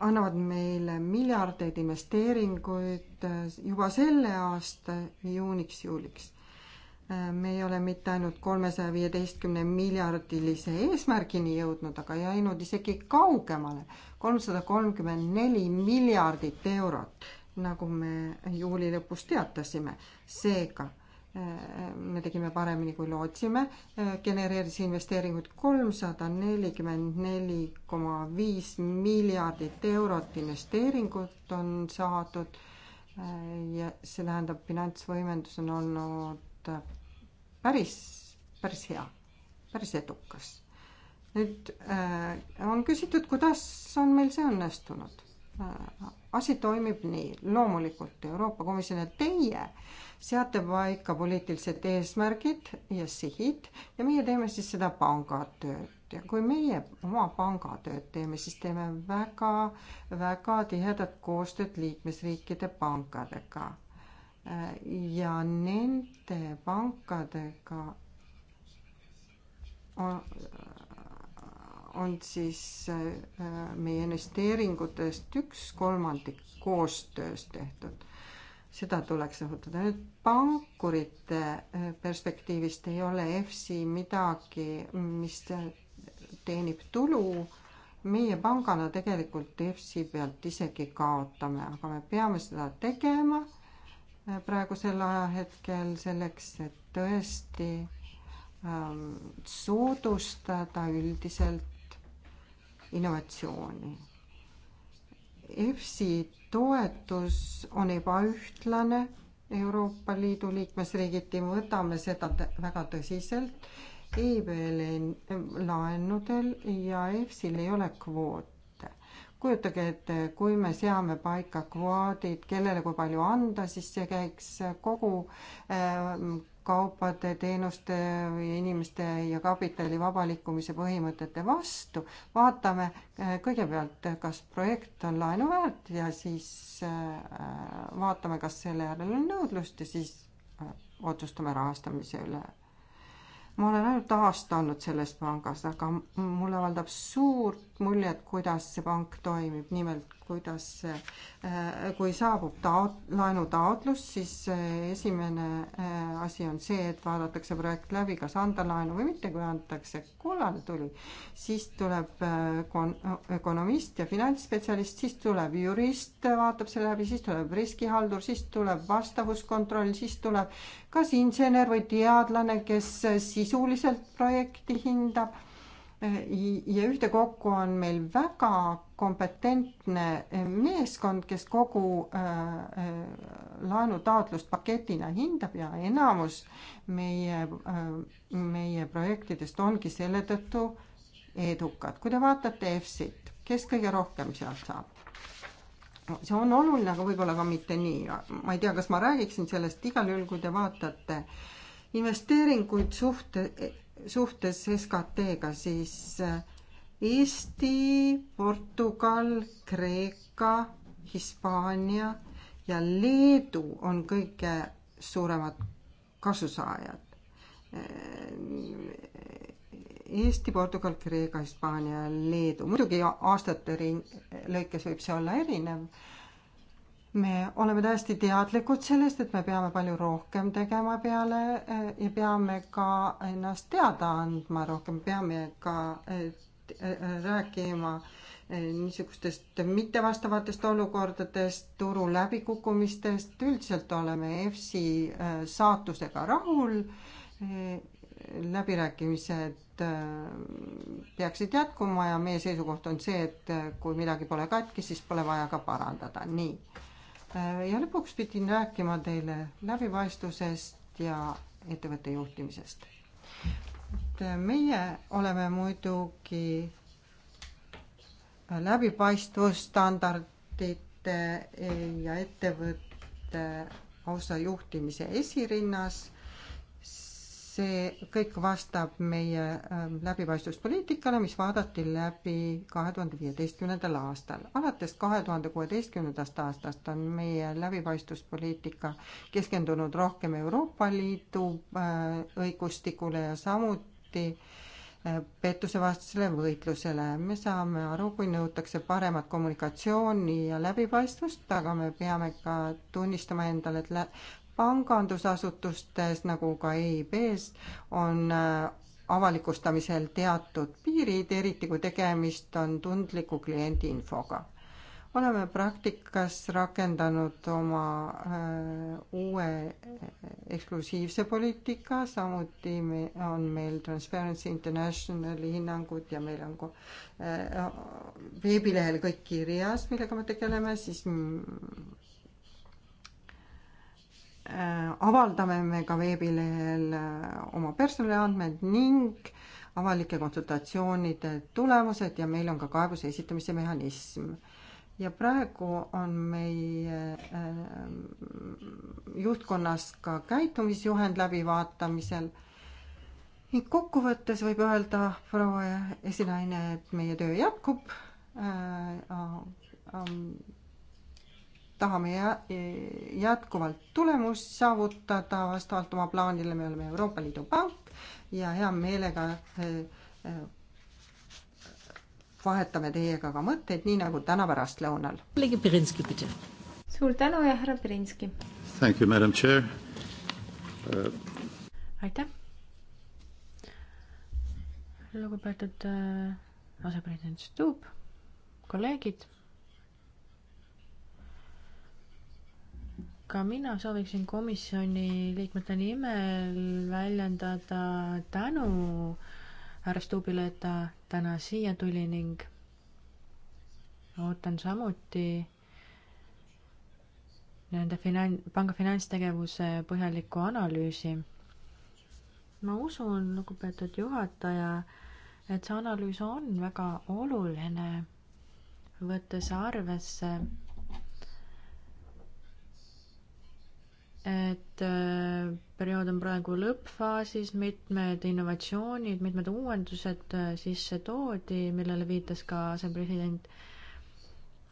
annavad meile miljardeid investeeringuid juba selle aasta juuniks-juuliks. me ei ole mitte ainult kolmesaja viieteistkümne miljardilise eesmärgini jõudnud, aga jäänud isegi kaugemale, kolmsada kolmkümmend neli miljardit eurot nagu me juuli lõpus teatasime. seega äh, me tegime paremini, kui lootsime, äh, genereeris investeeringuid kolmsada nelikümmend neli koma viis miljardit eurot investeeringut on saadud äh, ja see tähendab, finantsvõimendus on olnud päris, päris hea, päris edukas. nüüd on küsitud, kuidas on meil see õnnestunud Äh, asi toimib nii, loomulikult Euroopa Komisjon ja teie seate paika poliitilised eesmärgid ja sihid ja meie teeme siis seda pangatööd. ja kui meie oma pangatööd teeme, siis teeme väga, väga tihedat koostööd liikmesriikide pankadega. Äh, ja nende pankadega on on siis äh, meie investeeringutest üks kolmandik koostöös tehtud. seda tuleks rõhutada. nüüd pankurite äh, perspektiivist ei ole EFSI midagi, mis teenib tulu. meie pangana tegelikult EFSI pealt isegi kaotame, aga me peame seda tegema äh, praegusel ajahetkel selleks, et tõesti ähm, soodustada üldiselt innovatsiooni. EFSI toetus on ebaühtlane Euroopa Liidu liikmesriigiti, me võtame seda väga tõsiselt. EIB-l laenudel ja EFSil ei ole kvoote. kujutage ette, kui me seame paika kvoodid, kellele kui palju anda, siis see käiks kogu äh, kaupade, teenuste, inimeste ja kapitali vaba liikumise põhimõtete vastu. vaatame eh, kõigepealt, kas projekt on laenu väärt ja siis eh, vaatame, kas selle järel on nõudlust ja siis eh, otsustame rahastamise üle. ma olen ainult aasta olnud selles pangas, aga mulle avaldab suurt muljet, kuidas see pank toimib, nimelt kuidas, äh, kui saabub taot-, laenutaotlus, siis äh, esimene äh, asi on see, et vaadatakse projekt läbi, kas anda laenu või mitte, kui antakse kollane tuli, siis tuleb kon-, ökonomist ja finantsspetsialist, siis tuleb jurist, vaatab selle läbi, siis tuleb riskihaldur, siis tuleb vastavuskontroll, siis tuleb kas insener või teadlane, kes sisuliselt projekti hindab Äh, ja ühtekokku on meil väga kompetentne äh, meeskond, kes kogu äh, laenutaotlust paketina hindab ja enamus meie, meie projektidest ongi selle tõttu edukad. kui te vaatate EFSit, kes kõige rohkem sealt saab? see on oluline, aga võib-olla ka mitte nii. ma ei tea, kas ma räägiksin sellest, igal juhul, kui te vaatate investeeringuid suht suhtes SKT-ga, siis äh, Eesti, Portugal, Kreeka, Hispaania ja Leedu on kõige suuremad kasusaajad. Äh, Eesti, Portugal, Kreeka, Hispaania, Leedu, muidugi aastate ring, lõikes võib see olla erinev me oleme täiesti teadlikud sellest, et me peame palju rohkem tegema peale eh, ja peame ka ennast teada andma rohkem, peame ka eh, eh, rääkima niisugustest mittevastavatest olukordadest, turu läbikukkumistest, üldiselt oleme EFSi saatusega rahul. läbirääkimised peaksid jätkuma ja meie seisukoht on see, et kui midagi pole katki, siis pole vaja ka parandada, nii Äh, ja lõpuks pidin rääkima teile läbipaistvusest ja ettevõtte juhtimisest. et äh, meie oleme muidugi äh, läbipaistvusstandardite ja ettevõtte ausa juhtimise esirinnas see kõik vastab meie ähm, läbipaistvuspoliitikale, mis vaadati läbi kahe tuhande viieteistkümnendal aastal. alates kahe tuhande kuueteistkümnendast aastast on meie läbipaistvuspoliitika keskendunud rohkem Euroopa Liidu äh, õigustikule ja samuti äh, pettusevastasele võitlusele. me saame aru, kui nõutakse paremat kommunikatsiooni ja läbipaistvust, aga me peame ka tunnistama endale, et pangandusasutustes nagu ka EIB-s on äh, avalikustamisel teatud piirid, eriti kui tegemist on tundliku kliendi infoga. oleme praktikas rakendanud oma äh, uue äh, eksklusiivse poliitika, samuti me, on meil Transparency Internationali hinnangud ja meil on ka äh, äh, veebilehel kõik kirjas, millega me tegeleme, siis Äh, avaldame me ka veebilehel äh, oma personaliandmed ning avalike konsultatsioonide tulemused ja meil on ka kaebuse esitamise mehhanism. ja praegu on meie äh, juhtkonnas ka käitumisjuhend läbivaatamisel ning kokkuvõttes võib öelda, proua esinaine, et meie töö jätkub äh,. Äh, tahame jätkuvalt tulemust saavutada vastavalt oma plaanile, me oleme Euroopa Liidu pank ja hea meelega eh, eh, vahetame teiega ka mõtteid, nii nagu täna pärastlõunal. suur tänu ja härra Pirinski. Thank you, madam chair uh.... aitäh. lugupeetud äh, asepresident Stubb, kolleegid ka mina sooviksin komisjoni liikmete nimel väljendada tänu härra Stuubile, et ta täna siia tuli ning ootan samuti nende finan-, panga finantstegevuse põhjalikku analüüsi. ma usun, lugupeetud juhataja, et see analüüs on väga oluline, võttes arvesse et äh, periood on praegu lõppfaasis, mitmed innovatsioonid, mitmed uuendused äh, sisse toodi, millele viitas ka asepresident.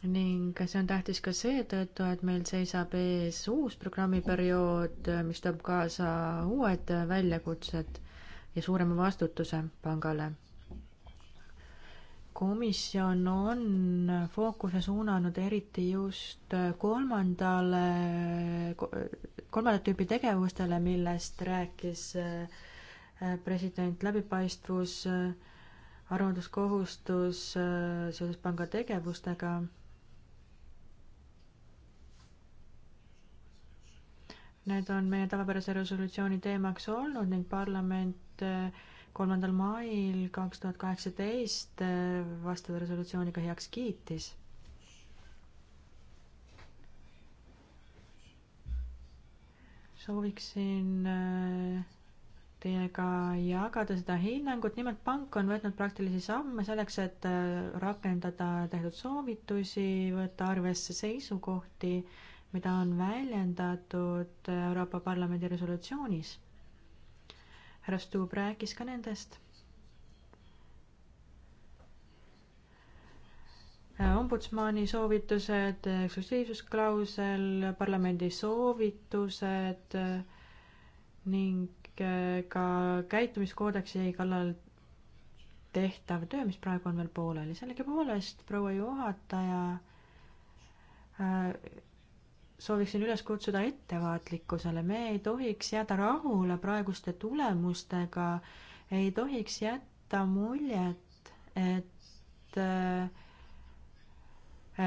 ning see on tähtis ka seetõttu, et meil seisab ees uus programmiperiood, äh, mis toob kaasa uued väljakutsed ja suurema vastutuse pangale komisjon on fookuse suunanud eriti just kolmandale, kolmandat tüüpi tegevustele, millest rääkis äh, president, läbipaistvus, äh, aruandluskohustus äh, seoses panga tegevustega Need on meie tavapärase resolutsiooni teemaks olnud ning parlament kolmandal mail kaks tuhat kaheksateist eh, vastava resolutsiooniga heaks kiitis. sooviksin eh, teiega jagada seda hinnangut, nimelt pank on võtnud praktilisi samme selleks, et eh, rakendada tehtud soovitusi, võtta arvesse seisukohti, mida on väljendatud Euroopa Parlamendi resolutsioonis härra Stubb rääkis ka nendest. ombudsmani soovitused, eksklusiivsusklausel, parlamendi soovitused ning eh, ka käitumiskoodeksi kallal tehtav töö, mis praegu on veel pooleli. sellegipoolest, proua juhataja äh,, sooviksin üles kutsuda ettevaatlikkusele, me ei tohiks jääda rahule praeguste tulemustega, ei tohiks jätta muljet, et,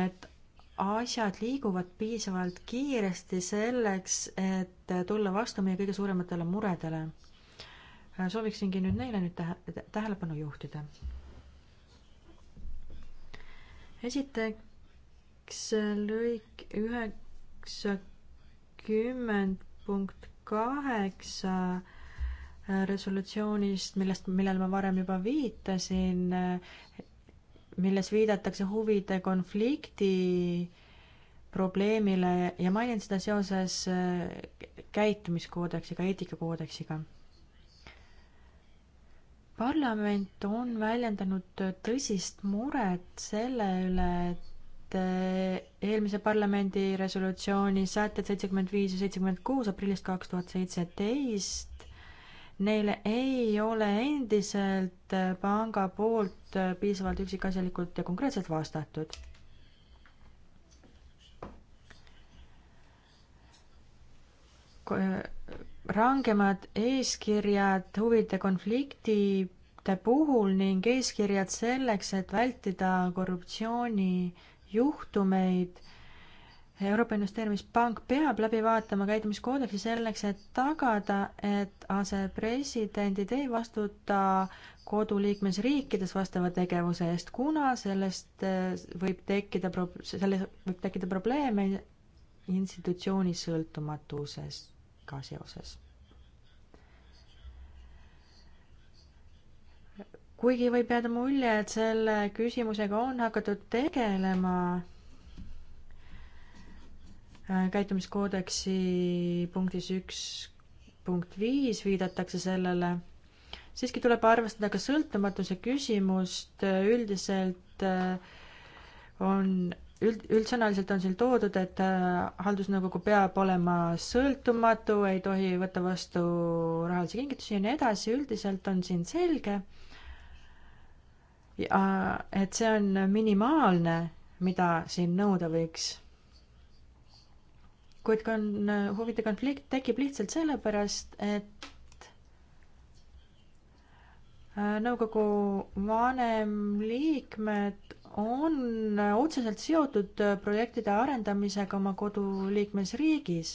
et asjad liiguvad piisavalt kiiresti selleks, et tulla vastu meie kõige suurematele muredele. sooviksingi nüüd neile nüüd tähe-, tähelepanu juhtida. esiteks lõik ühe, üheksakümmend punkt kaheksa resolutsioonist, millest, millele ma varem juba viitasin, milles viidatakse huvide konflikti probleemile ja mainin seda seoses käitumiskoodeksiga, eetikakoodeksiga. parlament on väljendanud tõsist muret selle üle, et et eh, eelmise parlamendi resolutsiooni sätted seitsekümmend viis ja seitsekümmend kuus aprillist kaks tuhat seitseteist, neile ei ole endiselt eh, panga poolt eh, piisavalt üksikasjalikult ja konkreetselt vastatud. rangemad eeskirjad huvide konflikti puhul ning eeskirjad selleks, et vältida korruptsiooni äh, juhtumeid. Euroopa Investeerimispank peab läbi vaatama käitumiskoodeksi selleks, et tagada, et asepresidendid ei vastuta koduliikmesriikides vastava tegevuse eest, kuna sellest eh, võib tekkida pro-, selles võib tekkida probleeme institutsiooni sõltumatusega seoses kuigi võib jääda mulje, et selle küsimusega on hakatud tegelema äh, käitumiskoodeksi punktis üks punkt viis viidatakse sellele, siiski tuleb arvestada ka sõltumatuse küsimust, üldiselt äh, on üld, üldsõnaliselt on siin toodud, et äh, haldusnõukogu peab olema sõltumatu, ei tohi võtta vastu rahalisi kingitusi ja nii edasi, üldiselt on siin selge, ja et see on minimaalne, mida siin nõuda võiks. kuid kon-, huvide konflikt tekib lihtsalt sellepärast, et äh, nõukogu vanemliikmed on otseselt seotud projektide arendamisega oma koduliikmesriigis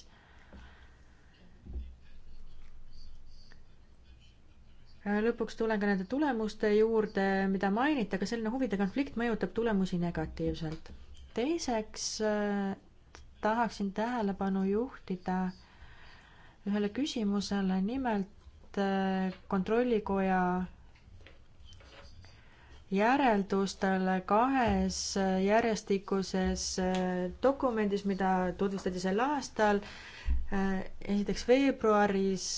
lõpuks tulen ka nende tulemuste juurde, mida mainiti, aga selline huvide konflikt mõjutab tulemusi negatiivselt. teiseks äh, tahaksin tähelepanu juhtida ühele küsimusele, nimelt äh, kontrollikoja järeldustele kahes äh, järjestikuses dokumendis, mida tutvustati sel aastal. esiteks veebruaris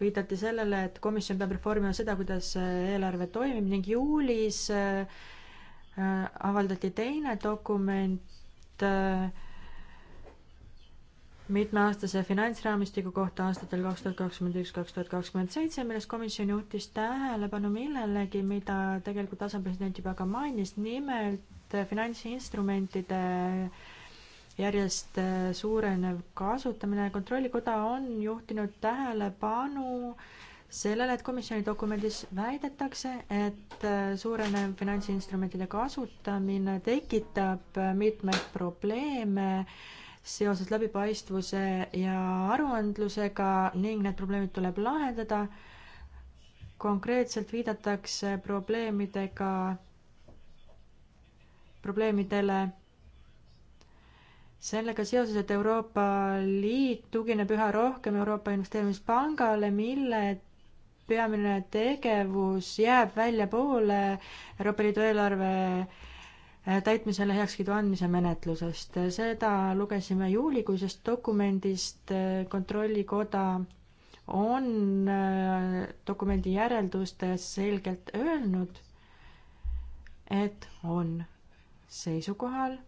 viidati sellele, et komisjon peab reformima seda, kuidas äh, eelarve toimib ning juulis äh, äh, avaldati teine dokument mitmeaastase finantsraamistiku kohta aastatel kaks tuhat kakskümmend üks, kaks tuhat kakskümmend seitse, milles komisjon juhtis tähelepanu millelegi, mida tegelikult asepresident juba ka mainis, nimelt finantsinstrumentide äh, järjest äh, suurenev kasutamine. kontrollikoda on juhtinud tähelepanu sellele, et komisjoni dokumendis väidetakse, et äh, suurenev finantsinstrumentide kasutamine tekitab äh, mitmeid probleeme seoses läbipaistvuse ja aruandlusega ning need probleemid tuleb lahendada. konkreetselt viidatakse probleemidega, probleemidele sellega seoses, et Euroopa Liit tugineb üha rohkem Euroopa Investeerimispangale, mille peamine tegevus jääb väljapoole Euroopa Liidu eelarve äh, täitmisele heakskiidu andmise menetlusest. seda lugesime juulikuisest dokumendist, Kontrollikoda on äh, dokumendi järeldustes selgelt öelnud, et on seisukohal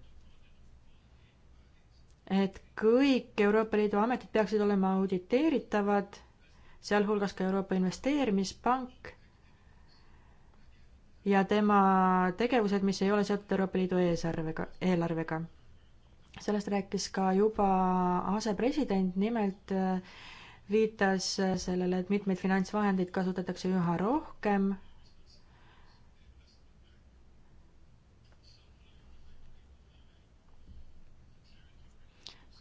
et kõik Euroopa Liidu ametid peaksid olema auditeeritavad, sealhulgas ka Euroopa Investeerimispank ja tema tegevused, mis ei ole seotud Euroopa Liidu eesarvega, eelarvega. sellest rääkis ka juba asepresident, nimelt äh, viitas äh, sellele, et mitmeid finantsvahendeid kasutatakse üha rohkem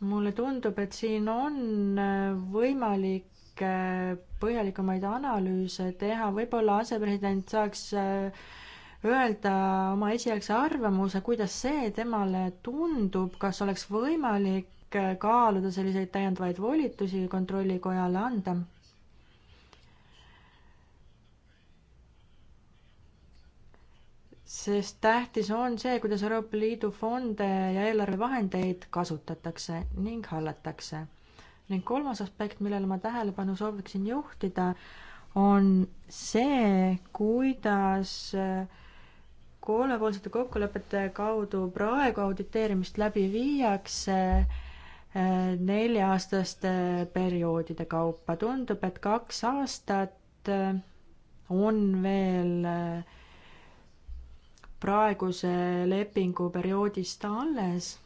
mulle tundub, et siin on äh, võimalik äh, põhjalikumaid analüüse teha, võib-olla asepresident saaks äh, öelda oma esialgse arvamuse, kuidas see temale tundub, kas oleks võimalik kaaluda selliseid täiendavaid volitusi kontrollikojale anda sest tähtis on see, kuidas Euroopa Liidu fonde ja eelarvevahendeid kasutatakse ning hallatakse. ning kolmas aspekt, millele ma tähelepanu sooviksin juhtida, on see, kuidas kolmepoolsete kokkulepete kaudu praegu auditeerimist läbi viiakse eh, nelja-aastaste perioodide kaupa. tundub, et kaks aastat eh, on veel äh, praeguse lepingu perioodist alles.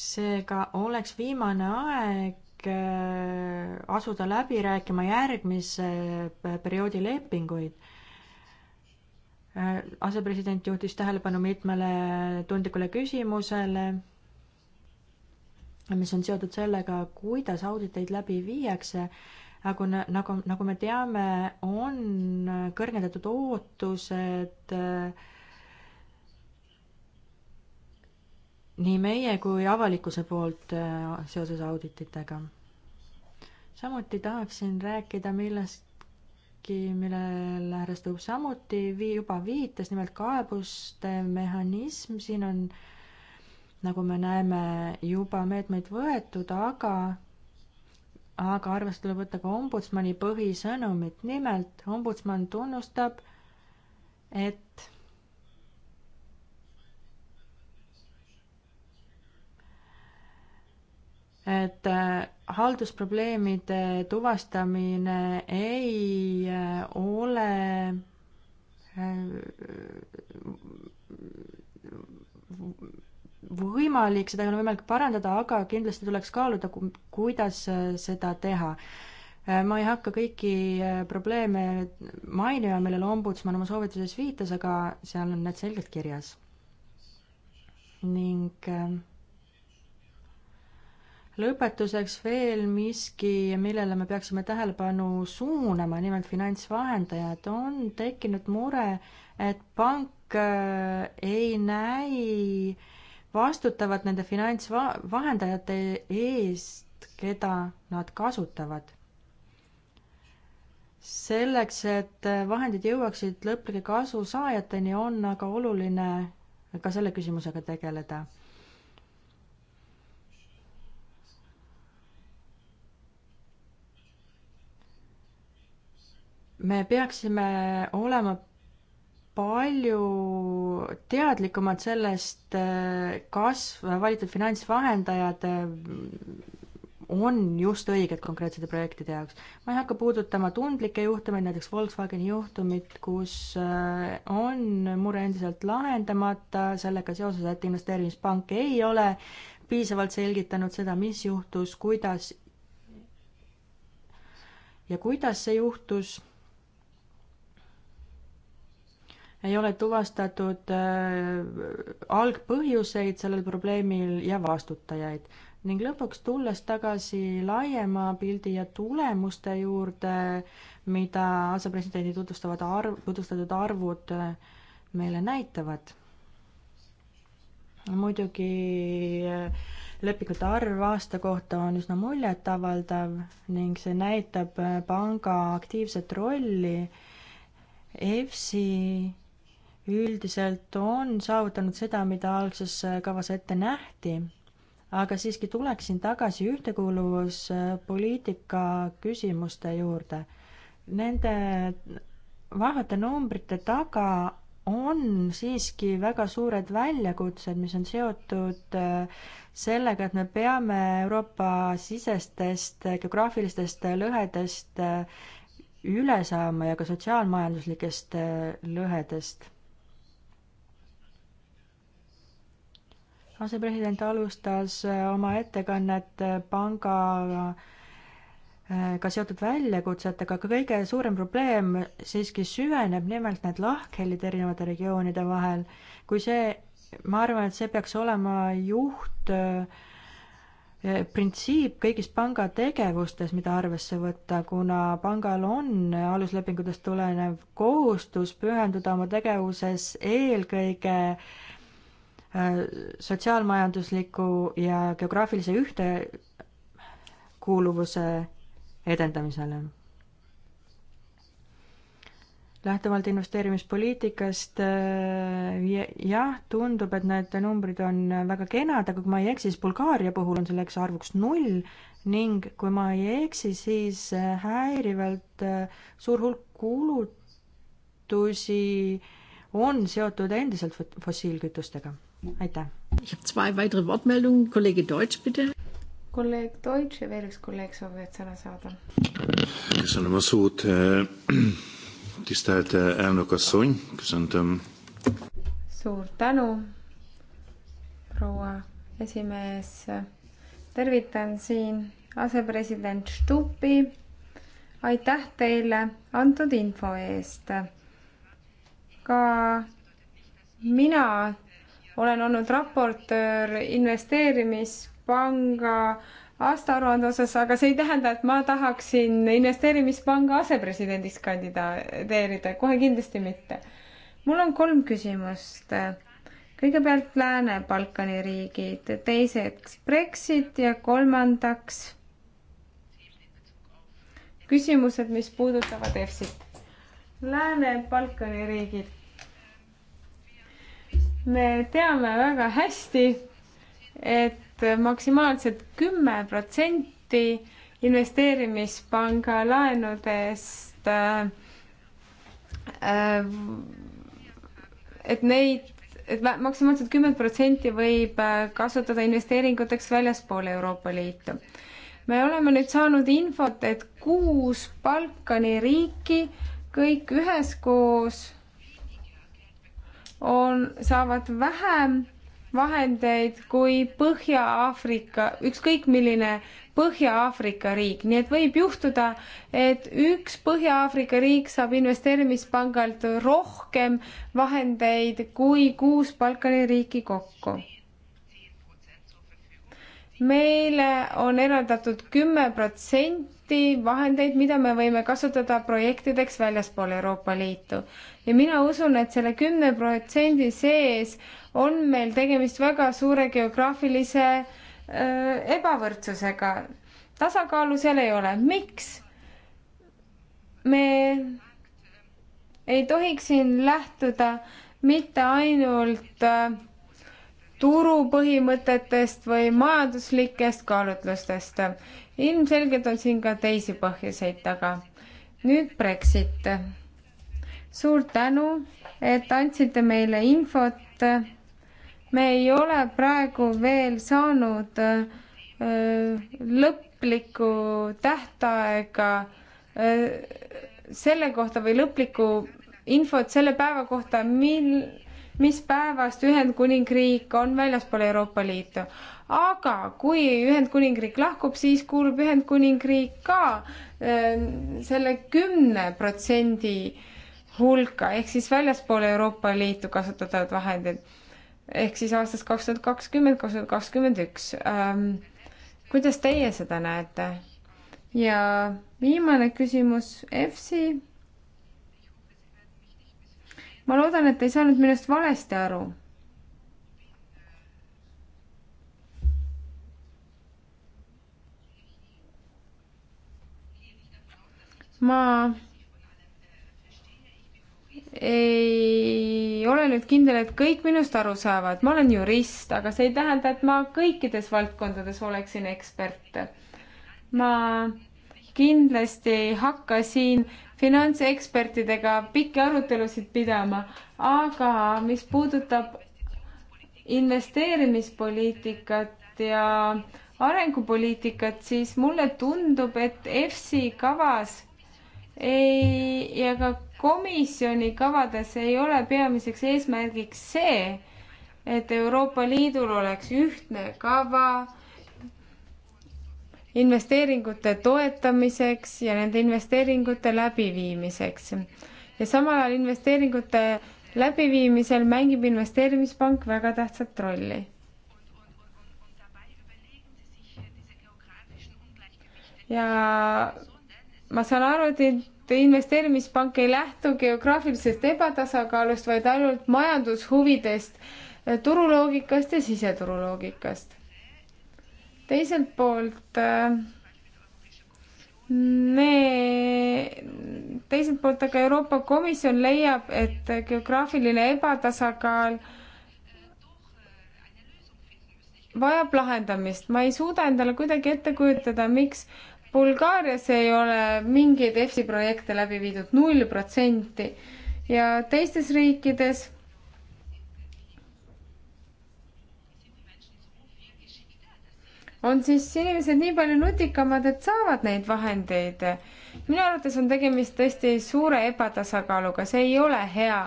seega oleks viimane aeg äh, asuda läbi rääkima järgmise perioodi lepinguid. Äh, asepresident juhtis tähelepanu mitmele tundlikule küsimusele, mis on seotud sellega, kuidas auditeid läbi viiakse nagu, nagu, nagu me teame, on kõrgendatud ootused äh, nii meie kui avalikkuse poolt äh, seoses audititega. samuti tahaksin rääkida millestki, millele härra Stubb samuti vii-, juba viitas, nimelt kaebuste mehhanism, siin on nagu me näeme, juba meetmeid võetud, aga aga arvesse tuleb võtta ka ombudsmani põhisõnumit, nimelt ombudsman tunnustab, et et äh, haldusprobleemide tuvastamine ei äh, ole äh, võimalik, seda ei ole võimalik parandada, aga kindlasti tuleks kaaluda, kuidas äh, seda teha. Äh, ma ei hakka kõiki äh, probleeme mainima, millele ombudsman oma soovituses viitas, aga seal on need selgelt kirjas. ning lõpetuseks veel miski, millele me peaksime tähelepanu suunama, nimelt finantsvahendajad. on tekkinud mure, et pank ei näi äh, vastutavad nende finantsvahendajate eest, keda nad kasutavad. selleks, et vahendid jõuaksid lõplike kasusaajateni, on aga oluline ka selle küsimusega tegeleda. me peaksime olema palju teadlikumad sellest, eh, kas valitud finantsvahendajad eh, on just õiged konkreetsete projektide jaoks. ma ei hakka puudutama tundlikke juhtumeid, näiteks Volkswageni juhtumit, kus eh, on mure endiselt lahendamata sellega seoses, et investeerimispank ei ole piisavalt selgitanud seda, mis juhtus, kuidas ja kuidas see juhtus ei ole tuvastatud äh, algpõhjuseid sellel probleemil ja vastutajaid. ning lõpuks, tulles tagasi laiema pildi ja tulemuste juurde, mida asepresidendi tutvustavad arv, tutvustatud arvud äh, meile näitavad muidugi äh, lepingute arv aasta kohta on üsna muljetavaldav ning see näitab panga aktiivset rolli EFSI üldiselt on saavutanud seda, mida algses kavas ette nähti, aga siiski tuleksin tagasi ühtekuuluvuspoliitika küsimuste juurde. Nende vahvate numbrite taga on siiski väga suured väljakutsed, mis on seotud äh, sellega, et me peame Euroopa-sisestest geograafilistest lõhedest äh, üle saama ja ka sotsiaalmajanduslikest äh, lõhedest asepresident alustas äh, oma ettekannet äh, panga äh, ka seotud väljakutsetega, aga kõige suurem probleem siiski süveneb, nimelt need lahkhelid erinevate regioonide vahel. kui see, ma arvan, et see peaks olema juht printsiip kõigis panga tegevustes, mida arvesse võtta, kuna pangal on aluslepingutest tulenev kohustus pühenduda oma tegevuses eelkõige äh, Äh, sotsiaalmajandusliku ja geograafilise ühtekuuluvuse edendamisele. lähtuvalt investeerimispoliitikast äh, jah, tundub, et need numbrid on väga kenad, aga kui ma ei eksi, siis Bulgaaria puhul on selleks arvuks null ning kui ma ei eksi, siis äh, häirivalt suur hulk kulutusi on seotud endiselt fossiilkütustega aitäh. kolleeg Deutsch, bitte. kolleeg Deutsch ja veel üks kolleeg soovivad sõna saada. köszönöm a szót, eh, tisztelt eh, elnök asszony, köszöntöm. suur tänu, proua esimees. tervitan siin asepresident Stupi. aitäh teile antud info eest. ka mina olen olnud raportöör investeerimispanga aastaaruande osas, aga see ei tähenda, et ma tahaksin investeerimispanga asepresidendiks kandideerida, kohe kindlasti mitte. mul on kolm küsimust. kõigepealt Lääne-Balkani riigid, teiseks Brexit ja kolmandaks küsimused, mis puudutavad EFSit. Lääne-Balkani riigid me teame väga hästi, et maksimaalselt kümme protsenti investeerimispanga laenudest äh,, et neid et maksimaalselt kümme protsenti võib äh, kasutada investeeringuteks väljaspool Euroopa Liitu. me oleme nüüd saanud infot, et kuus Balkani riiki kõik üheskoos on, saavad vähem vahendeid kui Põhja-Aafrika, ükskõik milline Põhja-Aafrika riik, nii et võib juhtuda, et üks Põhja-Aafrika riik saab investeerimispangalt rohkem vahendeid kui kuus Balkani riiki kokku. meile on eraldatud kümme protsenti projekti vahendeid, mida me võime kasutada projektideks väljaspool Euroopa Liitu. ja mina usun, et selle kümne protsendi sees on meil tegemist väga suure geograafilise äh, ebavõrdsusega. tasakaalu seal ei ole. miks? me ei tohiks siin lähtuda mitte ainult äh, turupõhimõtetest või majanduslikest kaalutlustest ilmselgelt on siin ka teisi põhjuseid taga. nüüd Brexit. suur tänu, et andsite meile infot. me ei ole praegu veel saanud äh, lõplikku tähtaega äh, selle kohta või lõplikku infot selle päeva kohta, mil mis päevast Ühendkuningriik on väljaspool Euroopa Liitu. aga kui Ühendkuningriik lahkub, siis kuulub Ühendkuningriik ka äh, selle kümne protsendi hulka ehk siis väljaspool Euroopa Liitu kasutatavad vahendid ehk siis aastast kaks tuhat kakskümmend, kaks tuhat kakskümmend üks. Ähm, kuidas teie seda näete? ja viimane küsimus EFSI ma loodan, et ei saanud minust valesti aru. ma ei ole nüüd kindel, et kõik minust aru saavad, ma olen jurist, aga see ei tähenda, et ma kõikides valdkondades oleksin ekspert. ma kindlasti ei hakka siin finantsekspertidega pikki arutelusid pidama, aga mis puudutab investeerimispoliitikat ja arengupoliitikat, siis mulle tundub, et EFSI kavas ei, ja ka komisjoni kavades ei ole peamiseks eesmärgiks see, et Euroopa Liidul oleks ühtne kava investeeringute toetamiseks ja nende investeeringute läbiviimiseks. ja samal ajal investeeringute läbiviimisel mängib investeerimispank väga tähtsat rolli. ja ma saan aru, et investeerimispank ei lähtu geograafilisest ebatasakaalust, vaid ainult majandushuvidest, turuloogikast ja siseturuloogikast teiselt poolt Nee, äh, teiselt poolt aga Euroopa Komisjon leiab, et geograafiline ebatasakaal vajab lahendamist. ma ei suuda endale kuidagi ette kujutada, miks Bulgaarias ei ole mingeid EFSI projekte läbi viidud, null protsenti ja teistes riikides on siis inimesed nii palju nutikamad, et saavad neid vahendeid. minu arvates on tegemist tõesti suure ebatasakaaluga, see ei ole hea.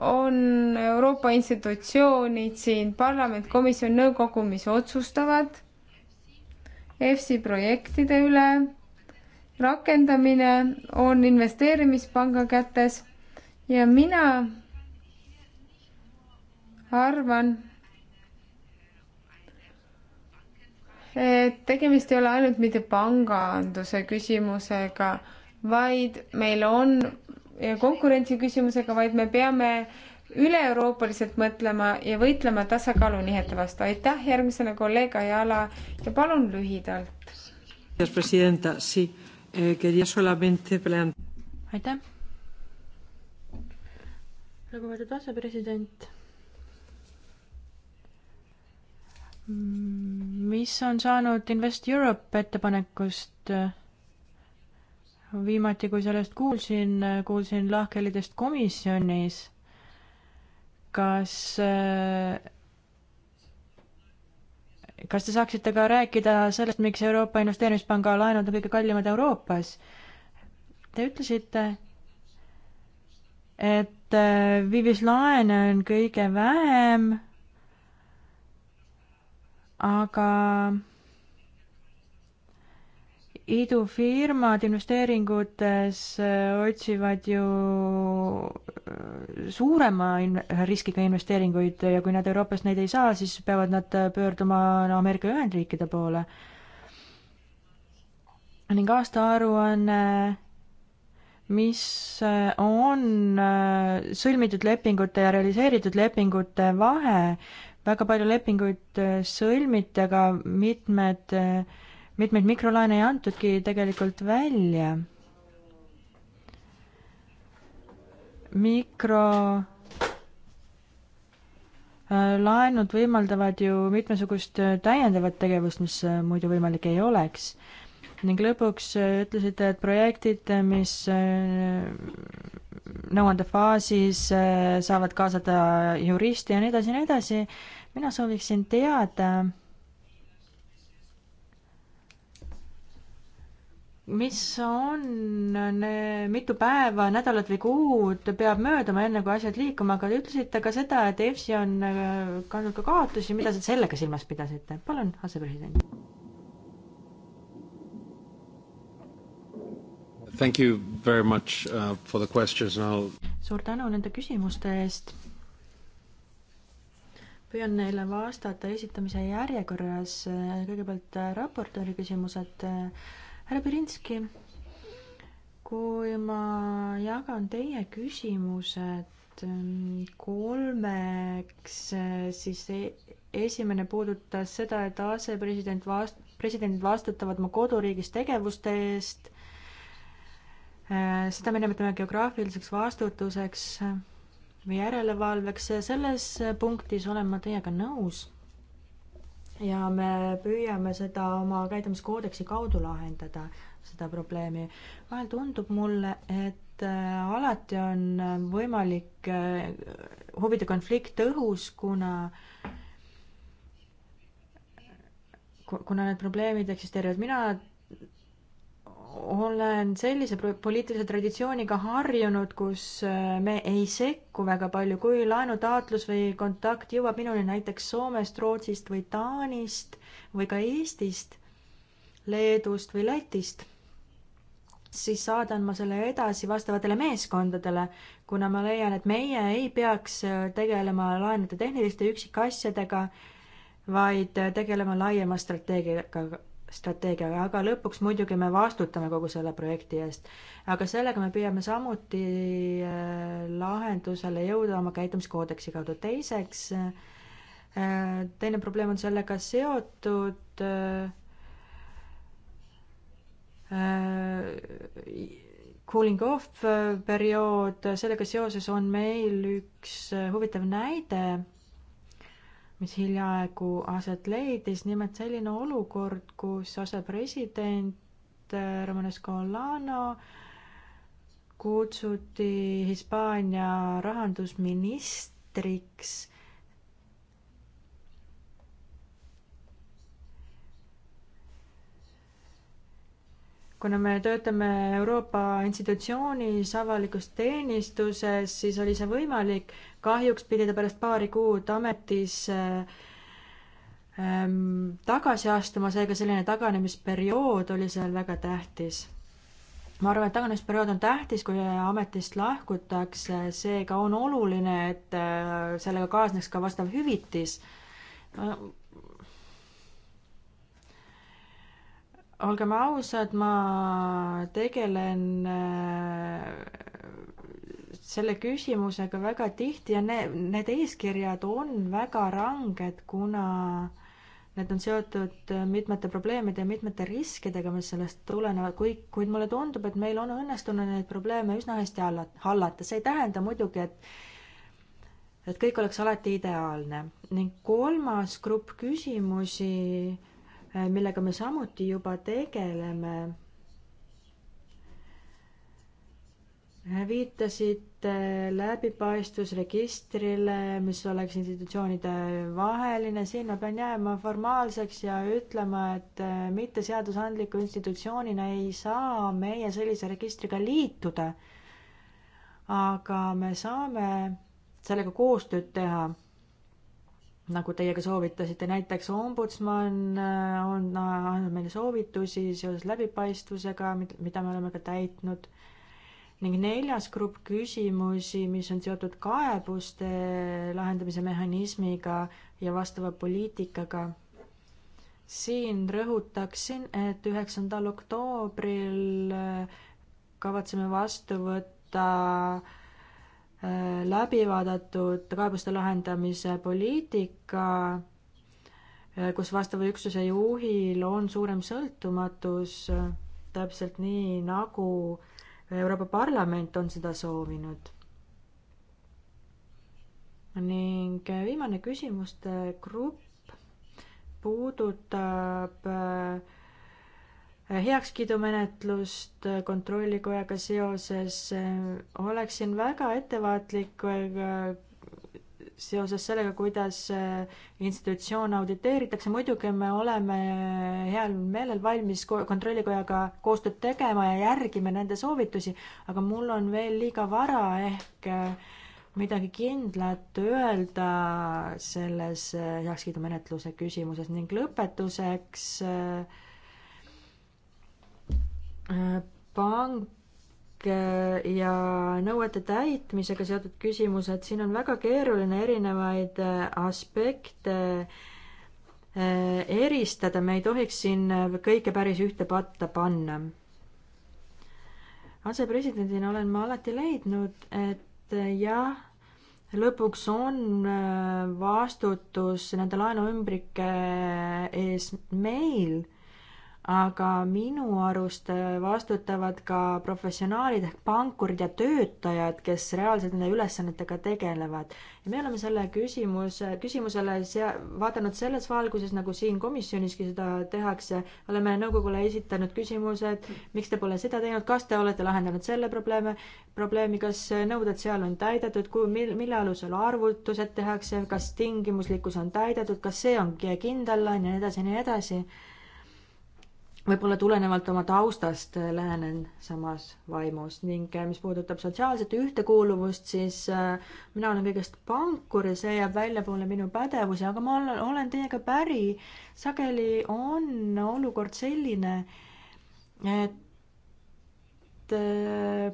on Euroopa institutsioonid siin, parlament, komisjon, nõukogu, mis otsustavad EFSI projektide üle. rakendamine on investeerimispanga kätes ja mina arvan, et tegemist ei ole ainult mitte panganduse küsimusega, vaid meil on konkurentsi küsimusega, vaid me peame üle-euroopaliselt mõtlema ja võitlema tasakaalu nihete vastu. aitäh järgmisele kolleeg Ajala ja palun lühidalt. Eh, aitäh. lugupeetud asepresident Mm, mis on saanud Invest Europe ettepanekust? viimati, kui sellest kuulsin, kuulsin lahkhelidest komisjonis. kas, äh, kas te saaksite ka rääkida sellest, miks Euroopa Investeerimispanga laenud on kõige kallimad Euroopas? Te ütlesite, et äh, Vivis laene on kõige vähem aga idufirmad investeeringutes äh, otsivad ju äh, suurema in-, riskiga investeeringuid ja kui nad Euroopast neid ei saa, siis peavad nad äh, pöörduma Ameerika Ühendriikide poole. ning aastaaruanne, mis on sõlmitud lepingute ja realiseeritud lepingute vahe, väga palju lepinguid äh, sõlmiti, aga mitmed, äh, mitmeid mikrolaene ei antudki tegelikult välja. mikro äh, laenud võimaldavad ju mitmesugust täiendavat tegevust, mis muidu võimalik ei oleks ning lõpuks äh, ütlesite, et projektid, äh, mis äh, nõuandefaasis saavad kaasata juristi ja nii edasi ja nii edasi. mina sooviksin teada, mis on, mitu päeva, nädalat või kuud peab mööduma, enne kui asjad liikuma hakkavad, ütlesite ka seda, et EFSI on kandnud ka kaotusi, mida te sellega silmas pidasite? palun, asepresident Thank you very much uh, for the questions now. suur tänu nende küsimuste eest. püüan neile vastata esitamise järjekorras. kõigepealt äh, raportööri küsimused. Äh, härra Pirinski, kui ma jagan teie küsimused ähm, kolmeks, äh, siis e-, esimene puudutas seda, et asepresident vast-, presidendid vastutavad oma koduriigis tegevuste eest Äh, seda me nimetame geograafiliseks vastutuseks või järelevalveks, selles punktis olen ma teiega nõus. ja me püüame seda oma käitumiskoodeksi kaudu lahendada, seda probleemi. vahel tundub mulle, et äh, alati on võimalik äh, huvide konflikt õhus, kuna kuna need probleemid eksisteerivad, mina olen sellise poliitilise traditsiooniga harjunud, kus äh, me ei sekku väga palju, kui laenutaotlus või kontakt jõuab minuni näiteks Soomest, Rootsist või Taanist või ka Eestist, Leedust või Lätist, siis saadan ma selle edasi vastavatele meeskondadele, kuna ma leian, et meie ei peaks äh, tegelema laenude tehniliste üksikasjadega, vaid äh, tegelema laiema strateegiaga strateegiaga, aga lõpuks muidugi me vastutame kogu selle projekti eest. aga sellega me püüame samuti äh, lahendusele jõuda oma käitumiskoodeksi kaudu. teiseks, äh, teine probleem on sellega seotud äh, cooling off periood, sellega seoses on meil üks huvitav näide mis hiljaaegu aset leidis, nimelt selline olukord, kus asepresident äh, Romanes Colano kutsuti Hispaania rahandusministriks kuna me töötame Euroopa institutsioonis, avalikus teenistuses, siis oli see võimalik, kahjuks pidi ta pärast paari kuud ametis äh, ähm, tagasi astuma, seega selline taganemisperiood oli seal väga tähtis. ma arvan, et taganemisperiood on tähtis, kui ametist lahkutakse, seega on oluline, et äh, sellega kaasneks ka vastav hüvitis no,. Äh, olgem ausad, ma tegelen äh, selle küsimusega väga tihti ja ne-, need eeskirjad on väga ranged, kuna need on seotud mitmete probleemide ja mitmete riskidega, mis sellest tulenevad, kuid, kuid mulle tundub, et meil on õnnestunud neid probleeme üsna hästi alla, hallata, see ei tähenda muidugi, et et kõik oleks alati ideaalne. ning kolmas grupp küsimusi, millega me samuti juba tegeleme viitasite läbipaistvusregistrile, mis oleks institutsioonide vaheline, siin ma pean jääma formaalseks ja ütlema, et äh, mitteseadusandliku institutsioonina ei saa meie sellise registriga liituda. aga me saame sellega koostööd teha nagu teie ka soovitasite, näiteks ombudsman äh, on andnud meile soovitusi seoses läbipaistvusega, mida me oleme ka täitnud ning neljas grupp küsimusi, mis on seotud kaebuste lahendamise mehhanismiga ja vastava poliitikaga. siin rõhutaksin, et üheksandal oktoobril äh, kavatseme vastu võtta äh, läbivaadatud kaebuste lahendamise poliitika, äh, kus vastava üksuse juhil on suurem sõltumatus, täpselt nii, nagu äh, Euroopa Parlament on seda soovinud. ning äh, viimane küsimuste grupp puudutab äh, heakskiidumenetlust kontrollikojaga seoses. Äh, oleksin väga ettevaatlik seoses sellega, kuidas äh, institutsioone auditeeritakse, muidugi me oleme heal meelel valmis kontrollikojaga koostööd tegema ja järgime nende soovitusi, aga mul on veel liiga vara ehk äh, midagi kindlat öelda selles äh, heakskiidumenetluse küsimuses ning lõpetuseks pank Äh, ja nõuete täitmisega seotud küsimused, siin on väga keeruline erinevaid äh, aspekte äh, eristada, me ei tohiks siin kõike päris ühte patta panna. asepresidendina olen ma alati leidnud, et jah, lõpuks on vastutus nende laenuümbrike ees meil aga minu arust äh, vastutavad ka professionaalid ehk pankurid ja töötajad, kes reaalselt nende ülesannetega tegelevad. ja me oleme selle küsimuse, küsimusele sea-, vaadanud selles valguses, nagu siin komisjoniski seda tehakse, oleme nõukogule esitanud küsimuse, et miks te pole seda teinud, kas te olete lahendanud selle probleeme, probleemi, kas nõuded seal on täidetud, kui, mil-, mille alusel arvutused tehakse, kas tingimuslikkus on täidetud, kas see on kindel, on ju, ja nii edasi ja nii edasi võib-olla tulenevalt oma taustast äh, lähenen samas vaimus ning äh, mis puudutab sotsiaalset ühtekuuluvust, siis äh, mina olen kõigest pankur ja see jääb väljapoole minu pädevusi, aga ma olen teiega päri. sageli on olukord selline, et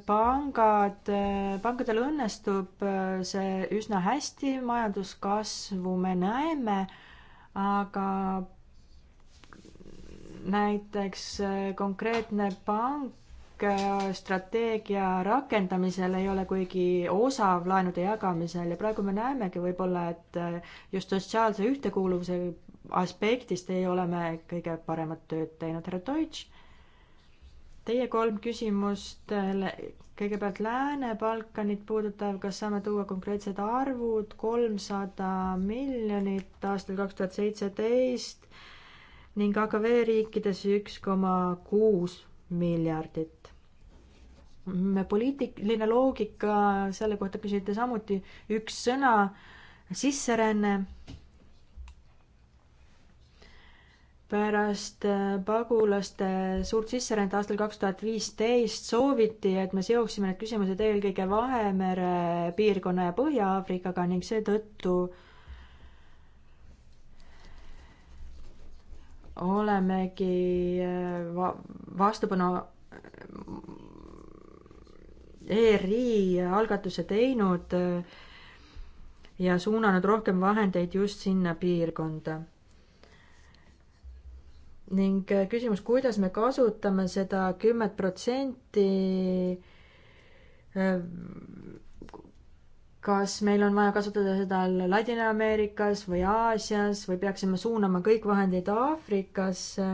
pangad, pankadel õnnestub see üsna hästi, majanduskasvu me näeme, aga näiteks äh, konkreetne pank äh, strateegia rakendamisel ei ole kuigi osav laenude jagamisel ja praegu me näemegi võib-olla, et äh, just sotsiaalse ühtekuuluvuse aspektist ei ole me kõige paremat tööd teinud. härra Deutsch, teie kolm küsimust, kõigepealt Lääne-Balkanit puudutav, kas saame tuua konkreetsed arvud, kolmsada miljonit aastal kaks tuhat seitseteist ning AKV riikides üks koma kuus miljardit. poliitiline loogika, selle kohta küsite samuti üks sõna, sisseränne pärast äh, pagulaste suurt sisserände aastal kaks tuhat viisteist sooviti, et me seoksime need küsimused eelkõige Vahemere piirkonna ja Põhja-Aafrikaga ning seetõttu äh, olemegi äh, va-, vastupanu ERI algatuse teinud äh, ja suunanud rohkem vahendeid just sinna piirkonda. ning äh, küsimus, kuidas me kasutame seda kümmet protsenti kas meil on vaja kasutada seda Ladina-Ameerikas või Aasias või peaksime suunama kõik vahendid Aafrikasse?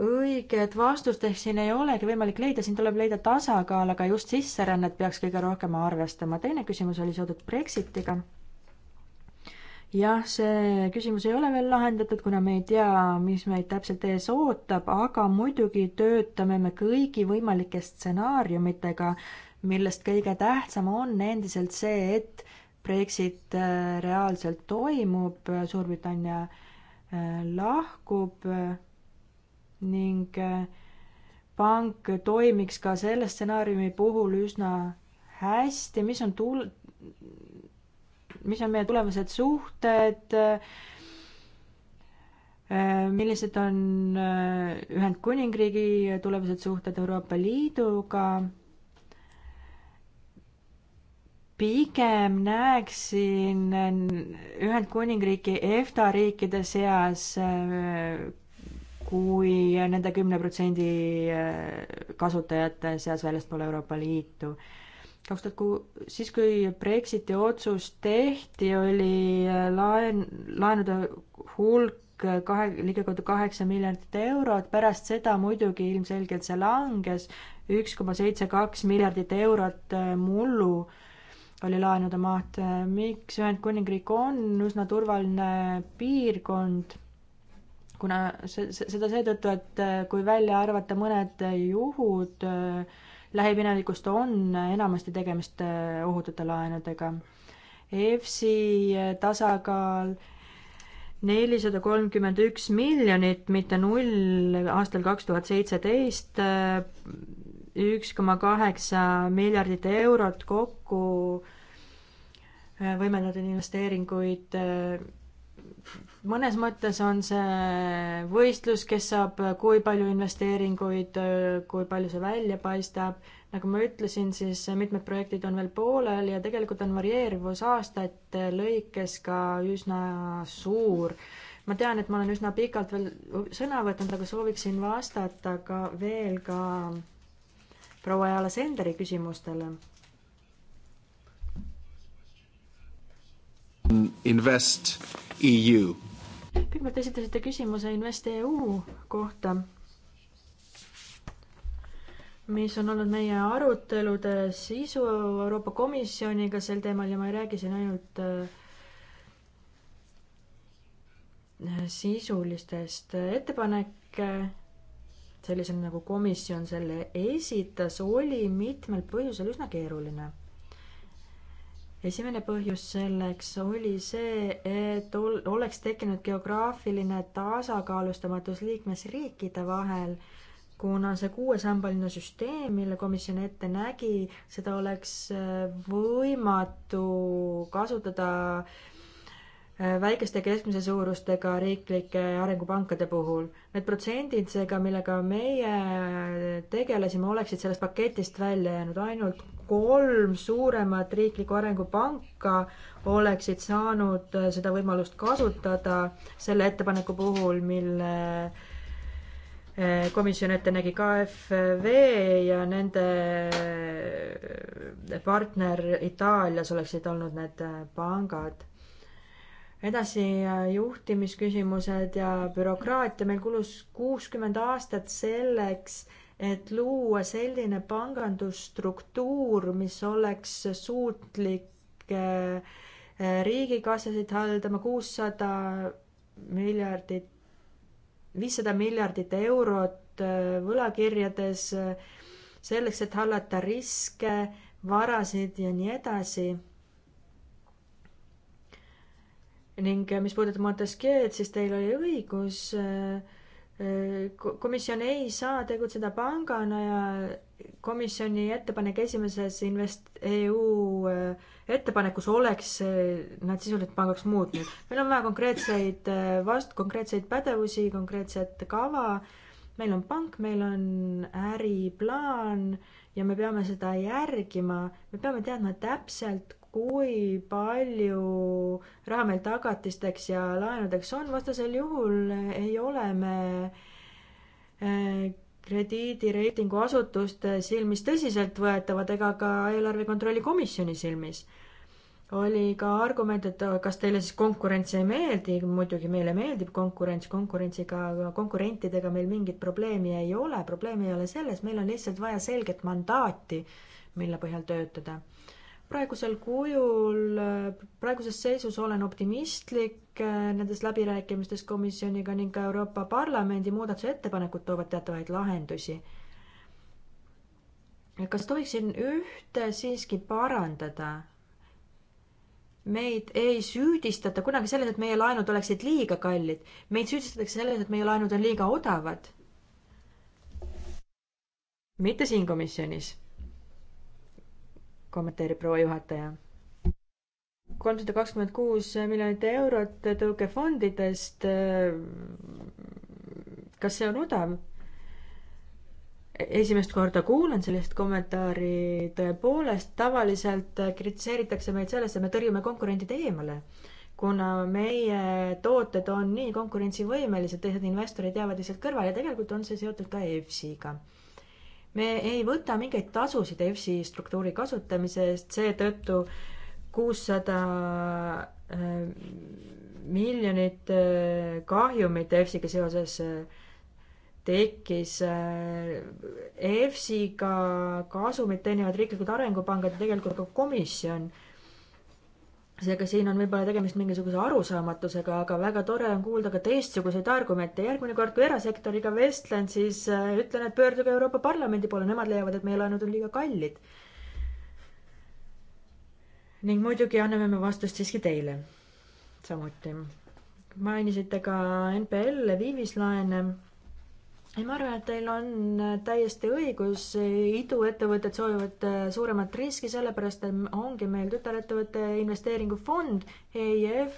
õiget vastust ehk siin ei olegi võimalik leida, siin tuleb leida tasakaal, aga just sisserännet peaks kõige rohkem arvestama. teine küsimus oli seotud Brexitiga. jah, see küsimus ei ole veel lahendatud, kuna me ei tea, mis meid täpselt ees ootab, aga muidugi töötame me kõigi võimalike stsenaariumitega millest kõige tähtsam on endiselt see, et Brexit äh, reaalselt toimub, äh, Suurbritannia äh, lahkub ning pank toimiks ka selle stsenaariumi puhul üsna hästi, mis on tul-, mis on meie tulevased suhted, millised on Ühendkuningriigi tulevased suhted Euroopa Liiduga pigem näeksin Ühendkuningriiki EFTA riikide seas äh, kui nende kümne protsendi äh, kasutajate seas väljaspool Euroopa Liitu. kaks tuhat ku-, siis kui Brexiti otsus tehti, oli äh, laen, laenude hulk kahe, ligikaudu kaheksa miljardit eurot, pärast seda muidugi ilmselgelt see langes, üks koma seitse kaks miljardit eurot mullu oli laenude maht, miks Ühendkuningriik on üsna turvaline piirkond, kuna see, seda seetõttu, et eh, kui välja arvata mõned juhud eh, lähipinevikust, on enamasti tegemist eh, ohutute laenudega. EFSI tasakaal nelisada kolmkümmend üks miljonit, mitte null aastal kaks tuhat seitseteist üks koma kaheksa miljardit eurot kokku äh, võimendatud investeeringuid. Äh, mõnes mõttes on see võistlus, kes saab äh, kui palju investeeringuid, kui palju see välja paistab. nagu ma ütlesin, siis mitmed projektid on veel poolel ja tegelikult on varieeruvus aastate lõikes ka üsna suur ma tean, et ma olen üsna pikalt veel sõna võtnud, aga sooviksin vastata ka veel ka proua Eala Senderi küsimustele. Invest EU. kõigepealt esitasite küsimuse Invest EU kohta, mis on olnud meie arutelude sisu Euroopa Komisjoniga sel teemal ja ma ei räägi siin ainult äh, sisulistest ettepanek, sellisena, nagu komisjon selle esitas, oli mitmel põhjusel üsna keeruline. esimene põhjus selleks oli see, et ol-, oleks tekkinud geograafiline tasakaalustamatus liikmesriikide vahel, kuna see kuuesambaline süsteem, mille komisjon ette nägi, seda oleks äh, võimatu kasutada äh, Äh, väikeste keskmise suurustega riiklike arengupankade puhul. Need protsendid seega, millega meie tegelesime, oleksid sellest paketist välja jäänud, ainult kolm suuremat riiklikku arengupanka oleksid saanud äh, seda võimalust kasutada selle ettepaneku puhul, mille äh, komisjon ette nägi KFV ja nende partner Itaalias oleksid olnud need pangad edasi äh, juhtimisküsimused ja bürokraatia, meil kulus kuuskümmend aastat selleks, et luua selline pangandusstruktuur, mis oleks suutlik äh, äh, riigikassasid haldama kuussada miljardit, viissada miljardit eurot võlakirjades, selleks, et hallata riske, varasid ja nii edasi ning mis puudutab Montesquieud, siis teil oli õigus, äh, äh, komisjon ei saa tegutseda pangana ja komisjoni ettepanek esimeses invest-, EU äh, ettepanekus oleks nad sisuliselt pangaks muutnud. meil on vaja konkreetseid vast-, konkreetseid pädevusi, konkreetset kava, meil on pank, meil on äriplaan ja me peame seda järgima, me peame teadma täpselt, kui palju raha meil tagatisteks ja laenudeks on, vastasel juhul ei ole me äh, krediidireitingu asutuste silmis tõsiseltvõetavad ega ka eelarve kontrolli komisjoni silmis. oli ka argument, et kas teile siis konkurents ei meeldi, muidugi meile meeldib konkurents, konkurentsiga, konkurentidega meil mingit probleemi ei ole, probleem ei ole selles, meil on lihtsalt vaja selget mandaati, mille põhjal töötada praegusel kujul, praeguses seisus olen optimistlik äh, nendes läbirääkimistes komisjoniga ning ka Euroopa Parlamendi muudatusettepanekud toovad teatavaid lahendusi. kas tohiksin ühte siiski parandada? meid ei süüdistata kunagi selles, et meie laenud oleksid liiga kallid. meid süüdistatakse selles, et meie laenud on liiga odavad. mitte siin komisjonis kommenteerib proua juhataja. kolmsada kakskümmend kuus miljonit eurot tõukefondidest. kas see on odav? esimest korda kuulen sellist kommentaari, tõepoolest, tavaliselt kritiseeritakse meid selles, et me tõrjume konkurendid eemale. kuna meie tooted on nii konkurentsivõimelised, teised investorid jäävad lihtsalt kõrvale ja tegelikult on see seotud ka EFSiga me ei võta mingeid tasusid EFSI struktuuri kasutamise eest, seetõttu kuussada äh, miljonit äh, kahjumit EFSiga seoses äh, tekkis. EFSiga kasumit teenivad riiklikud arengupangad ja tegelikult ka komisjon seega siin on võib-olla tegemist mingisuguse arusaamatusega, aga väga tore on kuulda ka teistsuguseid argumente. järgmine kord, kui erasektoriga vestlen, siis äh, ütlen, et pöörduge Euroopa Parlamendi poole, nemad leiavad, et meie laenud on liiga kallid. ning muidugi anname me vastust siiski teile samuti. mainisite ka NPL-e, viivislaene ei, ma arvan, et teil on äh, täiesti õigus, iduettevõtted soovivad äh, suuremat riski, sellepärast et ongi meil tütarettevõtte investeeringufond, EIF,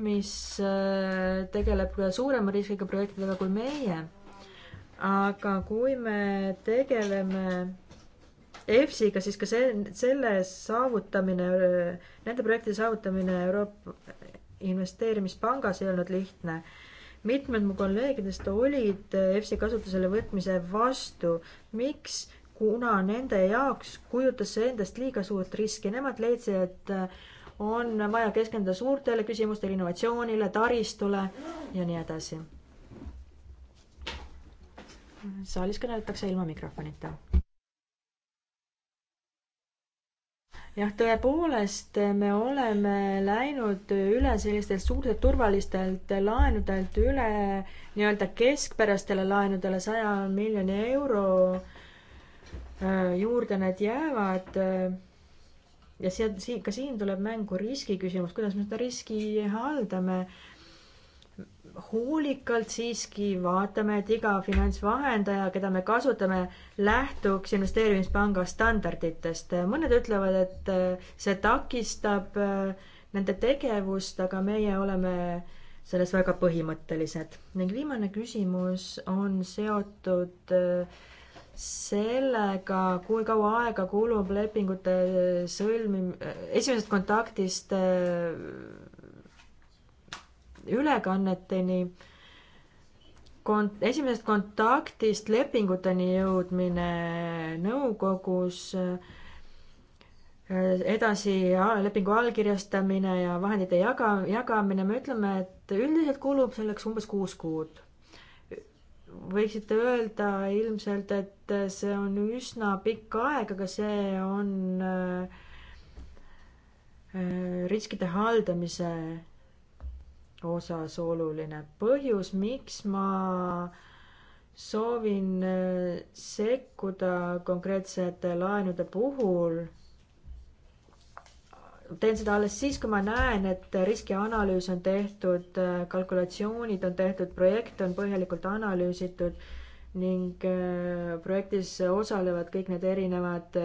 mis äh, tegeleb suurema riskiga projektidega kui meie. aga kui me tegeleme EFSiga, siis ka see, selle saavutamine, nende projektide saavutamine Euroopa Investeerimispangas ei olnud lihtne mitmed mu kolleegidest olid EFSi äh, kasutusele võtmise vastu. miks? kuna nende jaoks kujutas see endast liiga suurt riski, nemad leidsid, et äh, on vaja keskenduda suurtele küsimustele, innovatsioonile, taristule ja nii edasi. saalis kõneletakse ilma mikrofonita jah, tõepoolest, me oleme läinud üle sellistelt suurtelt turvalistelt laenudelt üle nii-öelda keskpärastele laenudele saja miljoni euro äh, juurde need jäävad. ja see, siin, ka siin tuleb mängu riskiküsimus, kuidas me seda riski haldame hoolikalt siiski vaatame, et iga finantsvahendaja, keda me kasutame, lähtuks investeerimispanga standarditest. mõned ütlevad, et äh, see takistab äh, nende tegevust, aga meie oleme selles väga põhimõttelised. ning viimane küsimus on seotud äh, sellega, kui kaua aega kulub lepingute sõlmim-, esimesest kontaktist ülekanneteni kont-, esimesest kontaktist lepinguteni jõudmine nõukogus, edasi lepingu allkirjastamine ja vahendite jaga, jagamine, me ütleme, et üldiselt kulub selleks umbes kuus kuud. võiksite öelda ilmselt, et see on üsna pikk aeg, aga see on äh, riskide haldamise osas oluline põhjus, miks ma soovin äh, sekkuda konkreetsete laenude puhul. teen seda alles siis, kui ma näen, et riskianalüüs on tehtud, äh, kalkulatsioonid on tehtud, projekt on põhjalikult analüüsitud ning äh, projektis osalevad kõik need erinevad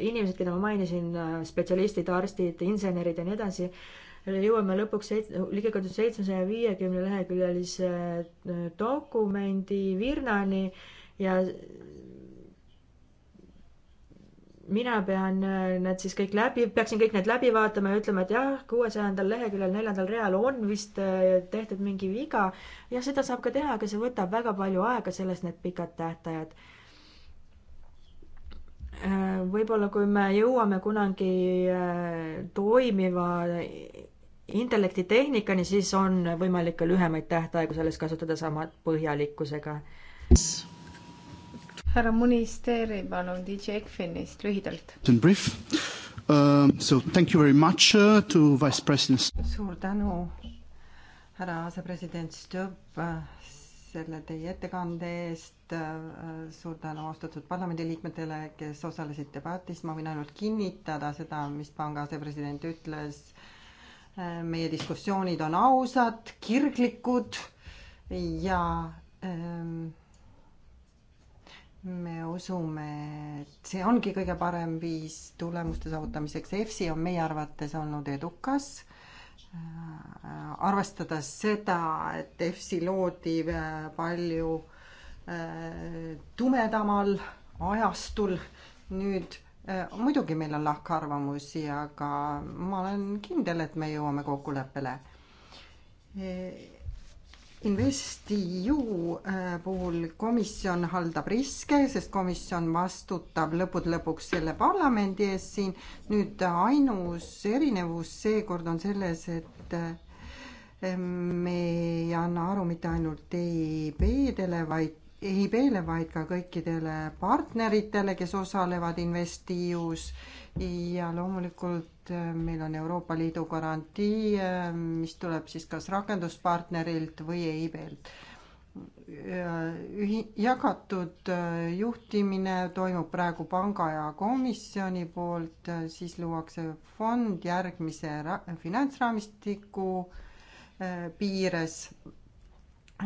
inimesed, keda ma mainisin, spetsialistid, arstid, insenerid ja nii edasi jõuame lõpuks seit-, ligikaudu seitsmesaja viiekümne leheküljelise äh, dokumendi virnani ja mina pean äh, need siis kõik läbi, peaksin kõik need läbi vaatama ja ütlema, et jah, kuuesajandal leheküljel neljandal real on vist äh, tehtud mingi viga. jah, seda saab ka teha, aga see võtab väga palju aega, sellest need pikad tähtajad. võib-olla kui me jõuame kunagi toimiva intellektitehnikani, siis on võimalik ka lühemaid tähtaegu selles kasutada sama põhjalikkusega. härra Munisteeri, palun, DJ Ekfinist lühidalt. Uh, so thank you very much uh, to Vice President. suur tänu, härra asepresident Stubb, uh, selle teie ettekande eest. Uh, uh, suur tänu austatud parlamendiliikmetele, kes osalesid debatis. ma võin ainult kinnitada seda, mis panga asepresident ütles meie diskussioonid on ausad, kirglikud ja ähm, me usume, et see ongi kõige parem viis tulemuste saavutamiseks. EFSI on meie arvates olnud edukas äh, arvestades seda, et EFSI loodi äh, palju äh, tumedamal ajastul, nüüd Äh, muidugi meil on lahkarvamusi, aga ma olen kindel, et me jõuame kokkuleppele. Äh, InvestEU äh, puhul komisjon haldab riske, sest komisjon vastutab lõppude lõpuks selle parlamendi ees siin. nüüd ainus erinevus seekord on selles, et me ei anna aru mitte ainult EIB-dele, vaid EIB-le, vaid ka kõikidele partneritele, kes osalevad Investius ja loomulikult äh, meil on Euroopa Liidu garantii, äh, mis tuleb siis kas rakenduspartnerilt või EIB-lt. Äh, ühi-, jagatud juhtimine toimub praegu panga ja komisjoni poolt, siis luuakse fond järgmise ra-, finantsraamistiku piires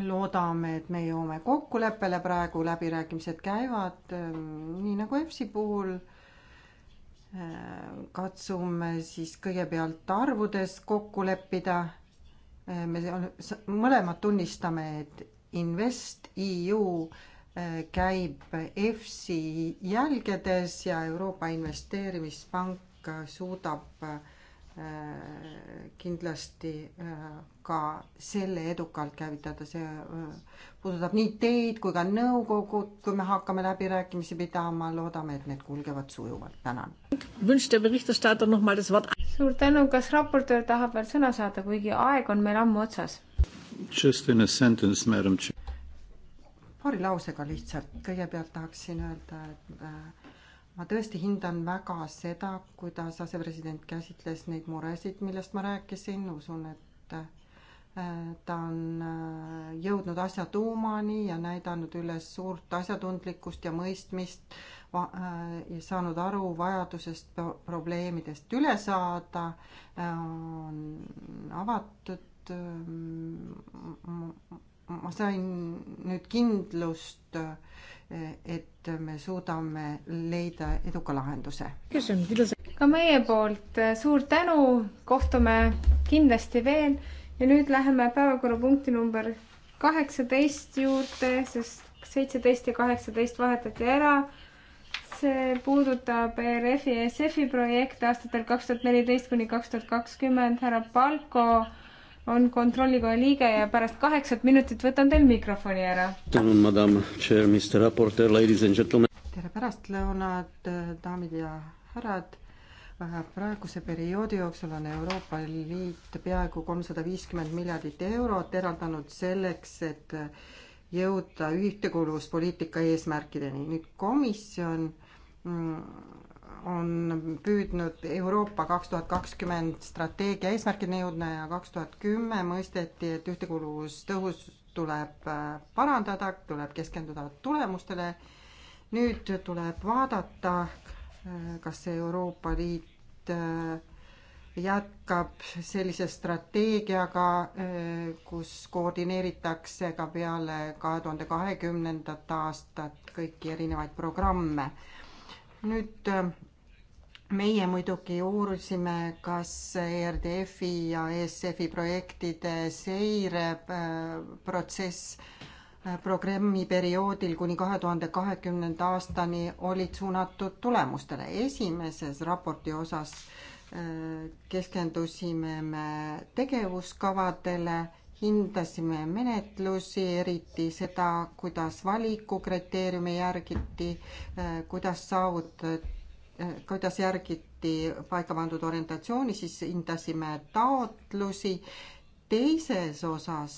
loodame, et me jõuame kokkuleppele, praegu läbirääkimised käivad, ehm, nii nagu EFSi puhul ehm, katsume siis kõigepealt arvudes kokku leppida. Ehm, me mõlemad tunnistame, et InvestEU käib EFSI jälgedes ja Euroopa Investeerimispank suudab Äh, kindlasti äh, ka selle edukalt käivitada, see äh, puudutab nii teid kui ka nõukogud, kui me hakkame läbirääkimisi pidama, loodame, et need kulgevad sujuvalt, tänan. suur tänu, kas raportöör tahab veel sõna saada, kuigi aeg on meil ammu otsas? paari lausega lihtsalt, kõigepealt tahaksin öelda, et ma tõesti hindan väga seda, kuidas asepresident käsitles neid muresid, millest ma rääkisin, usun, et äh, ta on äh, jõudnud asja tuumani ja näidanud üles suurt asjatundlikkust ja mõistmist, äh, saanud aru vajadusest probleemidest üle saada, on avatud. ma sain nüüd kindlust äh, et me suudame leida eduka lahenduse. ka meie poolt äh, suur tänu, kohtume kindlasti veel ja nüüd läheme päevakorrapunkti number kaheksateist juurde, sest seitseteist ja kaheksateist vahetati ära see puudutab ERF-i ja SF-i projekte aastatel kaks tuhat neliteist kuni kaks tuhat kakskümmend. härra Palko on kontrollikoja liige ja pärast kaheksat minutit võtan teil mikrofoni ära. tere pärastlõunat, daamid ja härrad. praeguse perioodi jooksul on Euroopa Liit peaaegu kolmsada viiskümmend miljardit eurot eraldanud selleks, et jõuda ühtekuuluvuspoliitika eesmärkideni. nüüd komisjon mm, on püüdnud Euroopa kaks tuhat kakskümmend strateegia eesmärkideni jõudma ja kaks tuhat kümme mõisteti, et ühtekuuluvustõhus tuleb äh, parandada, tuleb keskenduda tulemustele. nüüd tuleb vaadata, äh, kas see Euroopa Liit äh, jätkab sellise strateegiaga, kus koordineeritakse ka peale kahe tuhande kahekümnendat aastat kõiki erinevaid programme. nüüd meie muidugi uurisime, kas ERDF-i ja ESF-i projektide seireprotsess äh, äh, programmi perioodil kuni kahe tuhande kahekümnenda aastani olid suunatud tulemustele. esimeses raporti osas äh, keskendusime me tegevuskavadele, hindasime menetlusi, eriti seda, kuidas valikukriteeriume järgiti, kuidas saavutati Eh, kuidas järgiti paika pandud orientatsiooni, siis hindasime taotlusi. teises osas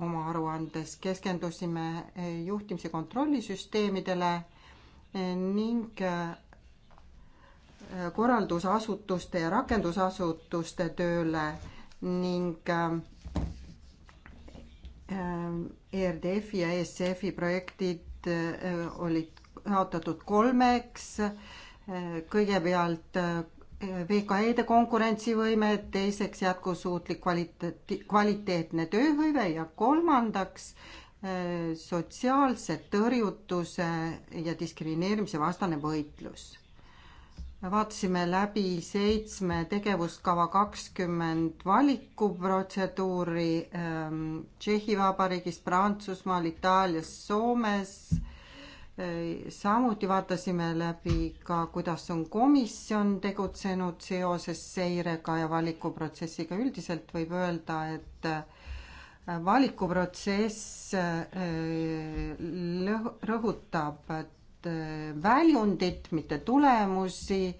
oma aruandes keskendusime eh, juhtimise kontrollisüsteemidele eh, ning korraldusasutuste ja rakendusasutuste tööle ning ERDF-i e ja ESF-i projektid olid jaotatud kolmeks kõigepealt eh, VKE-de konkurentsivõime, teiseks jätkusuutlik kvaliteet, kvaliteetne tööhõive ja kolmandaks eh, sotsiaalse tõrjutuse ja diskrimineerimise vastane võitlus vaatasime läbi seitsme tegevuskava kakskümmend valikuprotseduuri eh, Tšehhi Vabariigis, Prantsusmaal, Itaalias, Soomes samuti vaatasime läbi ka, kuidas on komisjon tegutsenud seoses seirega ja valikuprotsessiga. üldiselt võib öelda, et äh, valikuprotsess äh, rõhutab äh, väljundit, mitte tulemusi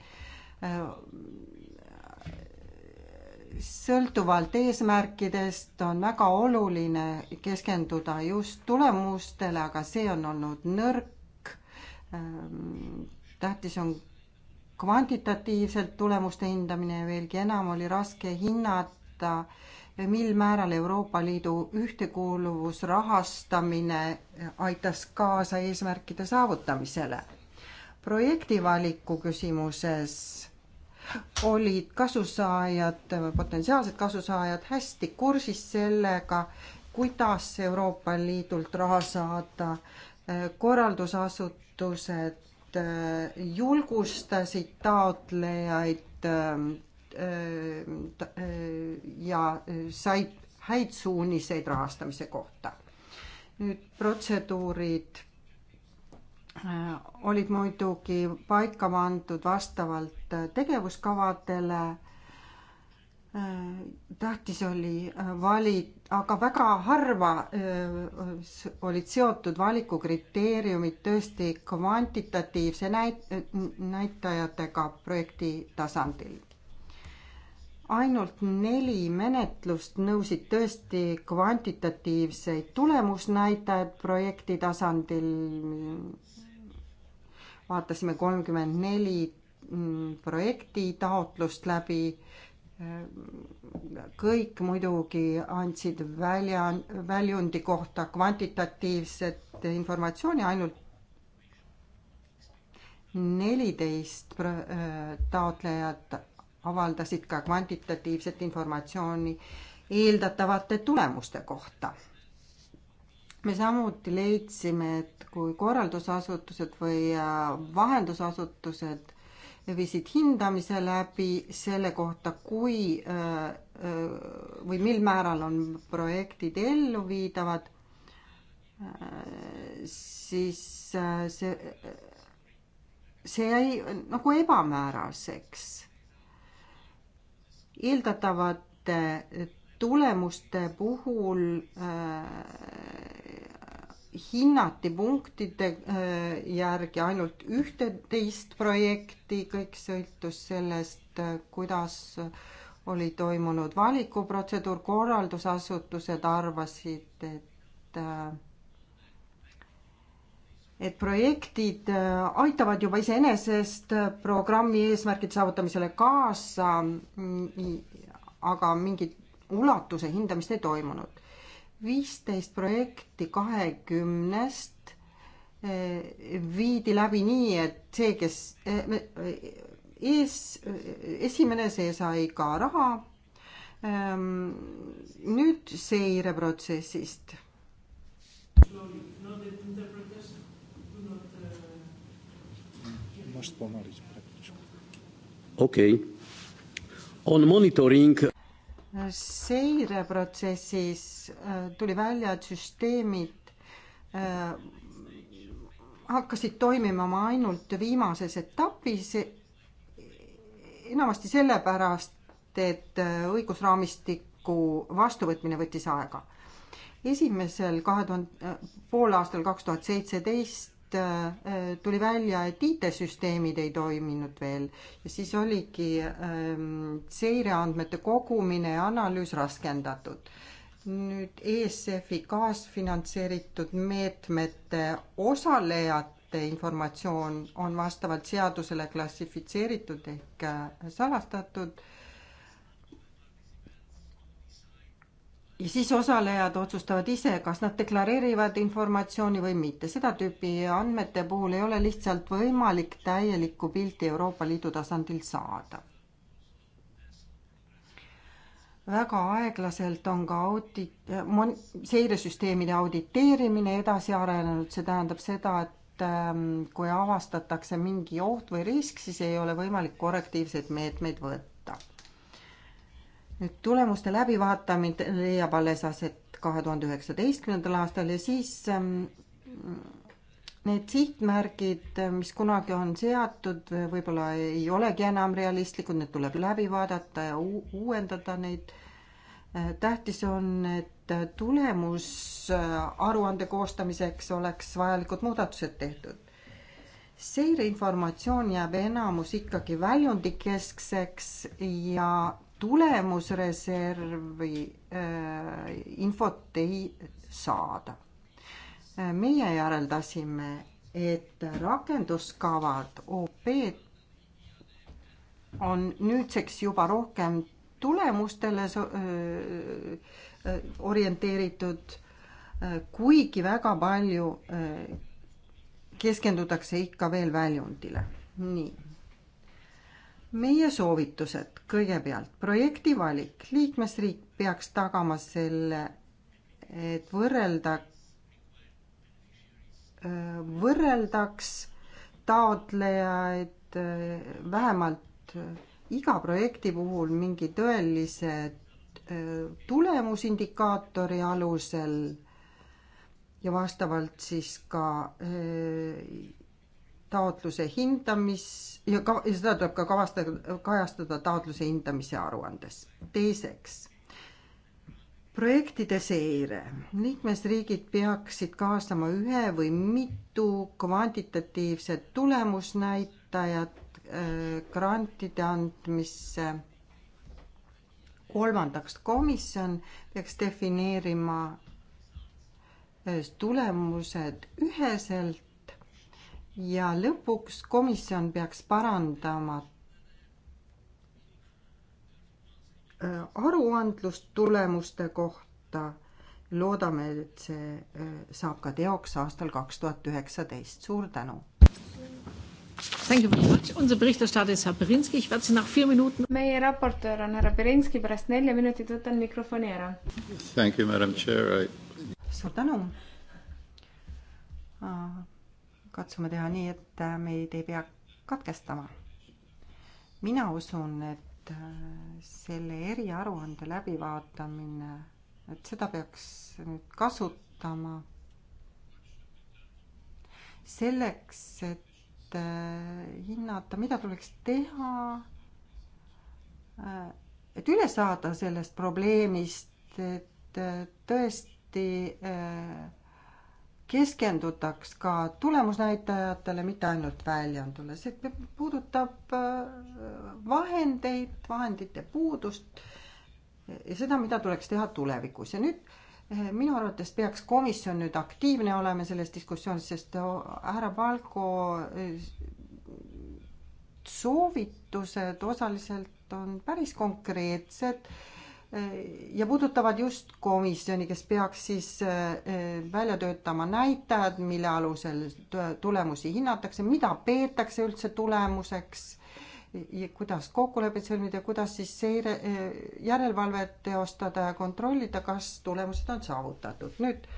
sõltuvalt eesmärkidest on väga oluline keskenduda just tulemustele, aga see on olnud nõrk Ehm, tähtis on kvantitatiivselt tulemuste hindamine ja veelgi enam oli raske hinnata, mil määral Euroopa Liidu ühtekuuluvusrahastamine aitas kaasa eesmärkide saavutamisele. projektivaliku küsimuses olid kasusaajad, potentsiaalsed kasusaajad hästi kursis sellega, kuidas Euroopa Liidult raha saada, korraldusasut-, üritused äh, julgustasid taotlejaid äh, äh, ja said häid suuniseid rahastamise kohta. nüüd protseduurid olid muidugi paika pandud vastavalt tegevuskavadele Äh, tähtis oli äh, vali-, aga väga harva äh, olid seotud valikukriteeriumid tõesti kvantitatiivse näit-, näitajatega projekti tasandil. ainult neli menetlust nõusid tõesti kvantitatiivseid tulemusnäitajaid projekti tasandil, vaatasime kolmkümmend neli mm, projekti taotlust läbi kõik muidugi andsid välja, väljundi kohta kvantitatiivset informatsiooni, ainult neliteist taotlejat avaldasid ka kvantitatiivset informatsiooni eeldatavate tulemuste kohta. me samuti leidsime, et kui korraldusasutused või äh, vahendusasutused viisid hindamise läbi selle kohta, kui äh, äh, või mil määral on projektid elluviidavad, äh, siis see, see jäi nagu ebamääraseks. eeldatavate tulemuste puhul hinnati punktide äh, järgi ainult ühteteist projekti, kõik sõltus sellest, äh, kuidas oli toimunud valikuprotseduur, korraldusasutused arvasid, et äh, et projektid aitavad juba iseenesest programmi eesmärgid saavutamisele kaasa, mm, aga mingit ulatuse hindamist ei toimunud viisteist projekti kahekümnest eh, viidi läbi nii, et see, kes eh, eh, ees, esimene, see sai ka raha. Ehm, nüüd seireprotsessist. okei okay., on monitoring seireprotsessis äh, tuli välja, et süsteemid äh, hakkasid toimima ainult viimases etapis, enamasti sellepärast, et äh, õigusraamistiku vastuvõtmine võttis aega. esimesel kahe tuhande, poolaastal kaks tuhat seitseteist Äh, tuli välja, et IT-süsteemid ei toiminud veel ja siis oligi ähm, seireandmete kogumine ja analüüs raskendatud. nüüd ESF-i kaasfinantseeritud meetmete osalejate informatsioon on vastavalt seadusele klassifitseeritud ehk äh, salastatud ja siis osalejad otsustavad ise, kas nad deklareerivad informatsiooni või mitte. seda tüüpi andmete puhul ei ole lihtsalt võimalik täielikku pilti Euroopa Liidu tasandil saada. väga aeglaselt on ka audit, seiresüsteemide auditeerimine edasi arenenud, see tähendab seda, et ähm, kui avastatakse mingi oht või risk, siis ei ole võimalik korrektiivseid meetmeid võtta nüüd tulemuste läbivaatamine leiab alles aset kahe tuhande üheksateistkümnendal aastal ja siis ähm, need sihtmärgid, mis kunagi on seatud, võib-olla ei olegi enam realistlikud, need tuleb läbi vaadata ja uuendada neid. Äh, tähtis on, et tulemusaruande äh, koostamiseks oleks vajalikud muudatused tehtud. seireinformatsioon jääb enamus ikkagi väljundikeskseks ja tulemusreservi äh, infot ei saada. Äh, meie järeldasime, et rakenduskavad OP-d on nüüdseks juba rohkem tulemustele äh, orienteeritud, kuigi väga palju keskendutakse ikka veel väljundile. nii meie soovitused kõigepealt, projekti valik, liikmesriik peaks tagama selle, et võrrelda, äh, võrreldaks taotlejaid äh, vähemalt äh, iga projekti puhul mingi tõelise tulemusindikaatori alusel ja vastavalt siis ka taotluse hindamis ja ka, ja seda tuleb ka kavastada, kajastada taotluse hindamise aruandes. teiseks, projektide seire. liikmesriigid peaksid kaasama ühe või mitu kvantitatiivset tulemusnäitajat äh, grantide andmisse. kolmandaks, komisjon peaks defineerima äh, tulemused üheselt ja lõpuks komisjon peaks parandama äh, aruandlust tulemuste kohta. loodame, et see äh, saab ka teoks aastal kaks tuhat üheksateist. suur tänu. meie raportöör on härra Berinski, pärast nelja minutit võtan mikrofoni ära. suur tänu uh, katsume teha nii, et äh, meid ei pea katkestama. mina usun, et äh, selle eriaruande läbivaatamine, et seda peaks nüüd kasutama selleks, et äh, hinnata, mida tuleks teha, et üle saada sellest probleemist, et tõesti äh, keskendutaks ka tulemusnäitajatele, mitte ainult väljundule, see puudutab äh, vahendeid, vahendite puudust ja seda, mida tuleks teha tulevikus ja nüüd äh, minu arvates peaks komisjon nüüd aktiivne olema selles diskussioonis, sest äh, härra Palko soovitused osaliselt on päris konkreetsed ja puudutavad just komisjoni, kes peaks siis eh, eh, välja töötama näitajad, mille alusel tulemusi hinnatakse, mida peetakse üldse tulemuseks, kuidas kokkulepped sõlmida, kuidas siis seire, eh, järelevalvet teostada ja kontrollida, kas tulemused on saavutatud. nüüd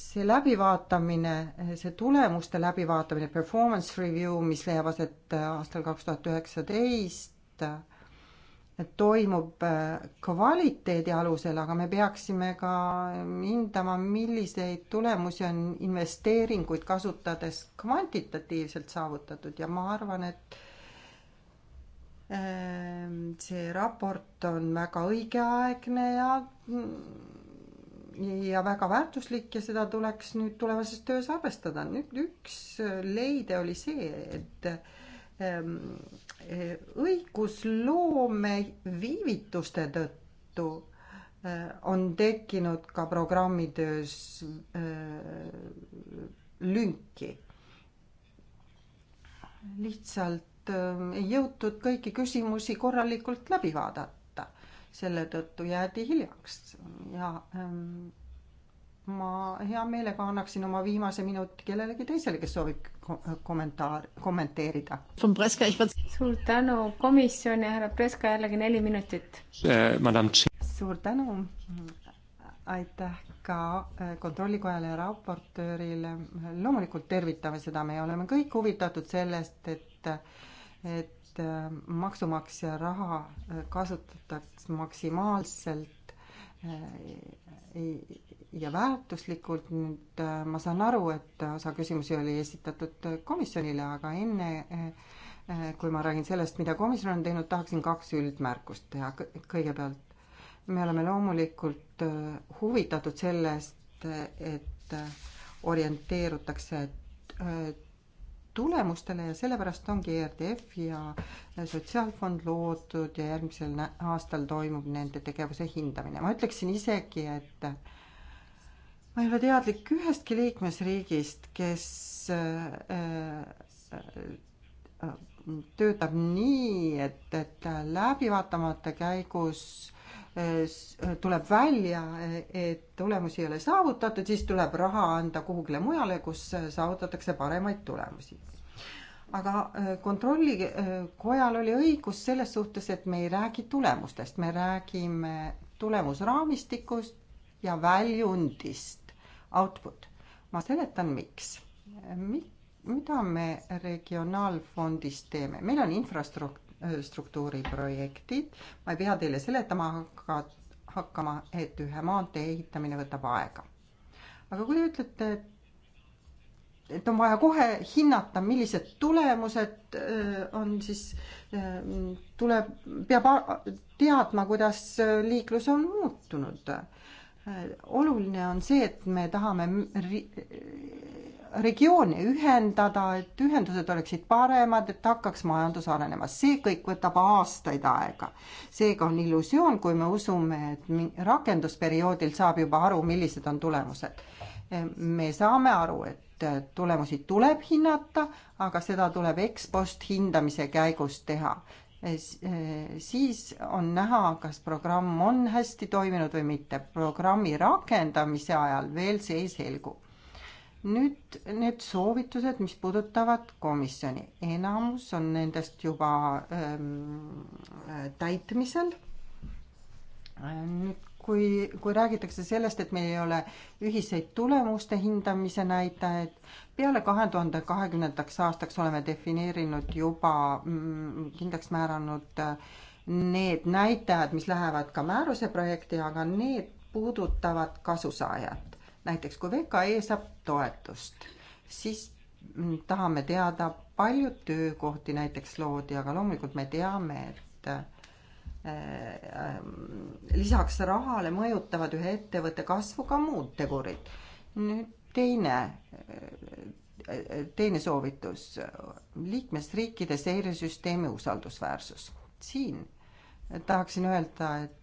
see läbivaatamine, see tulemuste läbivaatamine, performance review, mis leiab aset aastal kaks tuhat üheksateist, toimub äh, kvaliteedi alusel, aga me peaksime ka hindama, milliseid tulemusi on investeeringuid kasutades kvantitatiivselt saavutatud ja ma arvan, et ähm, see raport on väga õigeaegne ja ja väga väärtuslik ja seda tuleks nüüd tulevases töös arvestada. nüüd üks äh, leide oli see, et Ähm, äh, õigusloome viivituste tõttu äh, on tekkinud ka programmitöös äh, lünki. lihtsalt ähm, ei jõutud kõiki küsimusi korralikult läbi vaadata, selle tõttu jäädi hiljaks ja ähm, ma hea meelega annaksin oma viimase minuti kellelegi teisele, kes soovib kommentaar, kommenteerida. suur tänu, komisjon ja härra Preska jällegi neli minutit. Äh, suur tänu, aitäh ka äh, kontrollikojale ja raportöörile. loomulikult tervitame seda, me oleme kõik huvitatud sellest, et, et äh, maksumaksja raha kasutataks maksimaalselt ja väärtuslikult. nüüd äh, ma saan aru, et osa küsimusi oli esitatud komisjonile, aga enne äh, äh, kui ma räägin sellest, mida komisjon on teinud, tahaksin kaks üldmärkust teha. kõigepealt me oleme loomulikult huvitatud sellest, et orienteerutakse tulemustele ja sellepärast ongi ERDF ja Sotsiaalfond loodud ja järgmisel aastal toimub nende tegevuse hindamine. ma ütleksin isegi, et ma ei ole teadlik ühestki liikmesriigist, kes äh, äh, äh, töötab nii, et, et läbi vaatamata käigus tuleb välja, et tulemusi ei ole saavutatud, siis tuleb raha anda kuhugile mujale, kus saavutatakse paremaid tulemusi. aga kontrollikojal oli õigus selles suhtes, et me ei räägi tulemustest, me räägime tulemusraamistikust ja väljundist output. ma seletan, miks Mi,. mida me regionaalfondis teeme, meil on infrastruktuuri projektid, ma ei pea teile seletama hakka, hakkama, et ühe maantee ehitamine võtab aega. aga kui te ütlete, et et on vaja kohe hinnata, millised tulemused äh, on siis, äh, tuleb, peab teadma, kuidas liiklus on muutunud oluline on see, et me tahame regioone ühendada, et ühendused oleksid paremad, et hakkaks majandus arenema, see kõik võtab aastaid aega. seega on illusioon, kui me usume, et rakendusperioodil saab juba aru, millised on tulemused. me saame aru, et tulemusi tuleb hinnata, aga seda tuleb ekspost hindamise käigus teha. Eh, eh, siis on näha, kas programm on hästi toiminud või mitte. programmi rakendamise ajal veel see ei selgu. nüüd need soovitused, mis puudutavad komisjoni, enamus on nendest juba ähm, täitmisel. nüüd kui, kui räägitakse sellest, et meil ei ole ühiseid tulemuste hindamise näitajaid, peale kahe tuhande kahekümnendaks aastaks oleme defineerinud juba mm, kindlaks määranud äh, need näitajad, mis lähevad ka määruse projekti, aga need puudutavad kasusaajat. näiteks kui VKE saab toetust, siis mm, tahame teada, palju töökohti näiteks loodi, aga loomulikult me teame, et äh, äh, lisaks rahale mõjutavad ühe ettevõtte kasvu ka muud tegurid. nüüd teine, teine soovitus, liikmesriikide seiresüsteemi usaldusväärsus. siin tahaksin öelda, et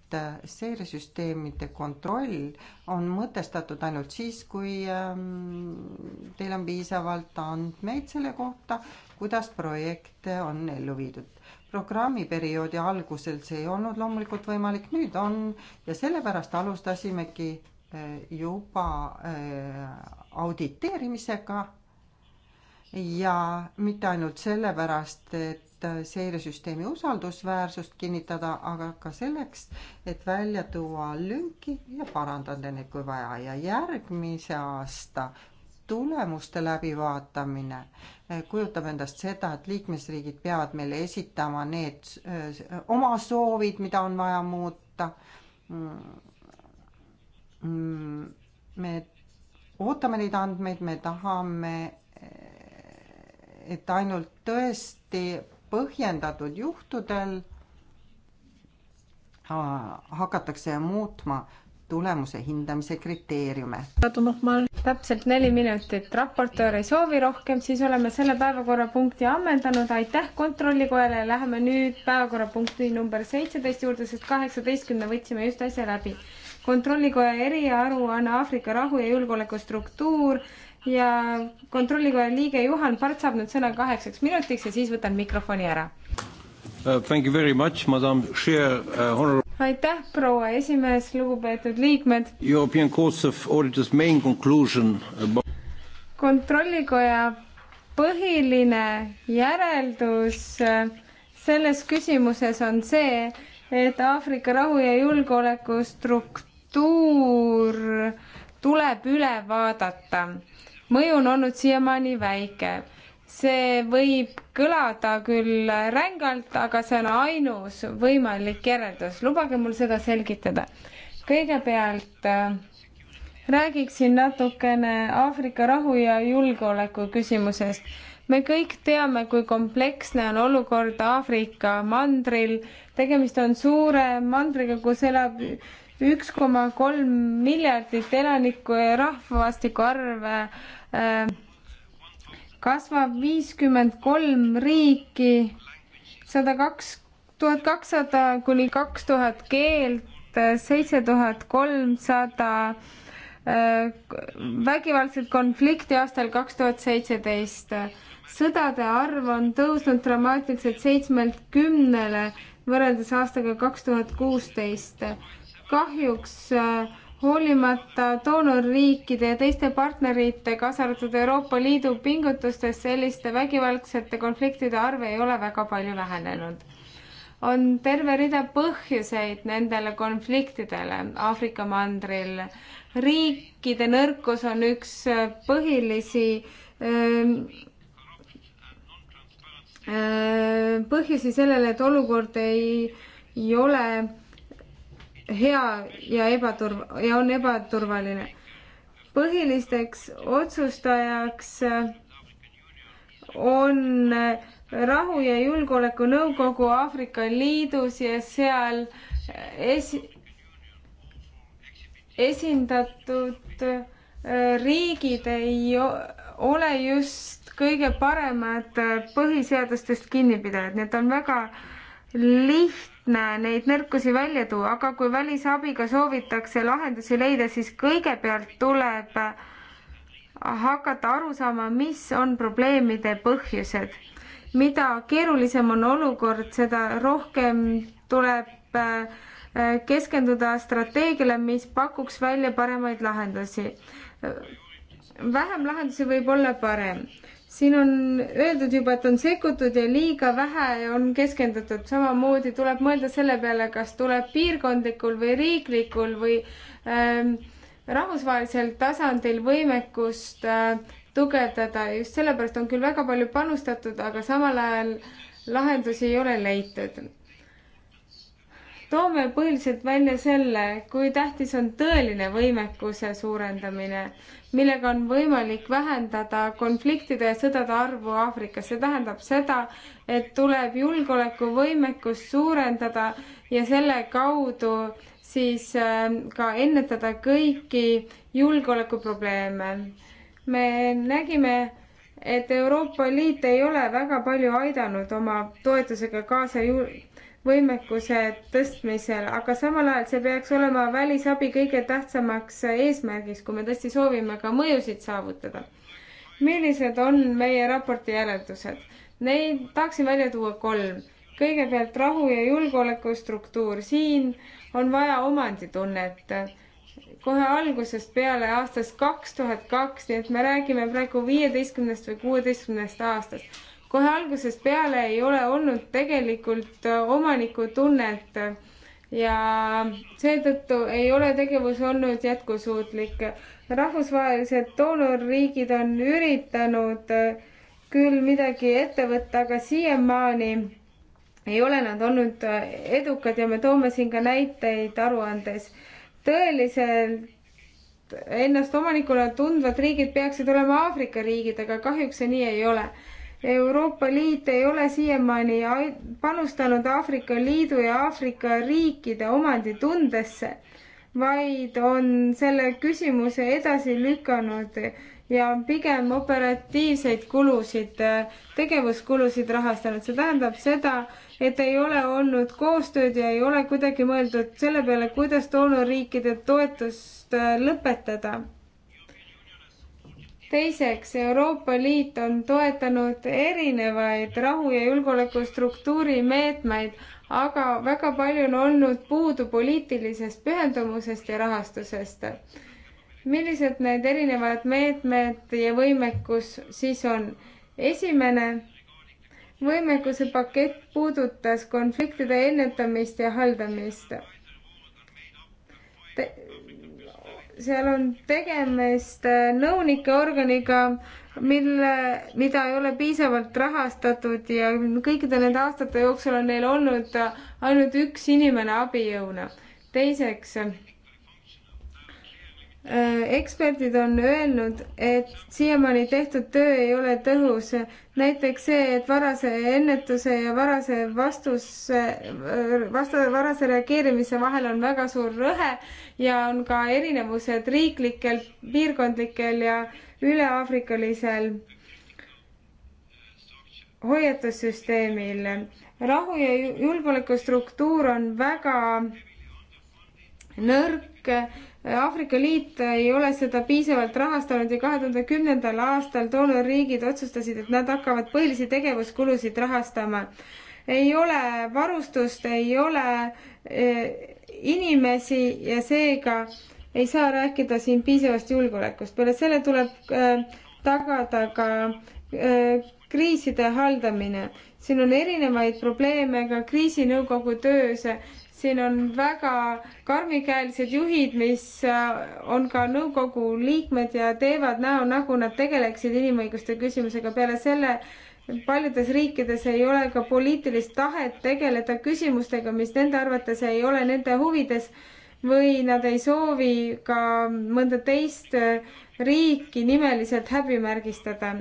seiresüsteemide kontroll on mõtestatud ainult siis, kui ähm, teil on piisavalt andmeid selle kohta, kuidas projekte on ellu viidud. programmiperioodi algusel see ei olnud loomulikult võimalik, nüüd on ja sellepärast alustasimegi juba äh, auditeerimisega ja mitte ainult sellepärast, et seiresüsteemi usaldusväärsust kinnitada, aga ka selleks, et välja tuua lünki ja parandada neid, kui vaja ja järgmise aasta tulemuste läbivaatamine äh, kujutab endast seda, et liikmesriigid peavad meile esitama need äh, oma soovid, mida on vaja muuta mm. Mm, me ootame neid andmeid, me tahame, et ainult tõesti põhjendatud juhtudel hakatakse muutma tulemuse hindamise kriteeriume. täpselt neli minutit, raportöör ei soovi rohkem, siis oleme selle päevakorrapunkti ammendanud, aitäh Kontrollikojale ja läheme nüüd päevakorrapunkti number seitseteist juurde, sest kaheksateistkümne võtsime just äsja läbi kontrollikoja eriaruanne Aafrika rahu ja julgeolekustruktuur ja kontrollikoja liige Juhan Part saab nüüd sõna kaheksaks minutiks ja siis võtan mikrofoni ära uh,. Thank you very much, madam chair uh, honor.... aitäh, proua esimees, lugupeetud liikmed. European Court of Auditors main conclusion about kontrollikoja põhiline järeldus uh, selles küsimuses on see, et Aafrika rahu ja julgeoleku struktuur struktuur tuleb üle vaadata. mõju on olnud siiamaani väike. see võib kõlada küll rängalt, aga see on ainus võimalik järeldus. lubage mul seda selgitada. kõigepealt äh, räägiksin natukene Aafrika rahu ja julgeoleku küsimusest. me kõik teame, kui kompleksne on olukord Aafrika mandril. tegemist on suure mandriga, kus elab üks koma kolm miljardit elaniku ja rahvastiku arve äh, kasvab viiskümmend kolm riiki, sada kaks, tuhat kakssada kuni kaks tuhat keelt, seitse tuhat kolmsada äh, vägivaldset konflikti aastal kaks tuhat seitseteist. sõdade arv on tõusnud dramaatiliselt seitsmelt kümnele võrreldes aastaga kaks tuhat kuusteist kahjuks äh, hoolimata doonorriikide ja teiste partnerite, kaasa arvatud Euroopa Liidu pingutustest, selliste vägivaldsete konfliktide arv ei ole väga palju vähenenud. on terve rida põhjuseid nendele konfliktidele Aafrika mandril. riikide nõrkus on üks äh, põhilisi ähm, äh, põhjusi sellele, et olukord ei, ei ole hea ja ebaturv- ja on ebaturvaline. põhilisteks otsustajaks on rahu ja julgeoleku nõukogu Aafrika Liidus ja seal esi-, esindatud riigid ei ole just kõige paremad põhiseadustest kinnipidajad, nii et on väga lihtne lihtne neid nõrkusi välja tuua, aga kui välisabiga soovitakse lahendusi leida, siis kõigepealt tuleb hakata aru saama, mis on probleemide põhjused. mida keerulisem on olukord, seda rohkem tuleb äh, keskenduda strateegiale, mis pakuks välja paremaid lahendusi vähem lahendusi võib olla parem siin on öeldud juba, et on sekkutud ja liiga vähe on keskendutud, samamoodi tuleb mõelda selle peale, kas tuleb piirkondlikul või riiklikul või ähm, rahvusvahelisel tasandil võimekust äh, tugevdada, just sellepärast on küll väga palju panustatud, aga samal ajal lahendusi ei ole leitud. toome põhiliselt välja selle, kui tähtis on tõeline võimekuse suurendamine millega on võimalik vähendada konfliktide ja sõdade arvu Aafrikas. see tähendab seda, et tuleb julgeolekuvõimekust suurendada ja selle kaudu siis äh, ka ennetada kõiki julgeolekuprobleeme. me nägime, et Euroopa Liit ei ole väga palju aidanud oma toetusega kaasa ju-, võimekuse tõstmisel, aga samal ajal see peaks olema välisabi kõige tähtsamaks eesmärgiks, kui me tõesti soovime ka mõjusid saavutada. millised on meie raporti järeldused? Neid tahaksin välja tuua kolm. kõigepealt rahu ja julgeolekustruktuur, siin on vaja omanditunnet kohe algusest peale aastast kaks tuhat kaks, nii et me räägime praegu viieteistkümnest või kuueteistkümnest aastast kohe algusest peale ei ole olnud tegelikult äh, omanikutunnet ja seetõttu ei ole tegevus olnud jätkusuutlik. rahvusvahelised doonorriigid on üritanud äh, küll midagi ette võtta, aga siiamaani ei ole nad olnud äh, edukad ja me toome siin ka näiteid aruandes. tõeliselt ennast omanikuna tundvad riigid peaksid olema Aafrika riigid, aga kahjuks see nii ei ole Euroopa Liit ei ole siiamaani panustanud Aafrika Liidu ja Aafrika riikide omanditundesse, vaid on selle küsimuse edasi lükanud ja pigem operatiivseid kulusid, tegevuskulusid rahastanud. see tähendab seda, et ei ole olnud koostööd ja ei ole kuidagi mõeldud selle peale, kuidas doonoriikide toetust lõpetada teiseks, Euroopa Liit on toetanud erinevaid rahu- ja julgeolekustruktuuri meetmeid, aga väga palju on olnud puudu poliitilisest pühendumusest ja rahastusest. millised need erinevad meetmed ja võimekus siis on? esimene võimekuse pakett puudutas konfliktide ennetamist ja haldamist seal on tegemist äh, nõunike organiga, mille, mida ei ole piisavalt rahastatud ja kõikide nende aastate jooksul on neil olnud äh, ainult üks inimene abijõuna. teiseks Äh, eksperdid on öelnud, et siiamaani tehtud töö ei ole tõhus. näiteks see, et varase ennetuse ja varase vastus, vastu, varase reageerimise vahel on väga suur lõhe ja on ka erinevused riiklikel, piirkondlikel ja üleaafrikalisel hoiatussüsteemil. rahu ja julgeolekustruktuur on väga nõrk Aafrika Liit ei ole seda piisavalt rahastanud ja kahe tuhande kümnendal aastal doonorriigid otsustasid, et nad hakkavad põhilisi tegevuskulusid rahastama. ei ole varustust, ei ole eh, inimesi ja seega ei saa rääkida siin piisavast julgeolekust. peale selle tuleb eh, tagada ka eh, kriiside haldamine. siin on erinevaid probleeme ka kriisinõukogu töös siin on väga karmikäelised juhid, mis äh, on ka nõukogu liikmed ja teevad näo, nagu nad tegeleksid inimõiguste küsimusega. peale selle paljudes riikides ei ole ka poliitilist tahet tegeleda küsimustega, mis nende arvates ei ole nende huvides või nad ei soovi ka mõnda teist äh, riiki nimeliselt häbimärgistada.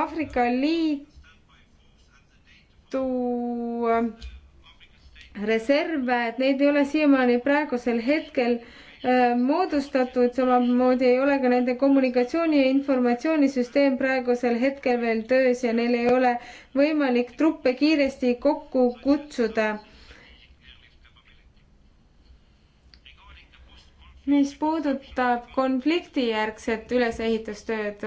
Aafrika Liitu äh, reserve, et neid ei ole siiamaani praegusel hetkel äh, moodustatud, samamoodi ei ole ka nende kommunikatsiooni ja informatsioonisüsteem praegusel hetkel veel töös ja neil ei ole võimalik truppe kiiresti kokku kutsuda. mis puudutab konfliktijärgset ülesehitustööd,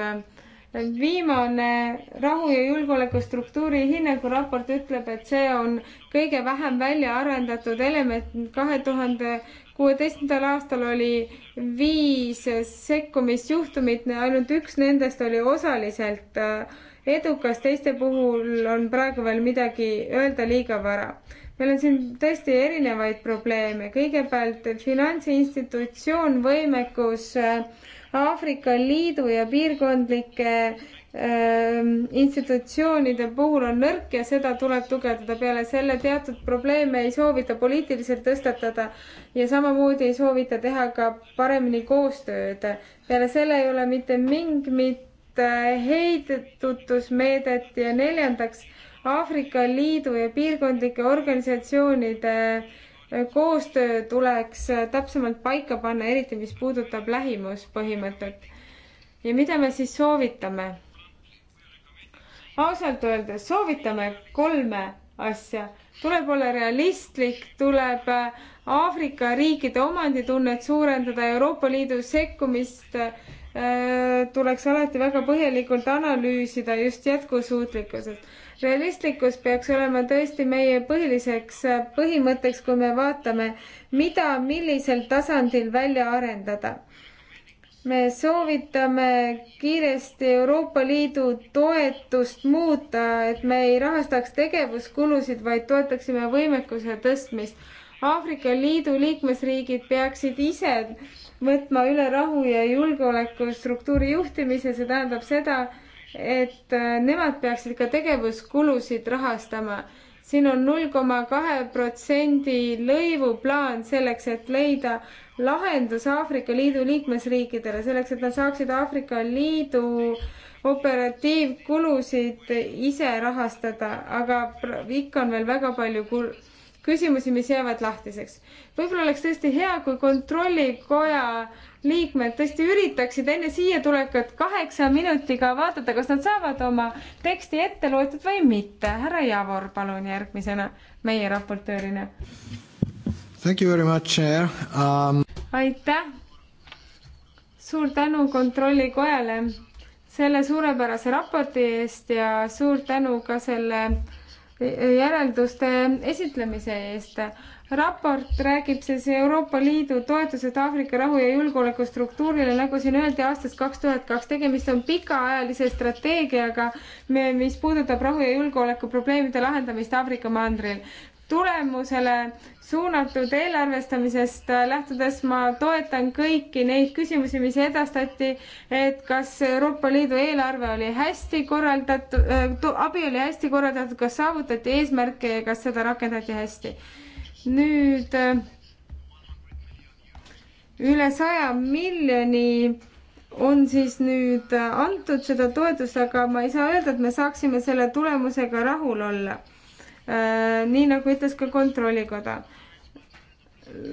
viimane rahu- ja julgeolekustruktuuri hinnangu raport ütleb, et see on kõige vähem välja arendatud element. kahe tuhande kuueteistkümnendal aastal oli viis sekkumisjuhtumit, ainult üks nendest oli osaliselt äh, edukas, teiste puhul on praegu veel midagi öelda liiga vara. meil on siin tõesti erinevaid probleeme, kõigepealt äh, finantsinstitutsioon, võimekus äh, Aafrika Liidu ja piirkondlike ähm, institutsioonide puhul on nõrk ja seda tuleb tugevdada. peale selle teatud probleeme ei soovita poliitiliselt tõstatada ja samamoodi ei soovita teha ka paremini koostööd. peale selle ei ole mitte mingit heidetutusmeedet ja neljandaks Aafrika Liidu ja piirkondlike organisatsioonide äh, koostöö tuleks täpsemalt paika panna, eriti mis puudutab lähimuspõhimõtet. ja mida me siis soovitame? ausalt öeldes soovitame kolme asja. tuleb olla realistlik, tuleb Aafrika riikide omanditunnet suurendada, Euroopa Liidu sekkumist äh, tuleks alati väga põhjalikult analüüsida just jätkusuutlikkuselt realistlikkus peaks olema tõesti meie põhiliseks äh, põhimõtteks, kui me vaatame, mida, millisel tasandil välja arendada. me soovitame kiiresti Euroopa Liidu toetust muuta, et me ei rahastaks tegevuskulusid, vaid toetaksime võimekuse tõstmist. Aafrika Liidu liikmesriigid peaksid ise võtma üle rahu ja julgeoleku struktuuri juhtimise, see tähendab seda, et äh, nemad peaksid ka tegevuskulusid rahastama. siin on null koma kahe protsendi lõivuplaan selleks, et leida lahendus Aafrika Liidu liikmesriikidele, selleks et nad saaksid Aafrika Liidu operatiivkulusid ise rahastada, aga ikka on veel väga palju kul-, küsimusi, mis jäävad lahtiseks. võib-olla oleks tõesti hea, kui kontrollikoja liikmed tõesti üritaksid enne siia tulekut kaheksa minutiga vaadata, kas nad saavad oma teksti ette loetud või mitte. härra Javor, palun järgmisena meie raportöörina. Thank you very much, Chair um.... aitäh. suur tänu kontrollikojale selle suurepärase raporti eest ja suur tänu ka selle järelduste esitlemise eest. raport räägib siis Euroopa Liidu toetused Aafrika rahu ja julgeolekustruktuurile, nagu siin öeldi, aastast kaks tuhat kaks. tegemist on pikaajalise strateegiaga, mis puudutab rahu ja julgeoleku probleemide lahendamist Aafrika mandril tulemusele suunatud eelarvestamisest lähtudes ma toetan kõiki neid küsimusi, mis edastati, et kas Euroopa Liidu eelarve oli hästi korraldatud äh,, abi oli hästi korraldatud, kas saavutati eesmärke ja kas seda rakendati hästi. nüüd äh, üle saja miljoni on siis nüüd antud seda toetust, aga ma ei saa öelda, et me saaksime selle tulemusega rahul olla Äh, nii nagu ütles ka Kontrollikoda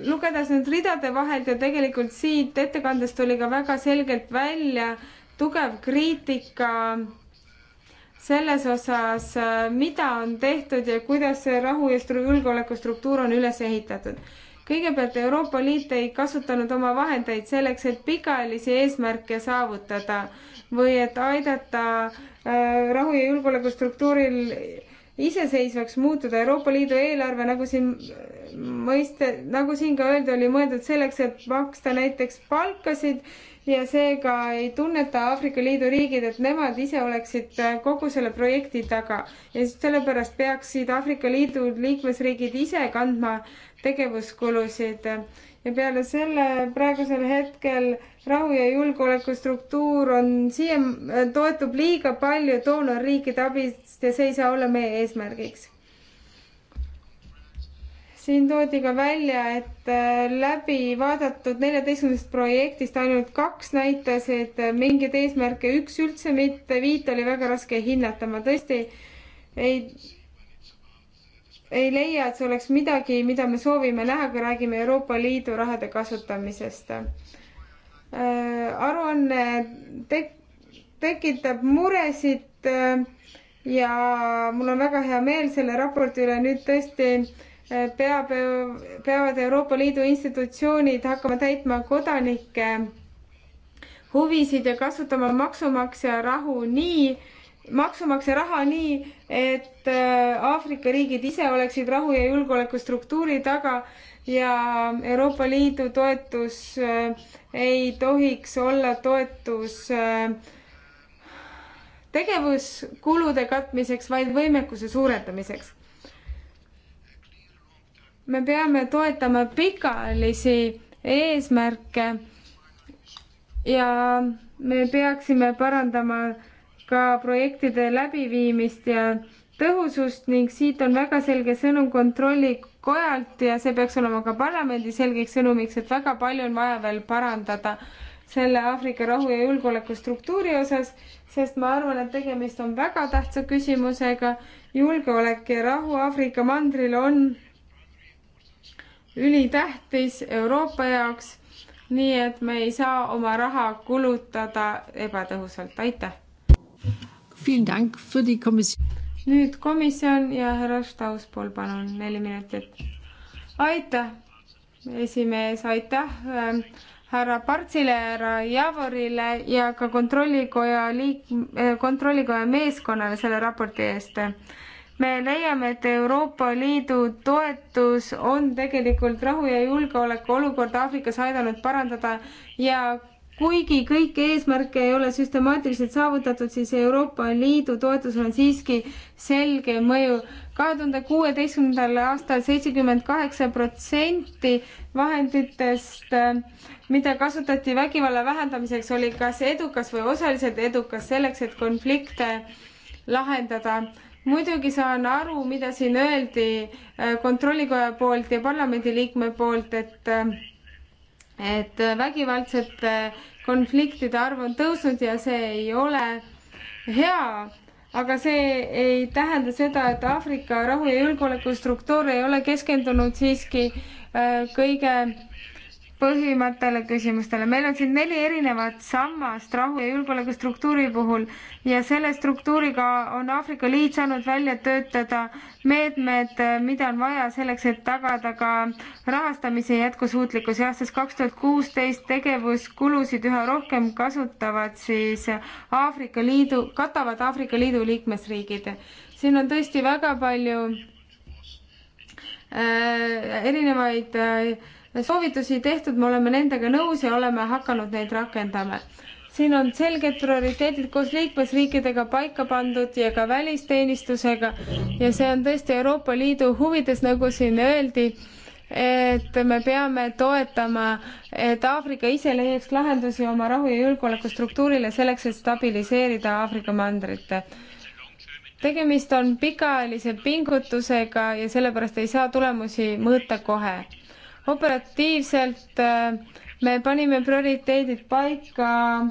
lugedes nüüd ridade vahelt ja tegelikult siit ettekandest tuli ka väga selgelt välja tugev kriitika selles osas, äh, mida on tehtud ja kuidas see rahu ja julgeolekustruktuur on üles ehitatud. kõigepealt Euroopa Liit ei kasutanud oma vahendeid selleks, et pikaajalisi eesmärke saavutada või et aidata äh, rahu ja julgeolekustruktuuril iseseisvaks muutuda. Euroopa Liidu eelarve, nagu siin mõiste, nagu siin ka öeldi, oli mõeldud selleks, et maksta näiteks palkasid ja seega ei tunneta Aafrika Liidu riigid, et nemad ise oleksid kogu selle projekti taga. ja sellepärast peaksid Aafrika Liidu liikmesriigid ise kandma tegevuskulusid ja peale selle praegusel hetkel rahu ja julgeolekustruktuur on siia, toetub liiga palju doonorriikide abi, ja see ei saa olla meie eesmärgiks. siin toodi ka välja, et äh, läbi vaadatud neljateistkümnest projektist ainult kaks näitasid äh, mingeid eesmärke, üks üldse mitte, viit oli väga raske hinnata, ma tõesti ei ei leia, et see oleks midagi, mida me soovime näha, kui räägime Euroopa Liidu rahade kasutamisest äh,. aruanne tek-, tekitab muresid äh, ja mul on väga hea meel selle raporti üle, nüüd tõesti eh, peab, eh, peavad Euroopa Liidu institutsioonid hakkama täitma kodanike huvisid ja kasutama maksumaksja rahu nii, maksumaksja raha nii, et eh, Aafrika riigid ise oleksid rahu ja julgeoleku struktuuri taga ja Euroopa Liidu toetus ei tohiks olla toetus äh, tegevuskulude katmiseks, vaid võimekuse suurendamiseks. me peame toetama pikaajalisi eesmärke ja me peaksime parandama ka projektide läbiviimist ja tõhusust ning siit on väga selge sõnum kontrollikojalt ja see peaks olema ka parlamendi selgeks sõnumiks, et väga palju on vaja veel parandada selle Aafrika rahu ja julgeolekustruktuuri osas, sest ma arvan, et tegemist on väga tähtsa küsimusega. julgeolek ja rahu Aafrika mandril on ülitähtis Euroopa jaoks, nii et me ei saa oma raha kulutada ebatõhusalt, aitäh. nüüd komisjon ja härra Stauspool, palun neli minutit. aitäh, esimees, aitäh ähm, härra Partsile, härra Javorile ja ka kontrollikoja liik-, eh, kontrollikoja meeskonnale selle raporti eest. me leiame, et Euroopa Liidu toetus on tegelikult rahu ja julgeoleku olukorda Aafrikas aidanud parandada ja kuigi kõiki eesmärke ei ole süstemaatiliselt saavutatud, siis Euroopa Liidu toetusel on siiski selge mõju. kahe tuhande kuueteistkümnendal aastal seitsekümmend kaheksa protsenti vahenditest äh, mida kasutati vägivalla vähendamiseks, oli kas edukas või osaliselt edukas selleks, et konflikte lahendada. muidugi saan aru, mida siin öeldi äh, kontrollikoja poolt ja parlamendiliikme poolt, et äh, et vägivaldsete konfliktide arv on tõusnud ja see ei ole hea, aga see ei tähenda seda, et Aafrika rahu ja julgeolekustruktuur ei ole keskendunud siiski äh, kõige põhimatele küsimustele. meil on siin neli erinevat sammast rahu ja julgeolekustruktuuri puhul ja selle struktuuriga on Aafrika Liit saanud välja töötada meetmed, mida on vaja selleks, et tagada ka rahastamise jätkusuutlikkus ja aastast kaks tuhat kuusteist tegevuskulusid üha rohkem kasutavad siis Aafrika Liidu, katavad Aafrika Liidu liikmesriigid. siin on tõesti väga palju äh, erinevaid äh, soovitusi tehtud, me oleme nendega nõus ja oleme hakanud neid rakendama. siin on selged prioriteedid koos liikmesriikidega paika pandud ja ka välisteenistusega ja see on tõesti Euroopa Liidu huvides, nagu siin öeldi, et me peame toetama, et Aafrika ise leiaks lahendusi oma rahu- ja julgeolekustruktuurile selleks, et stabiliseerida Aafrika mandrit tegemist on pikaajalise pingutusega ja sellepärast ei saa tulemusi mõõta kohe operatiivselt äh, me panime prioriteedid paika äh,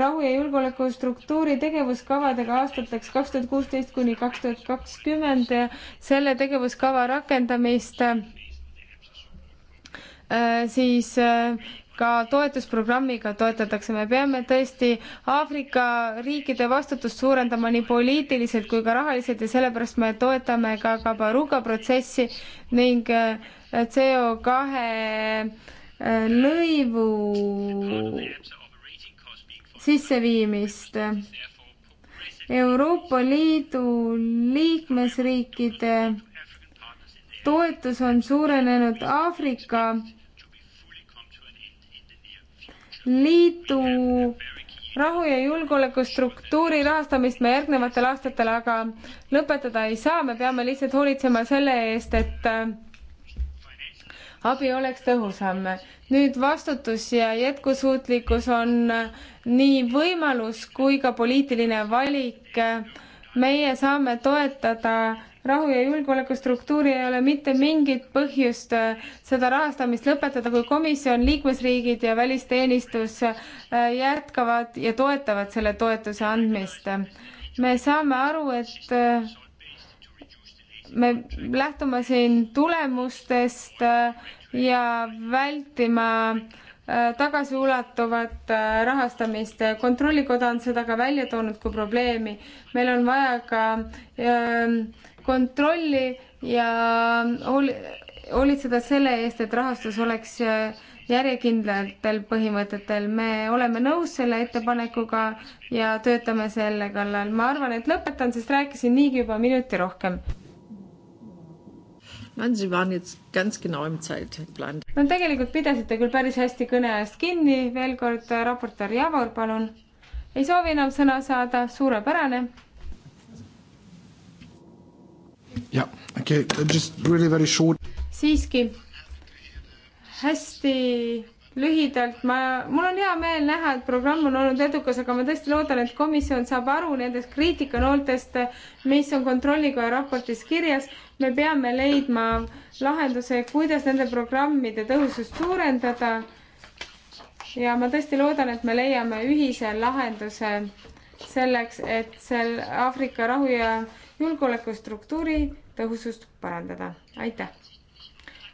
rahu ja julgeolekustruktuuri tegevuskavadega aastateks kaks tuhat kuusteist kuni kaks tuhat kakskümmend ja selle tegevuskava rakendamist äh, siis ka toetusprogrammiga toetatakse, me peame tõesti Aafrika riikide vastutust suurendama nii poliitiliselt kui ka rahaliselt ja sellepärast me toetame ka Kabaruga protsessi ning äh, CO kahe äh, lõivu sisseviimist. Euroopa Liidu liikmesriikide toetus on suurenenud Aafrika liidu rahu- ja julgeolekustruktuuri rahastamist me järgnevatel aastatel aga lõpetada ei saa, me peame lihtsalt hoolitsema selle eest, et äh, abi oleks tõhusam. nüüd vastutus ja jätkusuutlikkus on äh, nii võimalus kui ka poliitiline valik. meie saame toetada rahu ja julgeolekustruktuuri ei ole mitte mingit põhjust äh, seda rahastamist lõpetada, kui komisjon, liikmesriigid ja välisteenistus äh, jätkavad ja toetavad selle toetuse andmist. me saame aru, et äh, me lähtume siin tulemustest ja vältima tagasiulatuvat rahastamist. kontrollikoda on seda ka välja toonud kui probleemi. meil on vaja ka öö, kontrolli ja hoolitseda selle eest, et rahastus oleks järjekindlatel põhimõtetel. me oleme nõus selle ettepanekuga ja töötame selle kallal. ma arvan, et lõpetan, sest rääkisin niigi juba minuti rohkem. no tegelikult pidasite küll päris hästi kõneajast kinni. veel kord raportöör Javor, palun. ei soovi enam sõna saada, suurepärane jah, okei okay,, just really very short. siiski, hästi lühidalt, ma, mul on hea meel näha, et programm on olnud edukas, aga ma tõesti loodan, et komisjon saab aru nendest kriitikanooltest, mis on kontrollikoja raportis kirjas. me peame leidma lahenduse, kuidas nende programmide tõhusust suurendada. ja ma tõesti loodan, et me leiame ühise lahenduse selleks, et seal Aafrika rahu ja julgeolekustruktuuri tõhusust parandada. aitäh!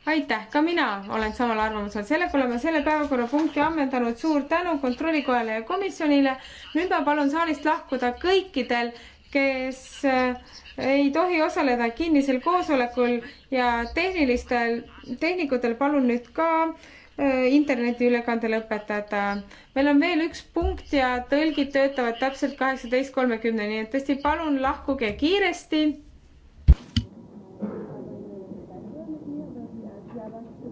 aitäh, ka mina olen samal arvamusel, sellega oleme selle päevakorrapunkti ammendanud, suur tänu kontrollikojale ja komisjonile. nüüd ma palun saalist lahkuda kõikidel, kes äh, ei tohi osaleda kinnisel koosolekul ja tehnilistel, tehnikutel palun nüüd ka äh, Äh, internetiülekande lõpetada. meil on veel üks punkt ja tõlgid töötavad täpselt kaheksateist kolmekümneni, et tõesti palun lahkuge kiiresti